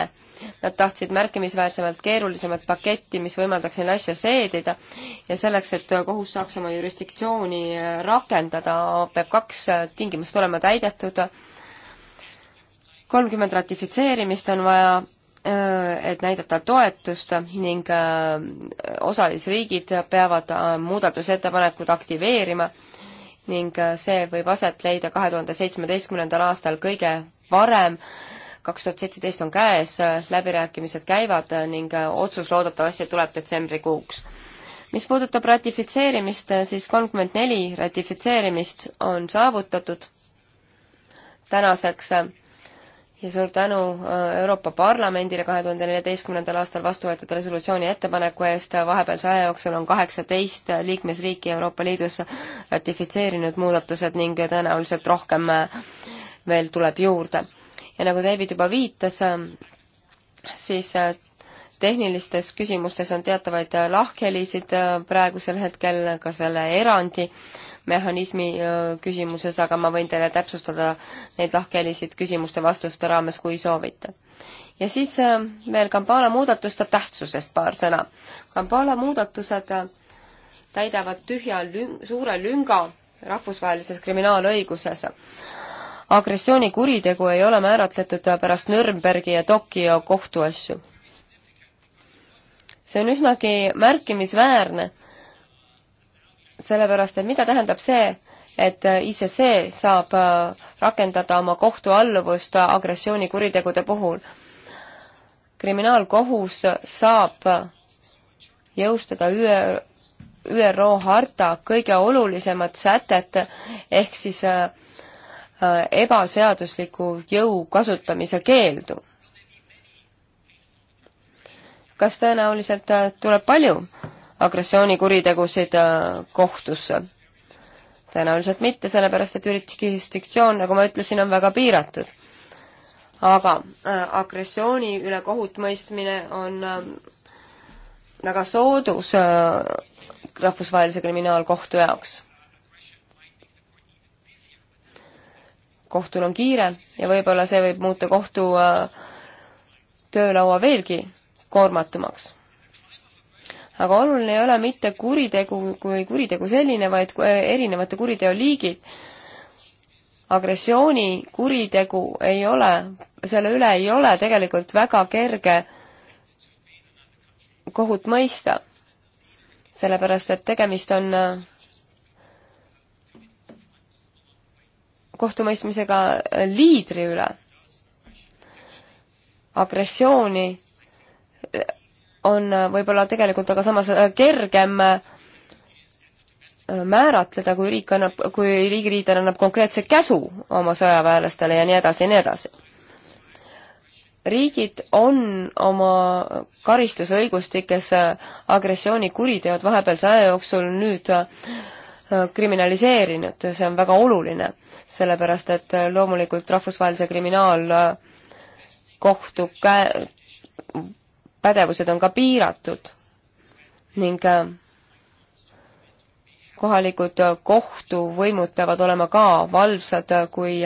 Nad tahtsid märkimisväärsemalt keerulisemat paketti, mis võimaldaks neil asja seedida ja selleks, et kohus saaks oma jurisdiktsiooni äh, rakendada, peab kaks äh, tingimust olema täidetud. kolmkümmend ratifitseerimist on vaja äh, et näidata toetust ning osalisriigid peavad muudatusettepanekud aktiveerima ning äh, see võib aset leida kahe tuhande seitsmeteistkümnendal aastal kõige varem, kaks tuhat seitseteist on käes, äh, läbirääkimised käivad äh, ning otsus loodetavasti tuleb detsembrikuuks. mis puudutab ratifitseerimist, siis kolmkümmend neli ratifitseerimist on saavutatud tänaseks ja suur tänu äh, Euroopa Parlamendile kahe tuhande neljateistkümnendal aastal vastu võetud resolutsiooni ettepaneku eest, vahepealse aja jooksul on kaheksateist liikmesriiki Euroopa Liidus ratifitseerinud muudatused ning tõenäoliselt rohkem äh, veel tuleb juurde. ja nagu David juba viitas, äh, siis tehnilistes küsimustes on teatavaid lahkhelisid praegusel hetkel ka selle erandi äh, mehhanismi äh, küsimuses, aga ma võin teile täpsustada neid lahkhelisid küsimuste-vastuste raames, kui soovite. ja siis äh, veel Kampala muudatuste tähtsusest paar sõna. Kampala muudatused äh, täidavad tühja lüng-, suure lünga rahvusvahelises kriminaalõiguses agressioonikuritegu ei ole määratletud pärast Nürnbergi ja Tokyo kohtuasju. see on üsnagi märkimisväärne, sellepärast et mida tähendab see, et ICC saab äh, rakendada oma kohtualluvust agressioonikuritegude puhul. kriminaalkohus saab jõustada ÜRO ÜRO harta kõige olulisemat sätet ehk siis äh, äh ebaseadusliku jõu kasutamise keeldu. kas tõenäoliselt äh, tuleb palju agressioonikuritegusid äh, kohtusse? tõenäoliselt mitte, sellepärast et jurisdiktsioon, nagu ma ütlesin, on väga piiratud. aga äh, agressiooni üle kohut mõistmine on äh, väga soodus äh, rahvusvahelise kriminaalkohtu jaoks. kohtul on kiire ja võib-olla see võib muuta kohtu äh, töölaua veelgi koormatumaks aga oluline ei ole mitte kuritegu kui kuritegu selline, vaid eh, erinevate kuriteoliigid. agressioonikuritegu ei ole, selle üle ei ole tegelikult väga kerge kohut mõista. sellepärast, et tegemist on eh, kohtumõistmisega liidri üle. agressiooni on äh, võib-olla tegelikult aga samas äh, kergem äh, määratleda, kui riik annab, kui riigiliider annab konkreetse käsu oma sõjaväelastele ja nii edasi ja nii edasi. riigid on oma karistusõigustikes agressioonikuriteod vahepealse aja jooksul nüüd kriminaliseerinud, see on väga oluline, sellepärast et loomulikult rahvusvahelise kriminaalkohtu käe pädevused on ka piiratud ning äh, kohalikud äh, kohtuvõimud peavad olema ka valvsad, äh, kui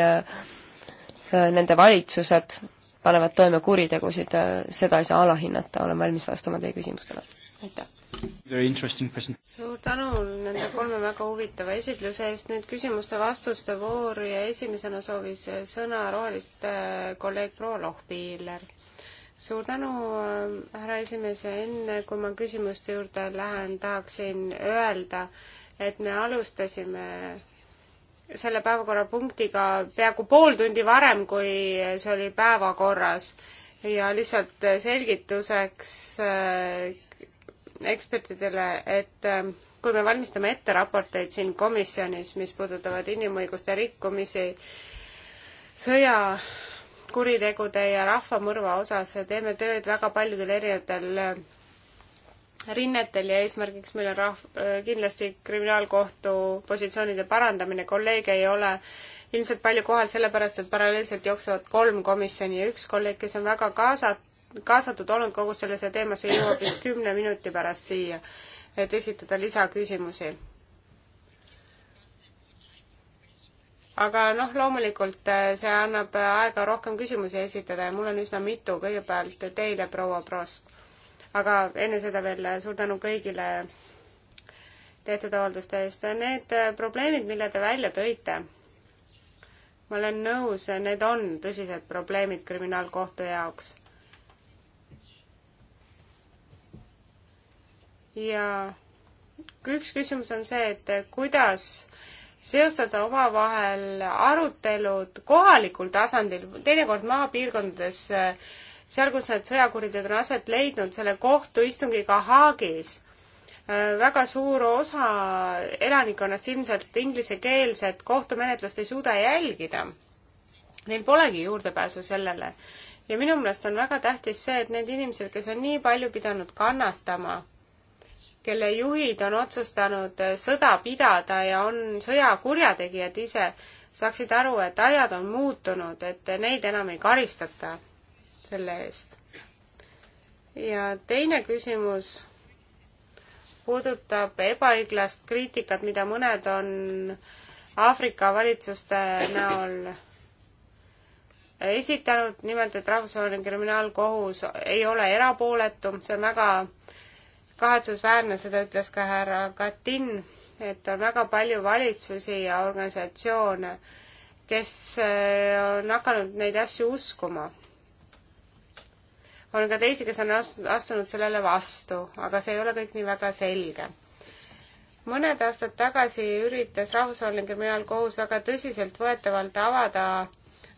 nende valitsused panevad toime kuritegusid, seda ei saa alahinnata, olen valmis vastama teie küsimustele. aitäh! suur tänu nende kolme väga huvitava esitluse eest, nüüd küsimuste-vastuste voor ja esimesena soovis sõna roheliste kolleeg proua Lohpiiler suur tänu, äh, härra esimees ja enne, kui ma küsimuste juurde lähen, tahaksin öelda, et me alustasime selle päevakorrapunktiga peaaegu pool tundi varem, kui see oli päevakorras. ja lihtsalt selgituseks äh, ekspertidele, et äh, kui me valmistame ette raporteid siin komisjonis, mis puudutavad inimõiguste rikkumisi, sõja kuritegude ja rahvamõrva osas teeme tööd väga paljudel erinevatel äh, rinnetel ja eesmärgiks meil on rahv-, äh, kindlasti kriminaalkohtu positsioonide parandamine, kolleege ei ole ilmselt palju kohal, sellepärast et paralleelselt jooksevad kolm komisjoni ja üks kolleeg, kes on väga kaasa, kaasatud olnud kogu sellesse teemasse, jõuab vist kümne minuti pärast siia, et esitada lisaküsimusi aga noh, loomulikult äh, see annab äh, aega rohkem küsimusi esitada ja mul on üsna mitu kõigepealt teile, proua Prost. aga enne seda veel äh, suur tänu kõigile tehtud avalduste eest. Need probleemid, mille te välja tõite, ma olen nõus, need on tõsised probleemid kriminaalkohtu jaoks. ja üks küsimus on see, et kuidas äh, seostada omavahel arutelud kohalikul tasandil, teinekord maapiirkondades, seal, kus need sõjakuriteod on aset leidnud, selle kohtuistungiga Haagis. Äh, väga suur osa elanikkonnast ilmselt inglisekeelset kohtumenetlust ei suuda jälgida. Neil polegi juurdepääsu sellele. ja minu meelest on väga tähtis see, et need inimesed, kes on nii palju pidanud kannatama kelle juhid on otsustanud äh, sõda pidada ja on sõjakurjategijad ise, saaksid aru, et ajad on muutunud, et neid enam ei karistata selle eest. ja teine küsimus puudutab ebaõiglast kriitikat, mida mõned on Aafrika valitsuste näol esitanud, nimelt et Rahvusvaheline Kriminaalkohus ei ole erapooletu, see on väga äh, kahetsusväärne, seda ütles ka härra Katin, et on väga palju valitsusi ja organisatsioone, kes äh, on hakanud neid asju uskuma. on ka teisi, kes on astunud sellele vastu, aga see ei ole kõik nii väga selge mõned aastad tagasi üritas Rahvusvaheline Kriminaalkohus väga tõsiseltvõetavalt avada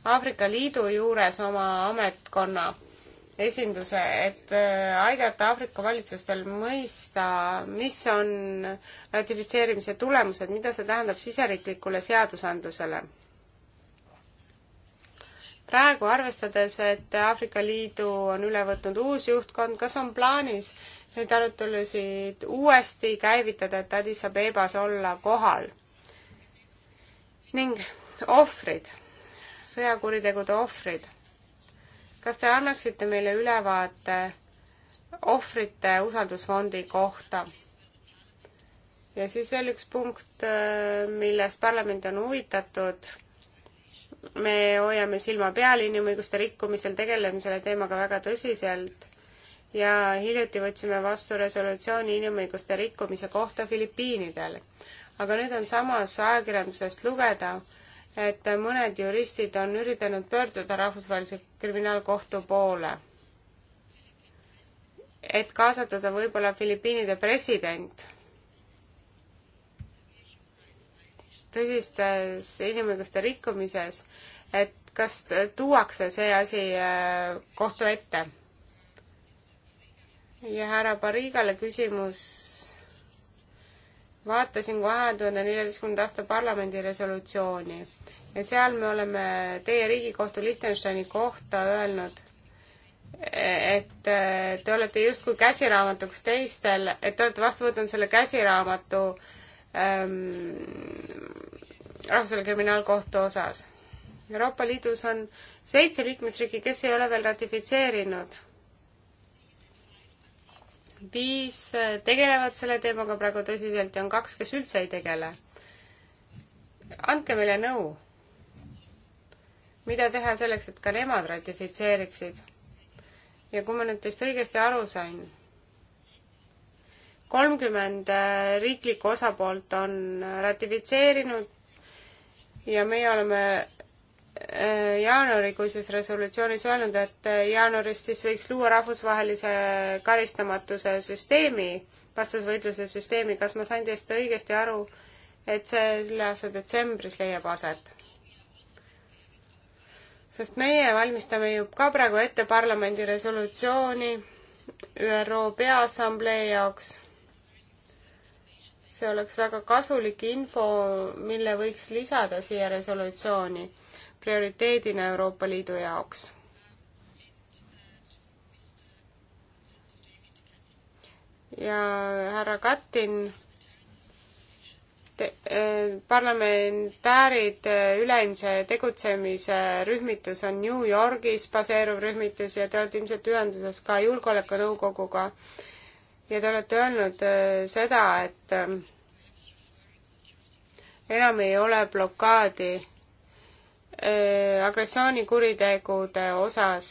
Aafrika Liidu juures oma ametkonna esinduse, et äh, aidata Aafrika valitsustel mõista, mis on ratifitseerimise tulemused, mida see tähendab siseriiklikule seadusandlusele. praegu, arvestades, et Aafrika Liidu on üle võtnud uus juhtkond, kas on plaanis neid arutelusid uuesti käivitada, et Addis Abebas olla kohal? ning ohvrid, sõjakuritegude ohvrid kas te annaksite meile ülevaate ohvrite usaldusfondi kohta? ja siis veel üks punkt, äh, milles parlament on huvitatud. me hoiame silma peal inimõiguste rikkumisel, tegeleme selle teemaga väga tõsiselt ja hiljuti võtsime vastu resolutsiooni inimõiguste rikkumise kohta Filipiinidel. aga nüüd on samas ajakirjandusest lugeda, et mõned juristid on üritanud pöörduda Rahvusvahelise Kriminaalkohtu poole, et kaasatada võib-olla Filipiinide president tõsistes inimõiguste rikkumises, et kas tuuakse see asi äh, kohtu ette? ja härra Parigale küsimus. vaatasin kahe tuhande neljateistkümnenda aasta parlamendi resolutsiooni ja seal me oleme teie Riigikohtu Liechtensteini kohta öelnud, et äh, te olete justkui käsiraamatuks teistel, et te olete vastu võtnud selle käsiraamatu ähm, rahvusvahelise kriminaalkohtu osas. Euroopa Liidus on seitse liikmesriiki, kes ei ole veel ratifitseerinud. viis äh, tegelevad selle teemaga praegu tõsiselt ja on kaks, kes üldse ei tegele. andke meile nõu mida teha selleks, et ka nemad ratifitseeriksid. ja kui ma nüüd teist õigesti aru sain, kolmkümmend äh, riiklikku osapoolt on ratifitseerinud ja meie oleme äh, jaanuarikuises resolutsioonis öelnud, et äh, jaanuarist siis võiks luua rahvusvahelise karistamatuse süsteemi, vastasvõitluse süsteemi, kas ma sain teist õigesti aru, et selle aasta detsembris leiab aset? sest meie valmistame ju ka praegu ette parlamendi resolutsiooni ÜRO Peaassamblee jaoks. see oleks väga kasulik info, mille võiks lisada siia resolutsiooni prioriteedina Euroopa Liidu jaoks. ja härra Kattin te, äh, parlamentäärid äh, üleilmse tegutsemise rühmitus on New Yorgis baseeruv rühmitus ja te olete ilmselt ühenduses ka Julgeolekunõukoguga. ja te olete öelnud äh, seda, et enam ei ole blokaadi agressioonikuritegude osas.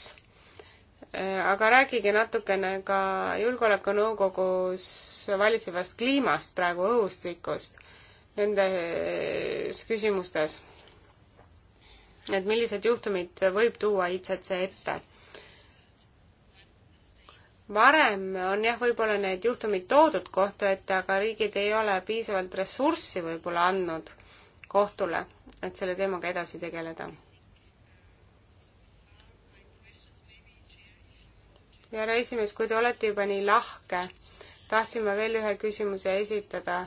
aga rääkige natukene ka Julgeolekunõukogus valitsevast kliimast praegu, õhustikust nendes küsimustes. et millised juhtumid võib tuua ICC ette? varem on jah, võib-olla need juhtumid toodud kohtu ette, aga riigid ei ole piisavalt ressurssi võib-olla andnud kohtule, et selle teemaga edasi tegeleda. härra esimees, kui te olete juba nii lahke, tahtsin ma veel ühe küsimuse esitada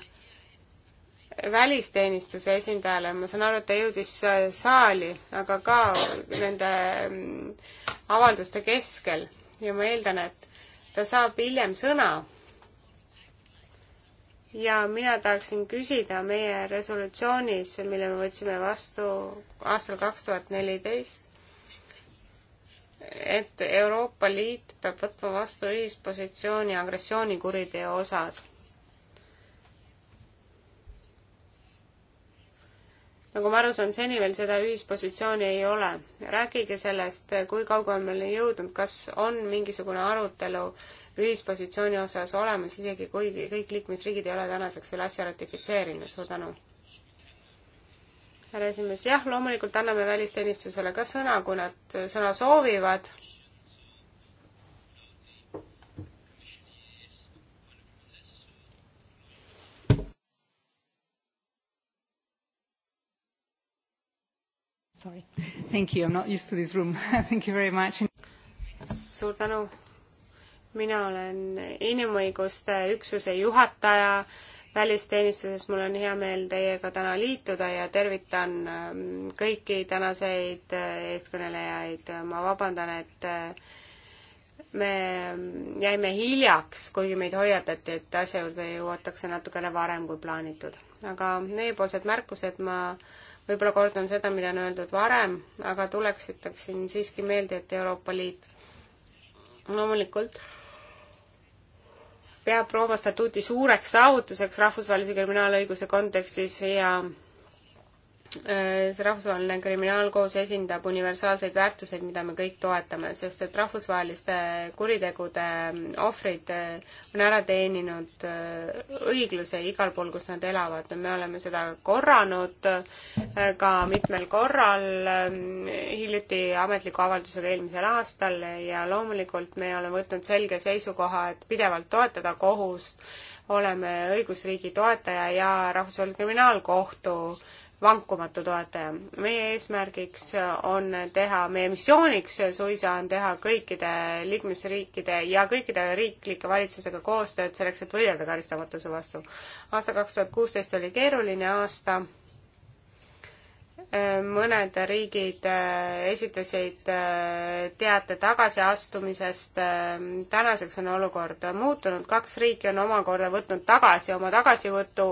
välisteenistuse esindajale, ma saan aru, et ta jõudis äh, saali, aga ka nende mm, avalduste keskel ja ma eeldan, et ta saab hiljem sõna. ja mina tahaksin küsida meie resolutsioonis, mille me võtsime vastu aastal kaks tuhat neliteist, et Euroopa Liit peab võtma vastu ühispositsiooni agressioonikuriteo osas nagu ma aru saan, seni veel seda ühispositsiooni ei ole. rääkige sellest, kui kaugele me oleme jõudnud, kas on mingisugune arutelu ühispositsiooni osas olemas, isegi kui kõik liikmesriigid ei ole tänaseks veel asja ratifitseerinud, suur tänu. härra esimees, jah, loomulikult anname välisteenistusele ka sõna, kui nad sõna soovivad Sorry. Thank you, I am not used to this room. Thank you very much. suur tänu. mina olen inimõiguste üksuse juhataja välisteenistuses. mul on hea meel teiega täna liituda ja tervitan ähm, kõiki tänaseid äh, eestkõnelejaid. ma vabandan, et äh, me ähm, jäime hiljaks, kuigi meid hoiatati, et asja juurde jõuatakse natukene varem kui plaanitud. aga meiepoolsed märkused ma võib-olla kordan seda, mida on öeldud varem, aga tuleksitaksin siiski meelde, et Euroopa Liit loomulikult peab Rooma statuuti suureks saavutuseks rahvusvahelise kriminaalõiguse kontekstis ja Äh, see rahvusvaheline kriminaalkohus esindab universaalseid väärtuseid, mida me kõik toetame, sest et rahvusvaheliste kuritegude ähm, ohvrid äh, on ära teeninud äh, õigluse igal pool, kus nad elavad. me oleme seda korranud ka mitmel korral, ähm, hiljuti ametliku avaldusega eelmisel aastal ja loomulikult me oleme võtnud selge seisukoha, et pidevalt toetada kohust, oleme õigusriigi toetaja ja Rahvusvaheline Kriminaalkohtu vankumatu toetaja. meie eesmärgiks on teha, meie missiooniks suisa on teha kõikide liikmesriikide ja kõikide riiklike valitsusega koostööd selleks, et võidelda karistamatuse vastu. aasta kaks tuhat kuusteist oli keeruline aasta mõned riigid äh, esitasid äh, teate tagasiastumisest. Äh, tänaseks on olukord muutunud, kaks riiki on omakorda võtnud tagasi oma tagasivõtu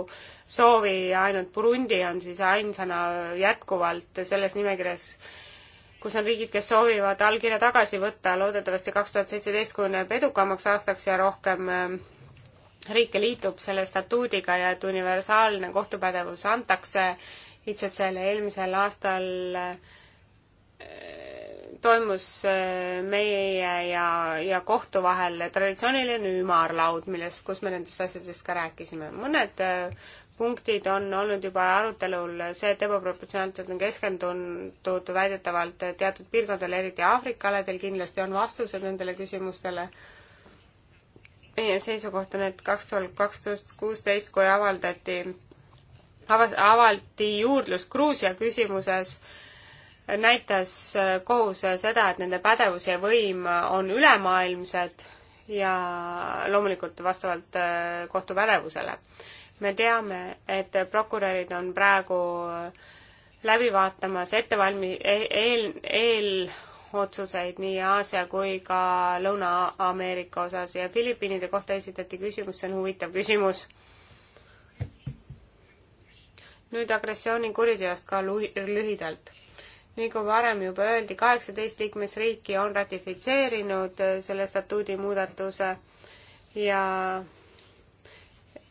soovi ja ainult Burundi on siis ainsana jätkuvalt selles nimekirjas, kus on riigid, kes soovivad allkirja tagasi võtta. loodetavasti kaks tuhat seitseteist kujuneb edukamaks aastaks ja rohkem riike liitub selle statuudiga ja et universaalne kohtupädevus antakse HCL eelmisel aastal äh, toimus äh, meie ja, ja kohtu vahel traditsiooniline ümarlaud, millest, kus me nendest asjadest ka rääkisime. mõned äh, punktid on olnud juba arutelul see, et ebaproportsionaalselt on keskendunud väidetavalt teatud piirkondadele, eriti Aafrika aladel, kindlasti on vastused nendele küsimustele. meie seisukoht on, et kaks tuhat kaksteist, kuusteist, kui avaldati avaldi juurdlus Gruusia küsimuses, näitas äh, kohus seda, et nende pädevus ja võim on ülemaailmsed ja loomulikult vastavalt äh, kohtu pädevusele. me teame, et prokurörid on praegu äh, läbi vaatamas ettevalmi-, e-, eel, eelotsuseid nii Aasia kui ka Lõuna-Ameerika osas ja Filipiinide kohta esitati küsimus, see on huvitav küsimus nüüd agressioonikuriteost ka lühidalt. nagu varem juba öeldi, kaheksateist liikmesriiki on ratifitseerinud äh, selle statuudi muudatuse ja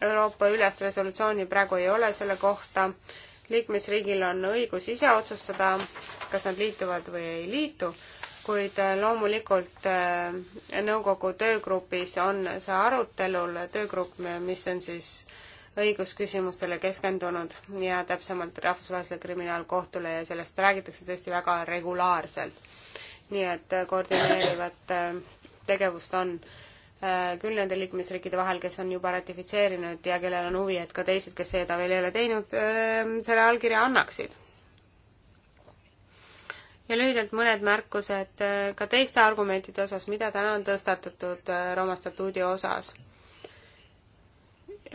Euroopa üles resolutsiooni praegu ei ole selle kohta. liikmesriigil on õigus ise otsustada, kas nad liituvad või ei liitu, kuid äh, loomulikult äh, nõukogu töögrupis on see arutelul, töögrupp, mis on siis äh, õigusküsimustele keskendunud ja täpsemalt Rahvusvahelisele Kriminaalkohtule ja sellest räägitakse tõesti väga regulaarselt. nii et äh, koordineerivat äh, tegevust on äh, küll nende liikmesriikide vahel, kes on juba ratifitseerinud ja kellel on huvi, et ka teised, kes seda veel ei ole teinud, selle allkirja annaksid. ja lühidalt mõned märkused ka teiste argumentide osas, mida täna on tõstatatud Rooma statuudi osas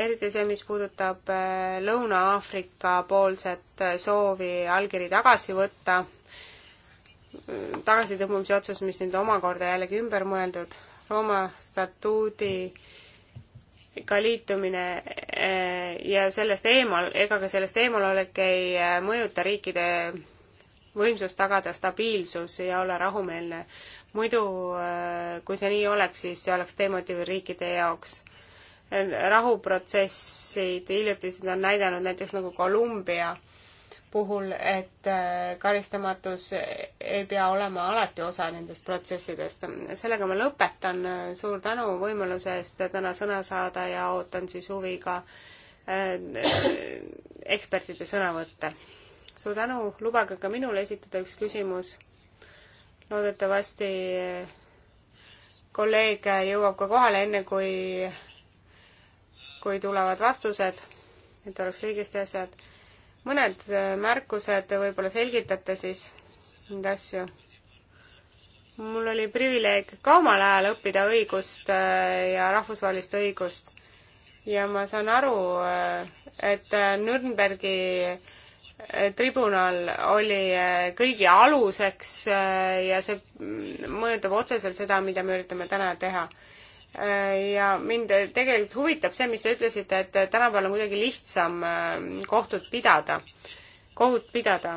eriti see, mis puudutab äh, Lõuna-Aafrika poolset äh, soovi allkiri tagasi võtta, äh, tagasitõmbumise otsus, mis nüüd omakorda jällegi ümber mõeldud, Rooma statuudiga liitumine ja sellest eemal, ega ka sellest eemalolek ei mõjuta riikide võimsust tagada stabiilsus ja olla rahumeelne. muidu, kui see nii oleks, siis see oleks demotiiv riikide jaoks rahuprotsessid hiljutised on näidanud, näiteks nagu Kolumbia puhul, et äh, karistamatus ei pea olema alati osa nendest protsessidest. sellega ma lõpetan, suur tänu võimaluse eest täna sõna saada ja ootan siis huviga äh, ekspertide sõnavõtte. suur tänu, lubage ka minul esitada üks küsimus. loodetavasti äh, kolleeg jõuab ka kohale, enne kui kui tulevad vastused, et oleks õigesti asjad. mõned äh, märkused, võib-olla selgitate siis neid asju? mul oli privileeg ka omal ajal õppida õigust äh, ja rahvusvahelist õigust ja ma saan aru, äh, et Nürnbergi tribunal oli kõigi aluseks ja see mm, mõjutab otseselt seda, mida me üritame täna teha ja mind tegelikult huvitab see, mis te ütlesite, et tänapäeval on kuidagi lihtsam äh, kohtud pidada, kohut pidada.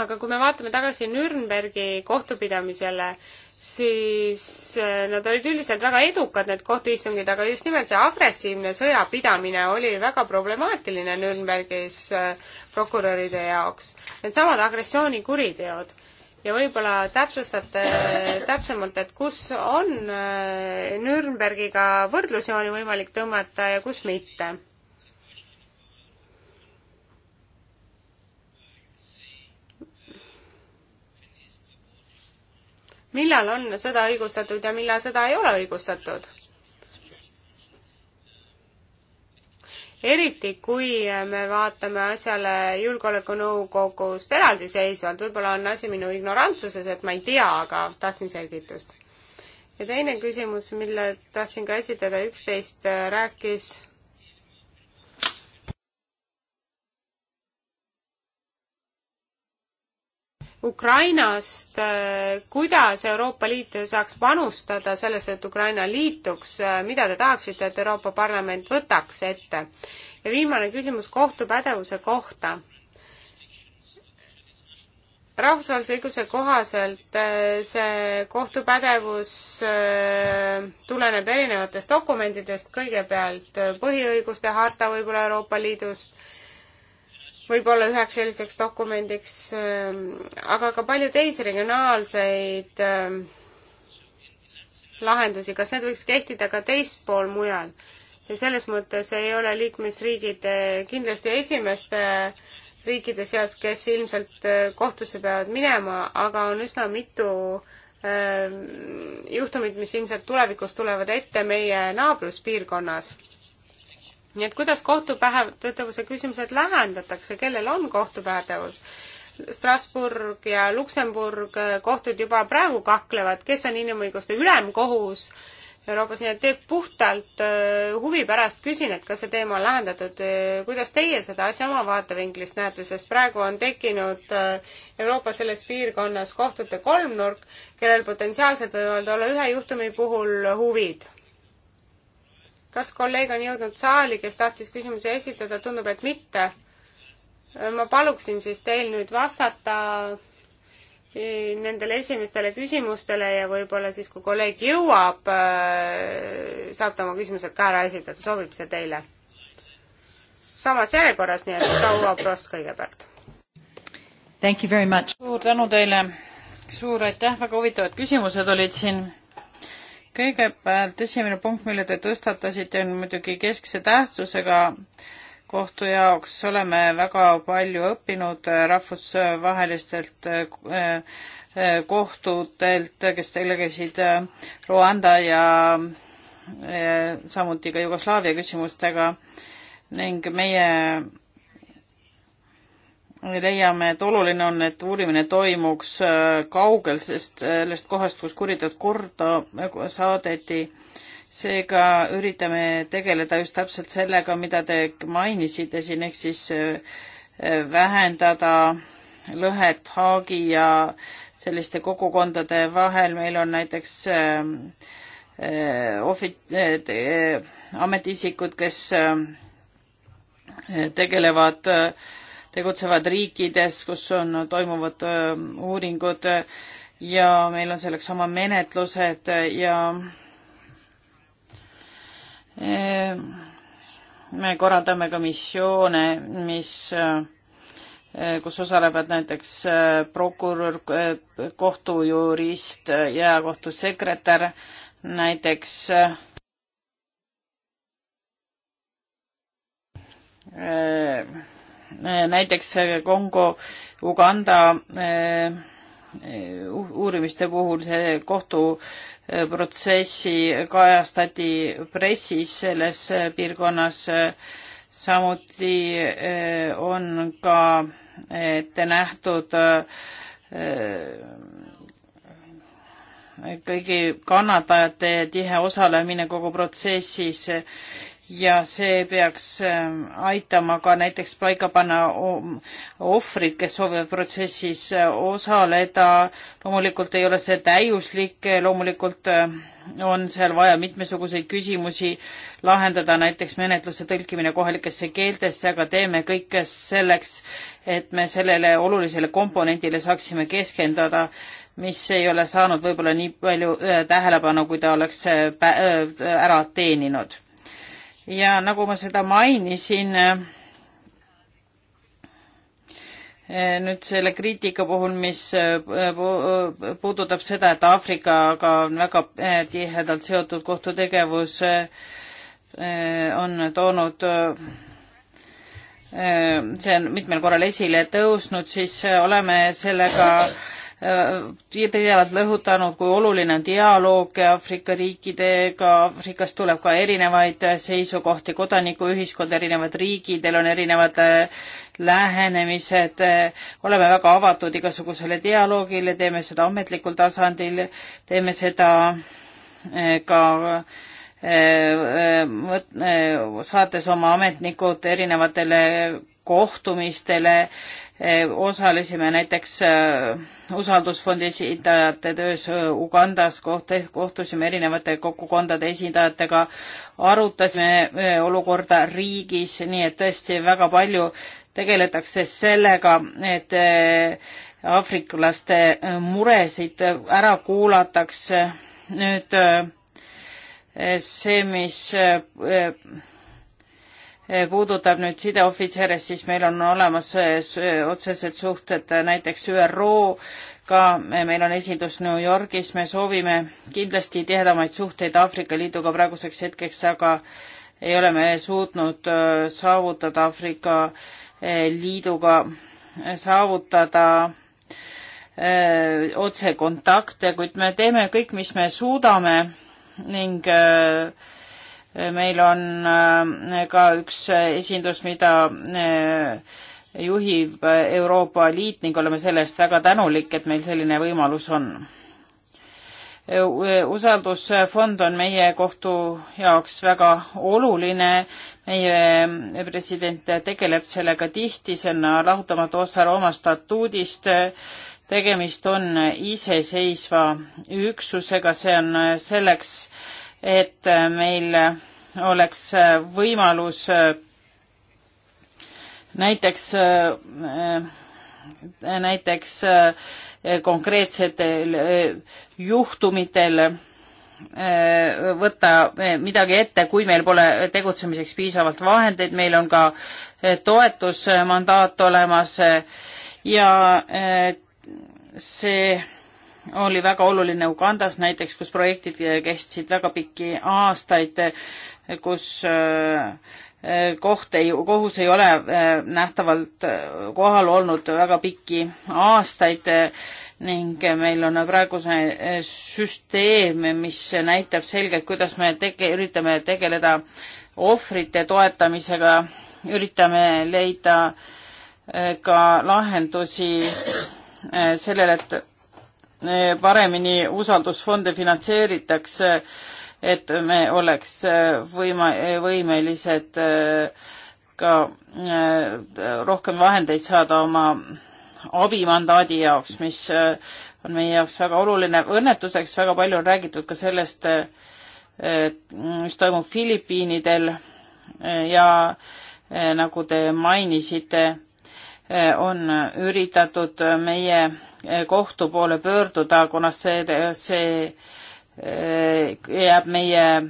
aga kui me vaatame tagasi Nürnbergi kohtupidamisele, siis äh, nad olid üldiselt väga edukad, need kohtuistungid, aga just nimelt see agressiivne sõjapidamine oli väga problemaatiline Nürnbergis äh, prokuröride jaoks. Needsamad agressioonikuriteod ja võib-olla täpsustate täpsemalt, et kus on äh, Nürnbergiga võrdlusjooni võimalik tõmmata ja kus mitte? millal on seda õigustatud ja millal seda ei ole õigustatud? eriti kui me vaatame asjale Julgeolekunõukogust eraldiseisvalt, võib-olla on asi minu ignorantsuses, et ma ei tea, aga tahtsin selgitust. ja teine küsimus, mille tahtsin ka esitada, üksteist rääkis Ukrainast, äh, kuidas Euroopa Liit saaks panustada sellesse, et Ukraina liituks, äh, mida te tahaksite, et Euroopa Parlament võtaks ette? ja viimane küsimus kohtupädevuse kohta. rahvusvahelise õiguse kohaselt äh, see kohtupädevus tuleneb erinevatest dokumentidest, kõigepealt põhiõiguste harta võib-olla Euroopa Liidust, võib-olla üheks selliseks dokumendiks, ähm, aga ka palju teisi regionaalseid ähm, lahendusi, kas need võiks kehtida ka teispool mujal? ja selles mõttes ei ole liikmesriigid äh, kindlasti esimeste riikide seas, kes ilmselt äh, kohtusse peavad minema, aga on üsna mitu ähm, juhtumid, mis ilmselt tulevikus tulevad ette meie naabruspiirkonnas nii et kuidas kohtupädevuse küsimused lahendatakse, kellel on kohtupädevus? Strasbourg ja Luksemburg eh, kohtud juba praegu kaklevad, kes on inimõiguste ülemkohus Euroopas, nii et teeb puhtalt eh, huvi pärast, küsin, et kas see teema on lahendatud. Eh, kuidas teie seda asja oma vaatevinklist näete, sest praegu on tekkinud Euroopa selles piirkonnas kohtute kolmnurk, kellel potentsiaalselt võivad olla ühe juhtumi puhul huvid kas kolleeg on jõudnud saali, kes tahtis küsimusi esitada, tundub, et mitte. ma paluksin siis teil nüüd vastata e, nendele esimestele küsimustele ja võib-olla siis, kui kolleeg jõuab, e, saab ta oma küsimused ka ära esitada, sobib see teile? samas järjekorras, nii et proua Prost kõigepealt. suur tänu teile, suur aitäh, väga huvitavad küsimused olid siin kõigepealt esimene punkt, mille te tõstatasite, on muidugi keskse tähtsusega kohtu jaoks. oleme väga palju õppinud rahvusvahelistelt eh, eh, kohtutelt, kes tegelesid eh, Rwanda ja samuti ka Jugoslaavia küsimustega ning meie leiame, et oluline on, et uurimine toimuks äh, kaugel, sest sellest kohast, kus kuriteod korda äh, saadeti, seega üritame tegeleda just täpselt sellega, mida te mainisite siin, ehk siis äh, vähendada lõhet Haagi ja selliste kogukondade vahel, meil on näiteks ohvit- äh, äh,, ametiisikud, kes tegelevad äh, tegutsevad riikides, kus on, toimuvad uuringud ja meil on selleks oma menetlused ja me korraldame ka missioone, mis, kus osalevad näiteks prokurör, kohtujurist ja kohtusekretär, näiteks Äh, näiteks äh, Kongo, Uganda äh, uurimiste puhul see kohtuprotsessi kajastati pressis selles piirkonnas. samuti on ka ette nähtud kõigi kannatajate tihe osalemine kogu protsessis ja see peaks ähm, aitama ka näiteks paika panna ohvrid, kes soovivad protsessis äh, osaleda. loomulikult ei ole see täiuslik, loomulikult äh, on seal vaja mitmesuguseid küsimusi lahendada, näiteks menetluse tõlkimine kohalikesse keeltesse, aga teeme kõik selleks, et me sellele olulisele komponendile saaksime keskenduda mis ei ole saanud võib-olla nii palju äh, tähelepanu, kui ta oleks ära teeninud ja nagu ma seda mainisin, eh, nüüd selle kriitika puhul, mis eh, eh, puudutab seda, et Aafrikaga on väga tihedalt seotud kohtutegevus, on toonud, see on mitmel korral esile tõusnud, siis oleme sellega Äh, pidevalt lõhutanud, kui oluline on dialoog Aafrika riikidega, Aafrikast tuleb ka erinevaid seisukohti, kodanikuühiskond, erinevad riigid, teil on erinevad äh, lähenemised, oleme väga avatud igasugusele dialoogile, teeme seda ametlikul tasandil, teeme seda äh, ka saates oma ametnikud erinevatele kohtumistele Eh, osalesime näiteks eh, usaldusfondi esindajate töös eh, Ugandas, koht-, kohtusime erinevate kogukondade esindajatega, arutasime olukorda riigis, nii et tõesti väga palju tegeletakse sellega, et aafriklaste muresid ära kuulatakse. nüüd see, mis Eh, puudutab nüüd sideohvitsere, siis meil on olemas eh, eh, otsesed suhted näiteks ÜRO-ga, meil on esindus New Yorgis, me soovime kindlasti tihedamaid suhteid Aafrika Liiduga praeguseks hetkeks, aga ei ole me suutnud saavutada Aafrika Liiduga, saavutada otsekontakte, kuid me teeme kõik, mis me suudame ning öö, meil on äh, ka üks äh, esindus, mida äh, juhib Euroopa Liit ning oleme selle eest väga tänulik, et meil selline võimalus on. usaldusfond on meie kohtu jaoks väga oluline, meie president tegeleb sellega tihti, see on lahutamatu osa Rooma statuudist, tegemist on iseseisva üksusega, see on selleks äh, et meil oleks võimalus näiteks, näiteks konkreetsetel juhtumitel võtta midagi ette, kui meil pole tegutsemiseks piisavalt vahendeid, meil on ka äh, toetusmandaat olemas äh, ja äh, see oli väga oluline Ugandas näiteks, kus projektid kestsid väga pikki aastaid, kus eh, koht ei, kohus ei ole eh, nähtavalt eh, kohal olnud väga pikki aastaid ning meil on praegune süsteem, mis näitab selgelt, kuidas me tege-, üritame tegeleda ohvrite toetamisega, üritame leida ka lahendusi sellele, et paremini usaldusfonde finantseeritakse, et me oleks äh, võima, võimelised äh, ka äh, rohkem vahendeid saada oma abimandaadi jaoks, mis on meie jaoks väga oluline. õnnetuseks väga palju on räägitud ka sellest, mm, mis toimub Filipiinidel ja nagu te mainisite, on üritatud meie kohtu poole pöörduda, kuna see, see eh, jääb meie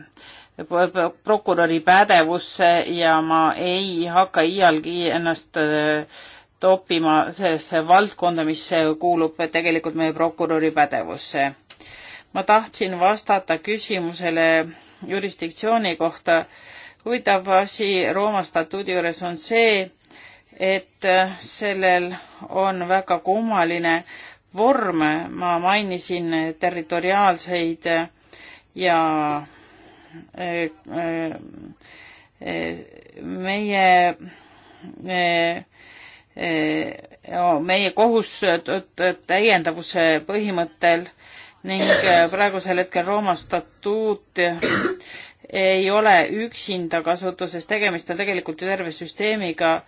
prokuröri pädevusse ja ma ei hakka iialgi ennast eh, toppima sellesse valdkonda, mis kuulub tegelikult meie prokuröri pädevusse. ma tahtsin vastata küsimusele jurisdiktsiooni kohta. huvitav asi Rooma statuudi juures on see, et sellel on väga kummaline vorm, ma mainisin territoriaalseid ja äh, äh, meie äh, oh, meie kohus täiendavuse põhimõttel ning praegusel hetkel Rooma statuut ei ole üksinda kasutuses, tegemist on tegelikult ju terve süsteemiga,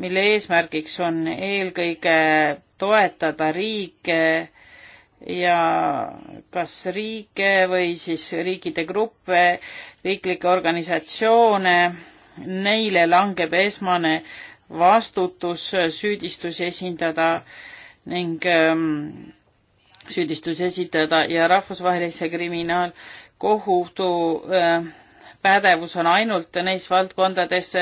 mille eesmärgiks on eelkõige toetada riike ja kas riike või siis riikide gruppe, riiklikke organisatsioone, neile langeb esmane vastutus süüdistusi esindada ning ähm, süüdistusi esitada ja rahvusvahelise kriminaalkohtu äh, pädevus on ainult neis valdkondades,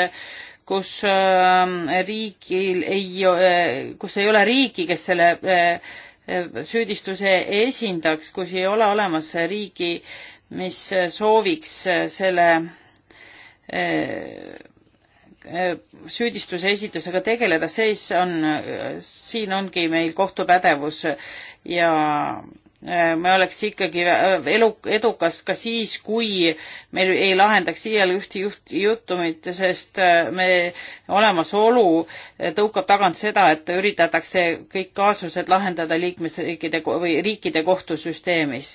kus äh, riigil ei, äh, kus ei ole riiki, kes selle äh, süüdistuse esindaks, kus ei ole olemas riigi, mis sooviks selle süüdistuse esitusega tegeleda, siis on, siin ongi meil kohtupädevus ja Äh, me oleks ikkagi äh, elu, edukas ka siis, kui me ei lahendaks iial ühte juht, juhtumit, sest äh, me olemasolu tõukab tagant seda, et üritatakse kõik kaasused lahendada liikmesriikide või riikide kohtusüsteemis.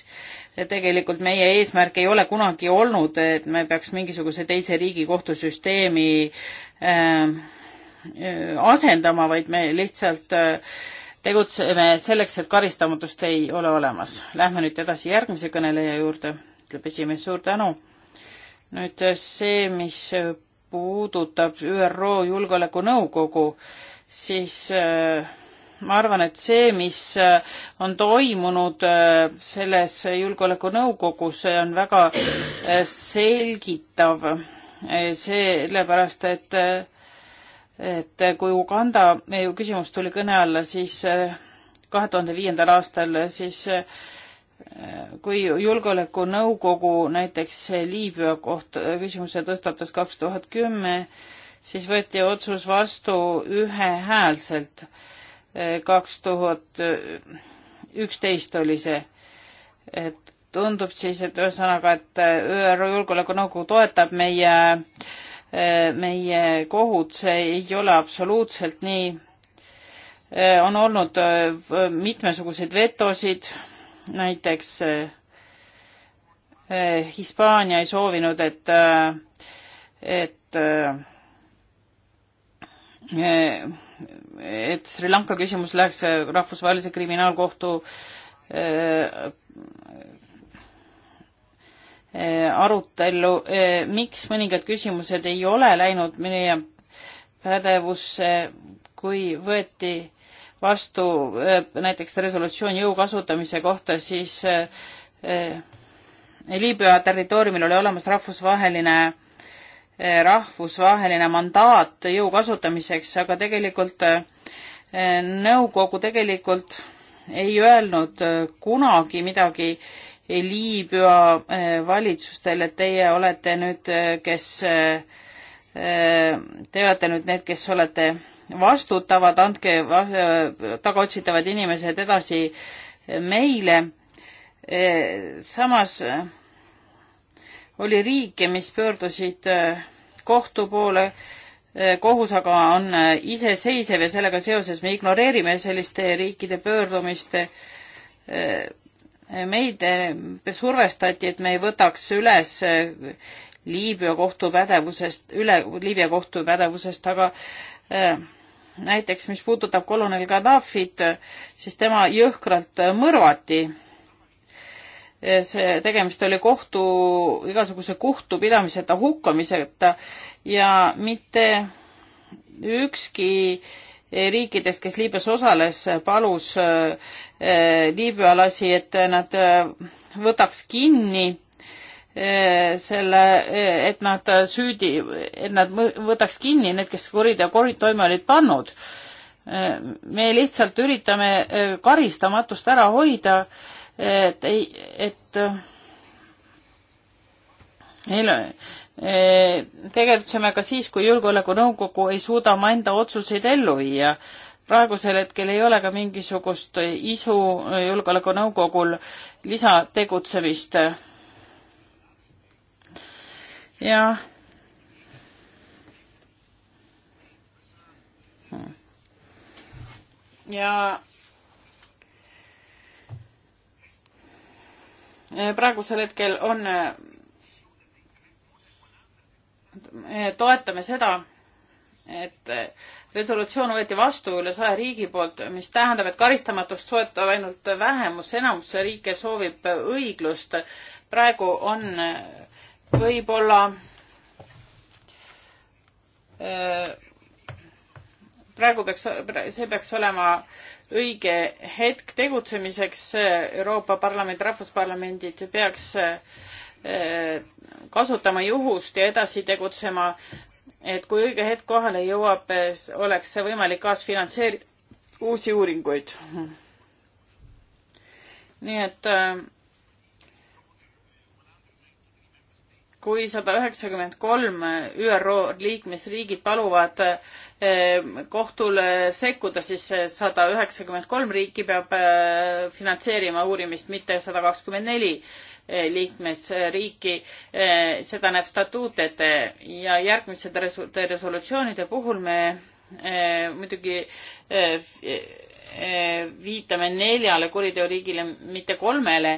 tegelikult meie eesmärk ei ole kunagi olnud, et me peaks mingisuguse teise riigi kohtusüsteemi äh, asendama, vaid me lihtsalt äh, tegutseme selleks, et karistamatust ei ole olemas. Lähme nüüd edasi järgmise kõneleja juurde, ütleb esimees, suur tänu. nüüd see, mis puudutab ÜRO Julgeolekunõukogu, siis äh, ma arvan, et see, mis äh, on toimunud äh, selles Julgeolekunõukogus, see on väga selgitav, sellepärast et et kui Uganda küsimus tuli kõne alla, siis eh, kahe tuhande viiendal aastal, siis eh, kui Julgeolekunõukogu näiteks Liibüa kohta eh, küsimuse tõstatas kaks tuhat kümme, siis võeti otsus vastu ühehäälselt. kaks tuhat üksteist oli see, et tundub siis, et ühesõnaga, et ÜRO Julgeolekunõukogu toetab meie äh, Eh, meie kohut, see ei ole absoluutselt nii. Eh, on olnud eh, mitmesuguseid vetosid, näiteks Hispaania ei soovinud, et, et et Sri Lanka küsimus läheks rahvusvahelise kriminaalkohtu Eh, arutellu, eh, miks mõningad küsimused ei ole läinud meie pädevusse, kui võeti vastu eh, näiteks resolutsioon jõu kasutamise kohta, siis Liibüa territooriumil oli olemas rahvusvaheline rahvusvaheline mandaat jõu kasutamiseks, aga tegelikult nõukogu tegelikult ei öelnud kunagi midagi Eh, Liibüa eh, valitsustel, et teie olete nüüd, eh, kes, te olete nüüd need, kes olete vastutavad, andke tagaotsitavad inimesed edasi meile. samas oli riike, mis pöördusid kohtu poole, kohus aga on iseseisev ja sellega seoses me ignoreerime selliste riikide pöördumiste meid survestati, et me ei võtaks üles Liibüa kohtupädevusest, üle Liibüa kohtupädevusest, aga äh, näiteks mis puudutab kolonel Gaddafit, siis tema jõhkralt mõrvati. see, tegemist oli kohtu, igasuguse kohtupidamiseta hukkamiseta ja mitte ükski äh, riikidest, kes Liibüas osales, palus äh, äh, liibüalasi, et nad äh, võtaks kinni selle, et nad süüdi, et nad võtaks kinni need, kes kuriteo toime olid pannud. me lihtsalt üritame karistamatust ära hoida, et ei, et neil tegutseme ka siis, kui Julgeolekunõukogu ei suuda omaenda otsuseid ellu viia. praegusel hetkel ei ole ka mingisugust isu Julgeolekunõukogul lisategutsemist. jah ja praegusel hetkel on me toetame seda, et resolutsioon võeti vastu üle saja riigi poolt, mis tähendab, et karistamatust soetab ainult vähemus, enamus riike soovib õiglust. praegu on võib-olla äh, praegu peaks, see peaks olema õige hetk tegutsemiseks. Euroopa Parlament, rahvusparlamendid peaks äh, Eh, kasutama juhust ja edasi tegutsema, et kui õige hetk kohale jõuab, eh, oleks võimalik kaasfinantseerida uusi uuringuid. nii et eh, kui sada üheksakümmend kolm ÜRO liikmesriigid paluvad äh, Ehm, kohtule sekkuda, siis sada üheksakümmend kolm riiki peab äh, finantseerima uurimist, mitte sada kakskümmend neli äh, liikmesriiki. Äh, seda näeb statuut ette ja järgmiste resolutsioonide puhul me muidugi viitame neljale kuriteoriigile, mitte kolmele,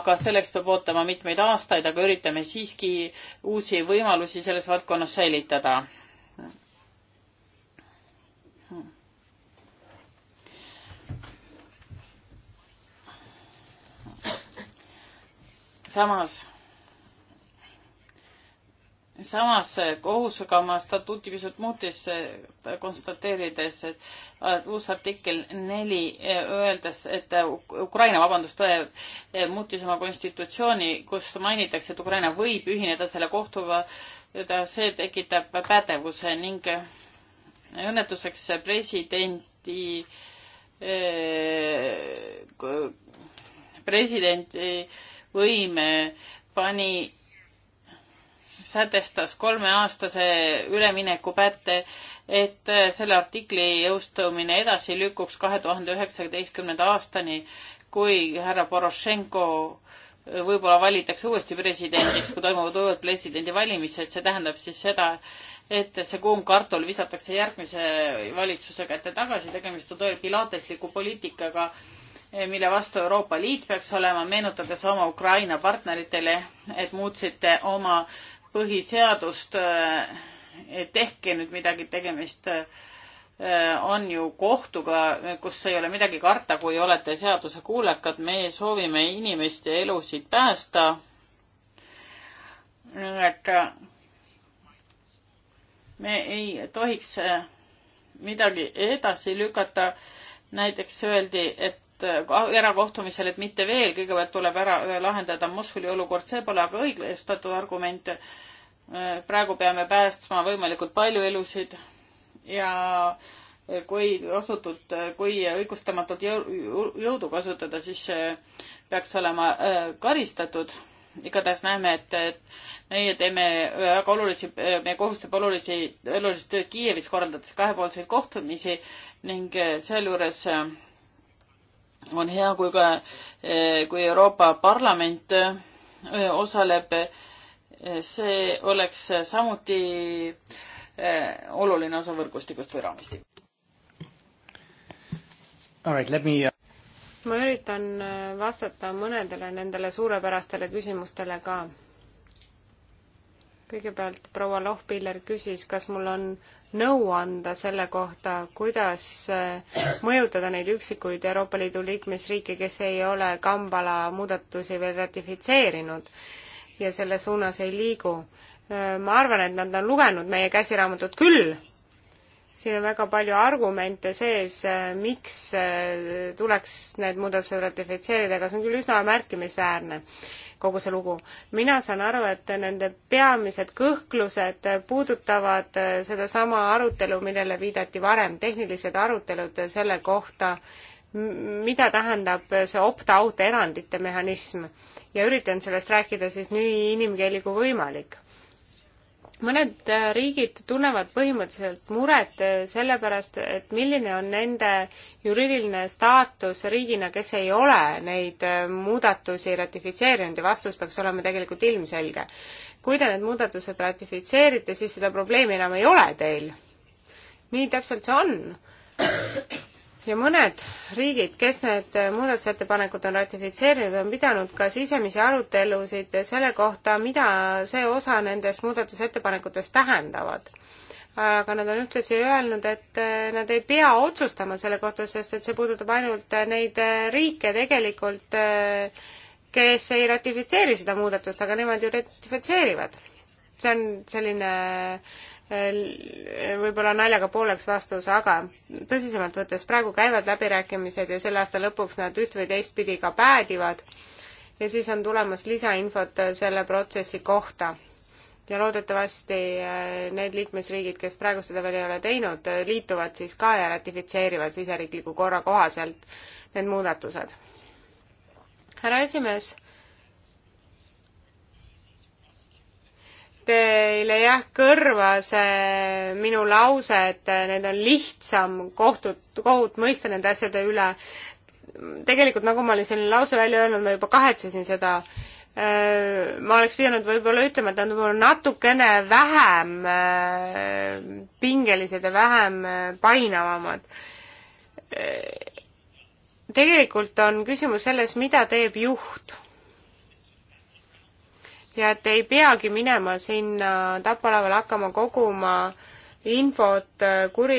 aga selleks peab ootama mitmeid aastaid, aga üritame siiski uusi võimalusi selles valdkonnas säilitada samas, samas kohus aga oma statuuti pisut muutis, äh, konstateerides, et äh, uus artikkel neli äh, öeldes, et Ukraina, vabandust, muutis oma konstitutsiooni, kus mainitakse, et Ukraina võib ühineda selle kohtuga, see tekitab pädevuse ning õnnetuseks presidenti presidenti võime pani, sätestas kolmeaastase üleminekupätte, et äh, selle artikli jõustumine edasi lükkuks kahe tuhande üheksateistkümnenda aastani, kui härra Porošenko äh, võib-olla valitakse uuesti presidendiks, kui toimuvad uued presidendivalimised, see tähendab siis seda, et see kuum kartul visatakse järgmise valitsuse kätte tagasi, tegemist on tõe pilatesliku poliitikaga Eh, mille vastu Euroopa Liit peaks olema, meenutades oma Ukraina partneritele, et muutsite oma põhiseadust, eh, tehke nüüd midagi, tegemist eh, on ju kohtuga, kus ei ole midagi karta, kui olete seadusekuulekad, meie soovime inimeste elusid päästa. nii et me ei tohiks midagi edasi lükata. näiteks öeldi, et et äh, erakohtumisel, et mitte veel, kõigepealt tuleb ära äh, lahendada Mosuli olukord, see pole aga õiglustatud argument. Äh, praegu peame päästma võimalikult palju elusid ja kui osutult, kui õigustamatult jõudu kasutada, siis peaks olema karistatud. igatahes näeme, et, et meie teeme väga olulisi, meie kohus teeb olulisi, olulist tööd Kiievis, korraldades kahepoolseid kohtumisi ning sealjuures on hea, kui ka, eh, kui Euroopa Parlament eh, osaleb, eh, see oleks samuti oluline osa võrgustikust või raamistikust. Right, me... Uh, ma üritan vastata mõnedele nendele suurepärastele küsimustele ka. kõigepealt proua Lohpiller küsis, kas mul on nõu anda selle kohta, kuidas äh, mõjutada neid üksikuid Euroopa Liidu liikmesriike, kes ei ole Kambala muudatusi veel ratifitseerinud ja selle suunas ei liigu. Äh, ma arvan, et nad on lugenud meie käsiraamatut küll. siin on väga palju argumente sees, äh, miks tuleks need muudatused ratifitseerida, aga see on küll üsna märkimisväärne kogu see lugu. mina saan aru, et nende peamised kõhklused puudutavad äh, sedasama arutelu, millele viidati varem, tehnilised arutelud selle kohta, mida tähendab see opt-out erandite mehhanism ja üritan sellest rääkida siis nii inimkeeli kui võimalik mõned äh, riigid tunnevad põhimõtteliselt muret äh, sellepärast, et milline on nende juriidiline staatus riigina, kes ei ole neid äh, muudatusi ratifitseerinud ja vastus peaks olema tegelikult ilmselge. kui te need muudatused ratifitseerite, siis seda probleemi enam ei ole teil. nii täpselt see on ja mõned riigid, kes need muudatusettepanekud on ratifitseerinud, on pidanud ka sisemisi arutelusid selle kohta, mida see osa nendest muudatusettepanekutest tähendavad. aga nad on ühtlasi öelnud, et äh, nad ei pea otsustama selle kohta, sest et see puudutab ainult neid äh, riike tegelikult, äh, kes ei ratifitseeri seda muudatust, aga nemad ju ratifitseerivad. see on selline äh, võib-olla naljaga pooleks vastus, aga tõsisemalt võttes praegu käivad läbirääkimised ja selle aasta lõpuks nad üht või teistpidi ka päädivad ja siis on tulemas lisainfot selle protsessi kohta. ja loodetavasti äh, need liikmesriigid, kes praegu seda veel ei ole teinud, äh, liituvad siis ka ja ratifitseerivad siseriikliku korra kohaselt need muudatused. härra esimees teile jah kõrva see minu lause, et need on lihtsam kohtud, kohut mõista nende asjade üle. tegelikult nagu ma olin selle lause välja öelnud, ma juba kahetsesin seda. ma oleks pidanud võib-olla ütlema, et nad on natukene vähem pingelised ja vähem painavamad tegelikult on küsimus selles, mida teeb juht ja et ei peagi minema sinna Tapalaval hakkama koguma infot kuri,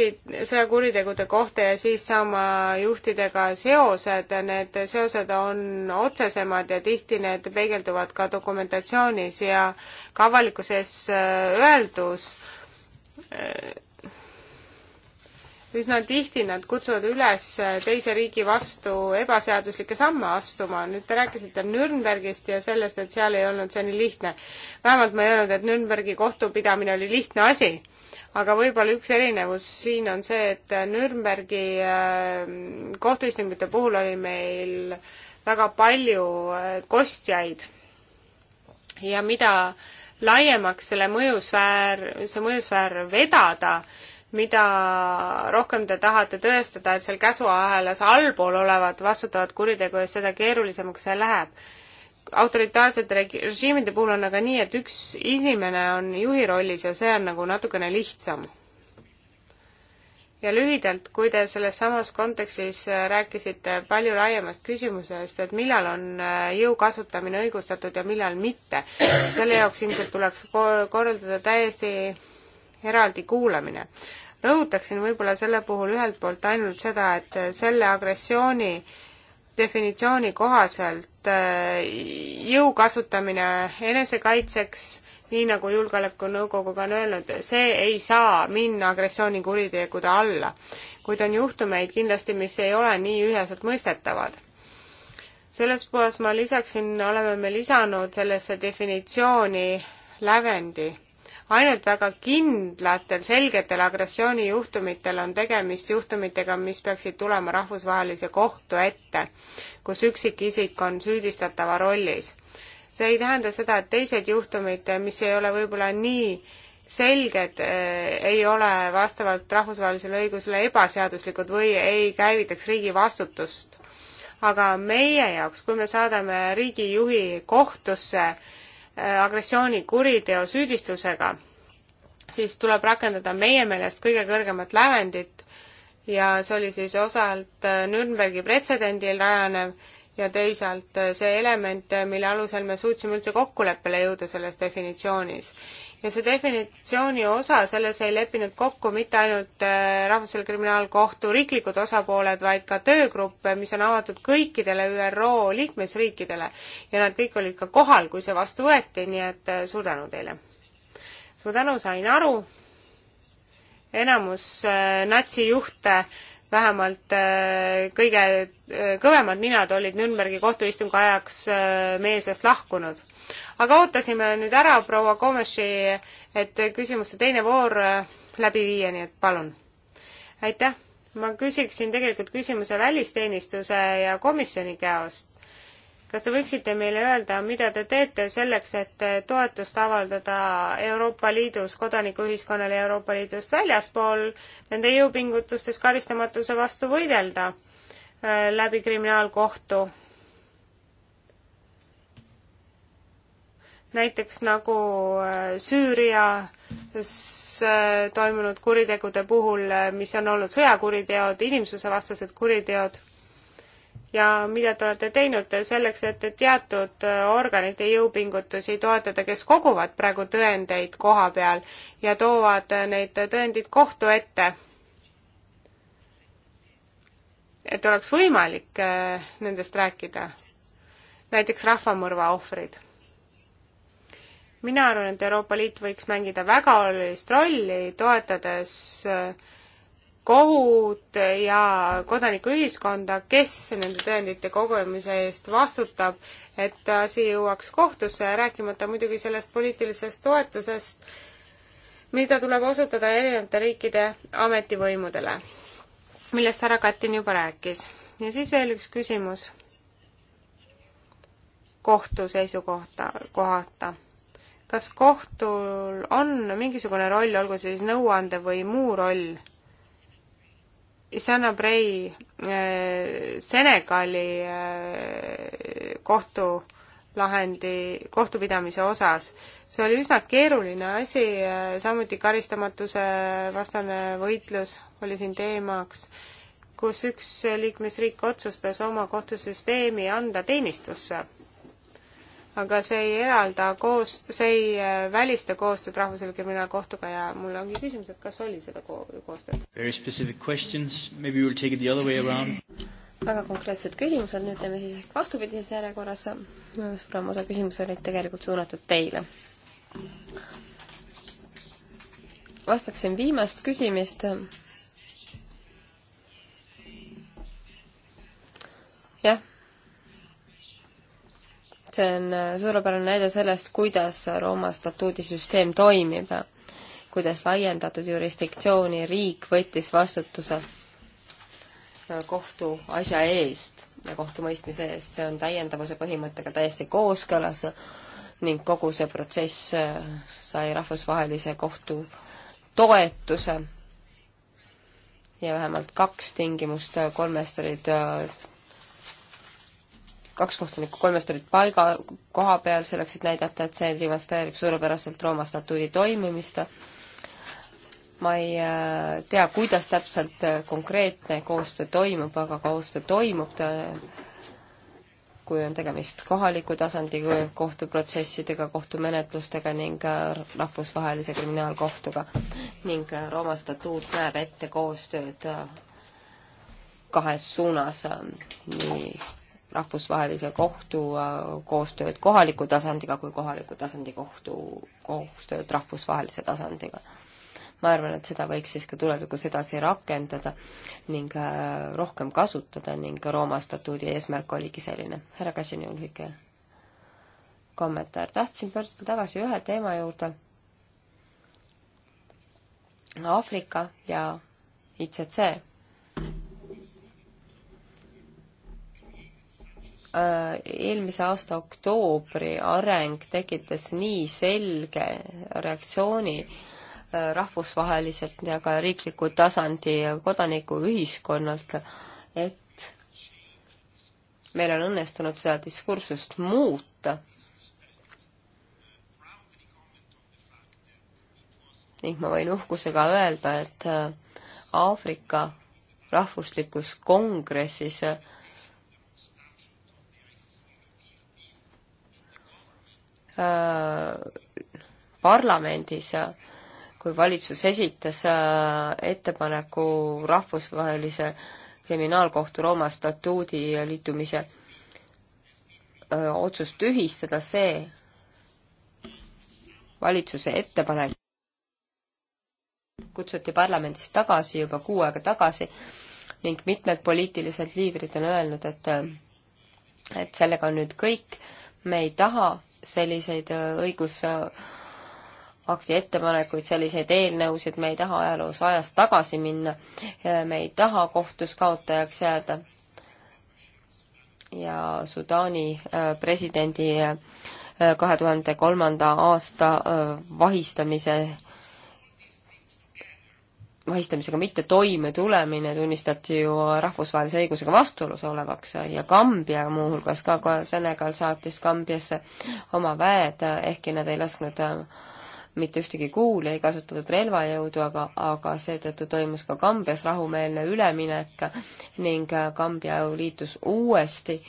sõjakuritegude kohta ja siis saama juhtidega seosed, need seosed on otsesemad ja tihti need peegelduvad ka dokumentatsioonis ja ka avalikkuses äh, öeldus äh, üsna tihti nad kutsuvad üles teise riigi vastu ebaseaduslikke samme astuma. nüüd te rääkisite Nürnbergist ja sellest, et seal ei olnud see nii lihtne. vähemalt ma ei öelnud, et Nürnbergi kohtupidamine oli lihtne asi. aga võib-olla üks erinevus siin on see, et Nürnbergi ähm, kohtuistungite puhul oli meil väga palju äh, kostjaid ja mida laiemaks selle mõjusfäär, see mõjusfäär vedada, mida rohkem te tahate tõestada, et seal käsuahelas allpool olevad vastutavad kuritegu eest, seda keerulisemaks see läheb. autoritaarsete režiimide puhul on aga nii, et üks inimene on juhi rollis ja see on nagu natukene lihtsam. ja lühidalt, kui te selles samas kontekstis rääkisite palju laiemast küsimusest, et millal on äh, jõu kasutamine õigustatud ja millal mitte, selle jaoks ilmselt tuleks korraldada täiesti eraldi kuulamine. rõhutaksin võib-olla selle puhul ühelt poolt ainult seda, et selle agressiooni definitsiooni kohaselt äh, jõu kasutamine enesekaitseks, nii nagu Julgeolekunõukoguga on öelnud, see ei saa minna agressioonikuritegude alla. kuid on juhtumeid kindlasti, mis ei ole nii üheselt mõistetavad. selles puhas ma lisaksin, oleme me lisanud sellesse definitsiooni lävendi ainult väga kindlatel, selgetel agressioonijuhtumitel on tegemist juhtumitega, mis peaksid tulema rahvusvahelise kohtu ette, kus üksikisik on süüdistatava rollis. see ei tähenda seda, et teised juhtumid, mis ei ole võib-olla nii selged eh, ei ole vastavalt rahvusvahelisele õigusele ebaseaduslikud või ei käivitaks riigi vastutust. aga meie jaoks, kui me saadame riigijuhi kohtusse, Äh, agressioonikuriteo süüdistusega, siis tuleb rakendada meie meelest kõige kõrgemat lävendit ja see oli siis osalt äh, Nürnbergi pretsedendil rajanev ja teisalt eh, see element, eh, mille alusel me suutsime üldse kokkuleppele jõuda selles definitsioonis. ja see definitsiooni osa, selles ei leppinud kokku mitte ainult eh, Rahvusvahelise Kriminaalkohtu riiklikud osapooled, vaid ka töögrupp, mis on avatud kõikidele ÜRO liikmesriikidele. ja nad kõik olid ka kohal, kui see vastu võeti, nii et suur tänu teile! suur tänu, sain aru, enamus natsijuhte vähemalt kõige kõvemad ninad olid Nürnbergi kohtuistungi ajaks äh, meie seast lahkunud. aga ootasime nüüd ära proua Komeši, et küsimuste teine voor äh, läbi viia, nii et palun. aitäh, ma küsiksin tegelikult küsimuse välisteenistuse ja komisjoni käest. kas te võiksite meile öelda, mida te teete selleks, et toetust avaldada Euroopa Liidus kodanikuühiskonnale Euroopa Liidust väljaspool nende jõupingutustes karistamatuse vastu võidelda? Äh, läbi kriminaalkohtu. näiteks nagu äh, Süürias äh, toimunud kuritegude puhul, mis on olnud sõjakuriteod, inimsusevastased kuriteod ja mida te olete teinud selleks, et teatud organite jõupingutusi toetada, kes koguvad praegu tõendeid koha peal ja toovad neid tõendeid kohtu ette et oleks võimalik äh, nendest rääkida. näiteks rahvamõrva ohvrid. mina arvan, et Euroopa Liit võiks mängida väga olulist rolli, toetades äh, kohut ja kodanikuühiskonda, kes nende tõendite kogumise eest vastutab, et asi jõuaks kohtusse, rääkimata muidugi sellest poliitilisest toetusest, mida tuleb osutada erinevate riikide ametivõimudele millest härra Katin juba rääkis. ja siis veel üks küsimus kohtu seisukohta, kohata. kas kohtul on mingisugune roll, olgu see siis nõuande või muu roll? Isana Bray äh, Senegali äh, kohtu äh, lahendi kohtupidamise osas. see oli üsna keeruline asi, samuti karistamatuse vastane võitlus oli siin teemaks, kus üks liikmesriik otsustas oma kohtusüsteemi anda teenistusse. aga see ei eralda koos, see ei äh, välista koostööd Rahvusliku Kriminaalkohtuga ja mul ongi küsimus, et kas oli seda ko koostööd? väga konkreetsed küsimused, nüüd teeme siis ehk vastupidises järjekorras suurem osa küsimusi olid tegelikult suunatud teile. vastaksin viimast küsimist. jah. see on suurepärane näide sellest, kuidas Rooma statuudisüsteem toimib, kuidas laiendatud jurisdiktsiooni riik võttis vastutuse kohtuasja eest ja kohtumõistmise eest, see on täiendavuse põhimõttega täiesti kooskõlas ning kogu see protsess äh, sai rahvusvahelise kohtu toetuse ja vähemalt kaks tingimust äh, kolmest olid, äh, kaks kohtunikku kolmest olid paiga, koha peal selleks, et näidata, et see demonstreerib suurepäraselt Rooma statuudi toimimist ma ei äh, tea, kuidas täpselt äh, konkreetne koostöö toimub, aga koostöö toimub, kui on tegemist kohaliku tasandi äh, kohtuprotsessidega, kohtumenetlustega ning rahvusvahelise kriminaalkohtuga. ning Rooma statuut näeb ette koostööd kahes suunas, nii rahvusvahelise kohtu koostööd kohaliku tasandiga kui kohaliku tasandi kohtu koostööd rahvusvahelise tasandiga ma arvan, et seda võiks siis ka tulevikus edasi rakendada ning äh, rohkem kasutada ning Rooma statuudi eesmärk oligi selline. härra Kassini on lühike kommentaar. tahtsin pöörduda tagasi ühe teema juurde. Aafrika ja ICC äh, eelmise aasta oktoobri areng tekitas nii selge reaktsiooni Äh, rahvusvaheliselt ja ka riikliku tasandi kodanikuühiskonnalt, et meil on õnnestunud seda diskursust muuta. ning ma võin uhkusega öelda, et äh, Aafrika rahvuslikus kongressis äh, parlamendis kui valitsus esitas äh, ettepaneku rahvusvahelise kriminaalkohtu Rooma statuudi liitumise äh, otsust tühistada, see valitsuse ettepanek kutsuti parlamendist tagasi juba kuu aega tagasi ning mitmed poliitilised liidrid on öelnud, et äh, et sellega on nüüd kõik, me ei taha selliseid õigus akti ettepanekuid, selliseid eelnõusid, me ei taha ajaloos ajas tagasi minna, me ei taha kohtus kaotajaks jääda. ja Sudaani äh, presidendi äh, kahe tuhande kolmanda aasta äh, vahistamise vahistamisega mitte toime tulemine tunnistati ju rahvusvahelise õigusega vastuolus olevaks ja Kambja muuhulgas ka, ka Senegal saatis Kambjasse oma väed, ehkki nad ei lasknud mitte ühtegi kuuli, ei kasutatud relvajõudu, aga, aga seetõttu toimus ka Kambjas rahumeelne üleminek ning Kambja liitus uuesti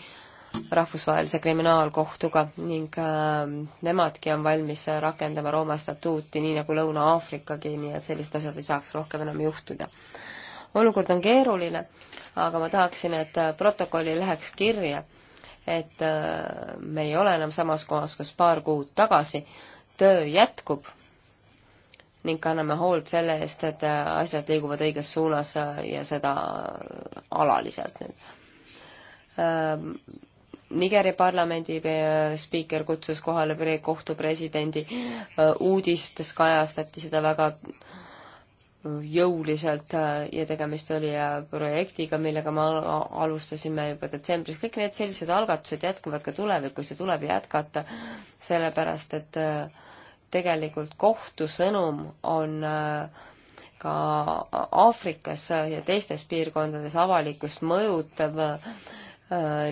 rahvusvahelise kriminaalkohtuga ning äh, nemadki on valmis rakendama Rooma statuuti, nii nagu Lõuna-Aafrikagi, nii et sellised asjad ei saaks rohkem enam juhtuda. olukord on keeruline, aga ma tahaksin, et äh, protokolli läheks kirja, et äh, me ei ole enam samas kohas, kus paar kuud tagasi, töö jätkub ning kanname hoolt selle eest, et asjad liiguvad õiges suunas ja seda alaliselt nüüd. Ähm, Nigeri parlamendi spiiker kutsus kohale kohtu presidendi, äh, uudistes kajastati seda väga jõuliselt äh, ja tegemist oli äh, projektiga, millega me alustasime juba detsembris. kõik need sellised algatused jätkuvad ka tulevikus ja tuleb jätkata, sellepärast et äh, tegelikult kohtu sõnum on äh, ka Aafrikas ja teistes piirkondades avalikkust mõjutav äh,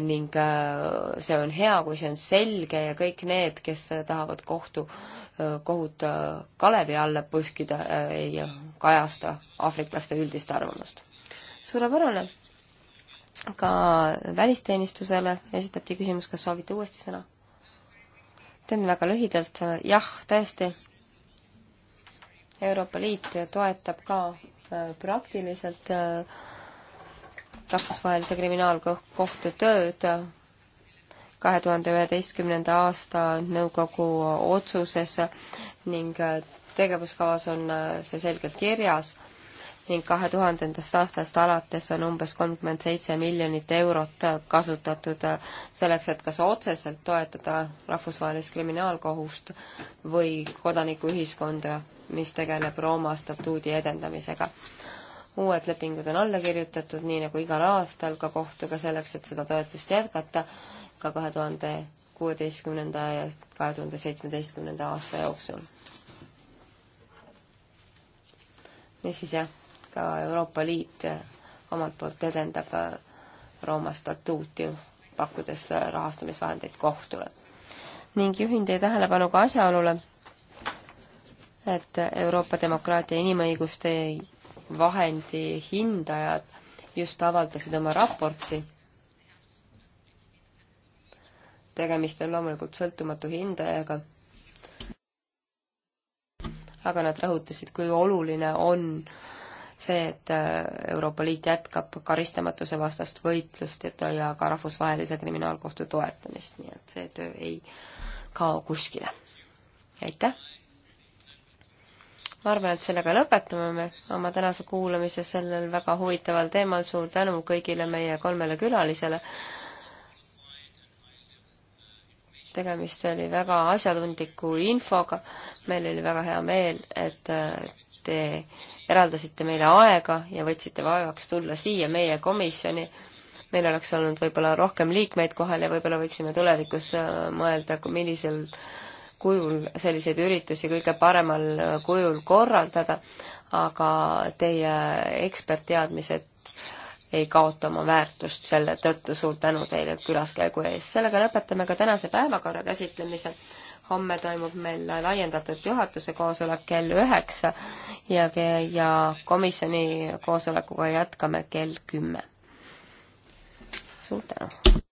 ning äh, see on hea, kui see on selge ja kõik need, kes tahavad kohtu, kohut kalevi alla pühkida, ei kajasta aafriklaste üldist arvamust. suurepärane. ka välisteenistusele esitati küsimus, kas soovite uuesti sõna? teen väga lühidalt, jah, tõesti, Euroopa Liit toetab ka äh, praktiliselt äh, rahvusvahelise kriminaalkohtu tööd kahe tuhande üheteistkümnenda aasta nõukogu otsuses ning äh, tegevuskavas on see selgelt kirjas ning kahe tuhandendast aastast alates on umbes kolmkümmend seitse miljonit eurot kasutatud selleks, et kas otseselt toetada rahvusvahelist kriminaalkohust või kodanikuühiskonda, mis tegeleb Rooma statuudi edendamisega. uued lepingud on alla kirjutatud, nii nagu igal aastal, ka kohtuga selleks, et seda toetust jätkata ka kahe tuhande kuueteistkümnenda ja kahe tuhande seitsmeteistkümnenda aasta jooksul. niisiis jah ka Euroopa Liit omalt poolt edendab Rooma statuuti, pakkudes rahastamisvahendeid kohtule. ning juhin teie tähelepanu ka asjaolule, et Euroopa demokraatia inimõiguste vahendi hindajad just avaldasid oma raporti. tegemist on loomulikult sõltumatu hindajaga aga nad rõhutasid, kui oluline on see, et äh, Euroopa Liit jätkab karistamatuse vastast võitlust ja ka rahvusvahelise kriminaalkohtu toetamist, nii et see töö ei kao kuskile. aitäh! ma arvan, et sellega lõpetame me oma tänase kuulamise sellel väga huvitaval teemal, suur tänu kõigile meie kolmele külalisele, tegemist oli väga asjatundliku infoga, meil oli väga hea meel, et äh, te eraldasite meile aega ja võtsite vaevaks tulla siia meie komisjoni. meil oleks olnud võib-olla rohkem liikmeid kohal ja võib-olla võiksime tulevikus äh, mõelda, millisel kujul selliseid üritusi kõige paremal äh, kujul korraldada, aga teie ekspertteadmised ei kaota oma väärtust selle tõttu. suur tänu teile külaskäigu eest. sellega lõpetame ka tänase päevakorra käsitlemise homme toimub meil laiendatud juhatuse koosolek kell üheksa ja, ja komisjoni koosolekuga jätkame kell kümme. suur tänu!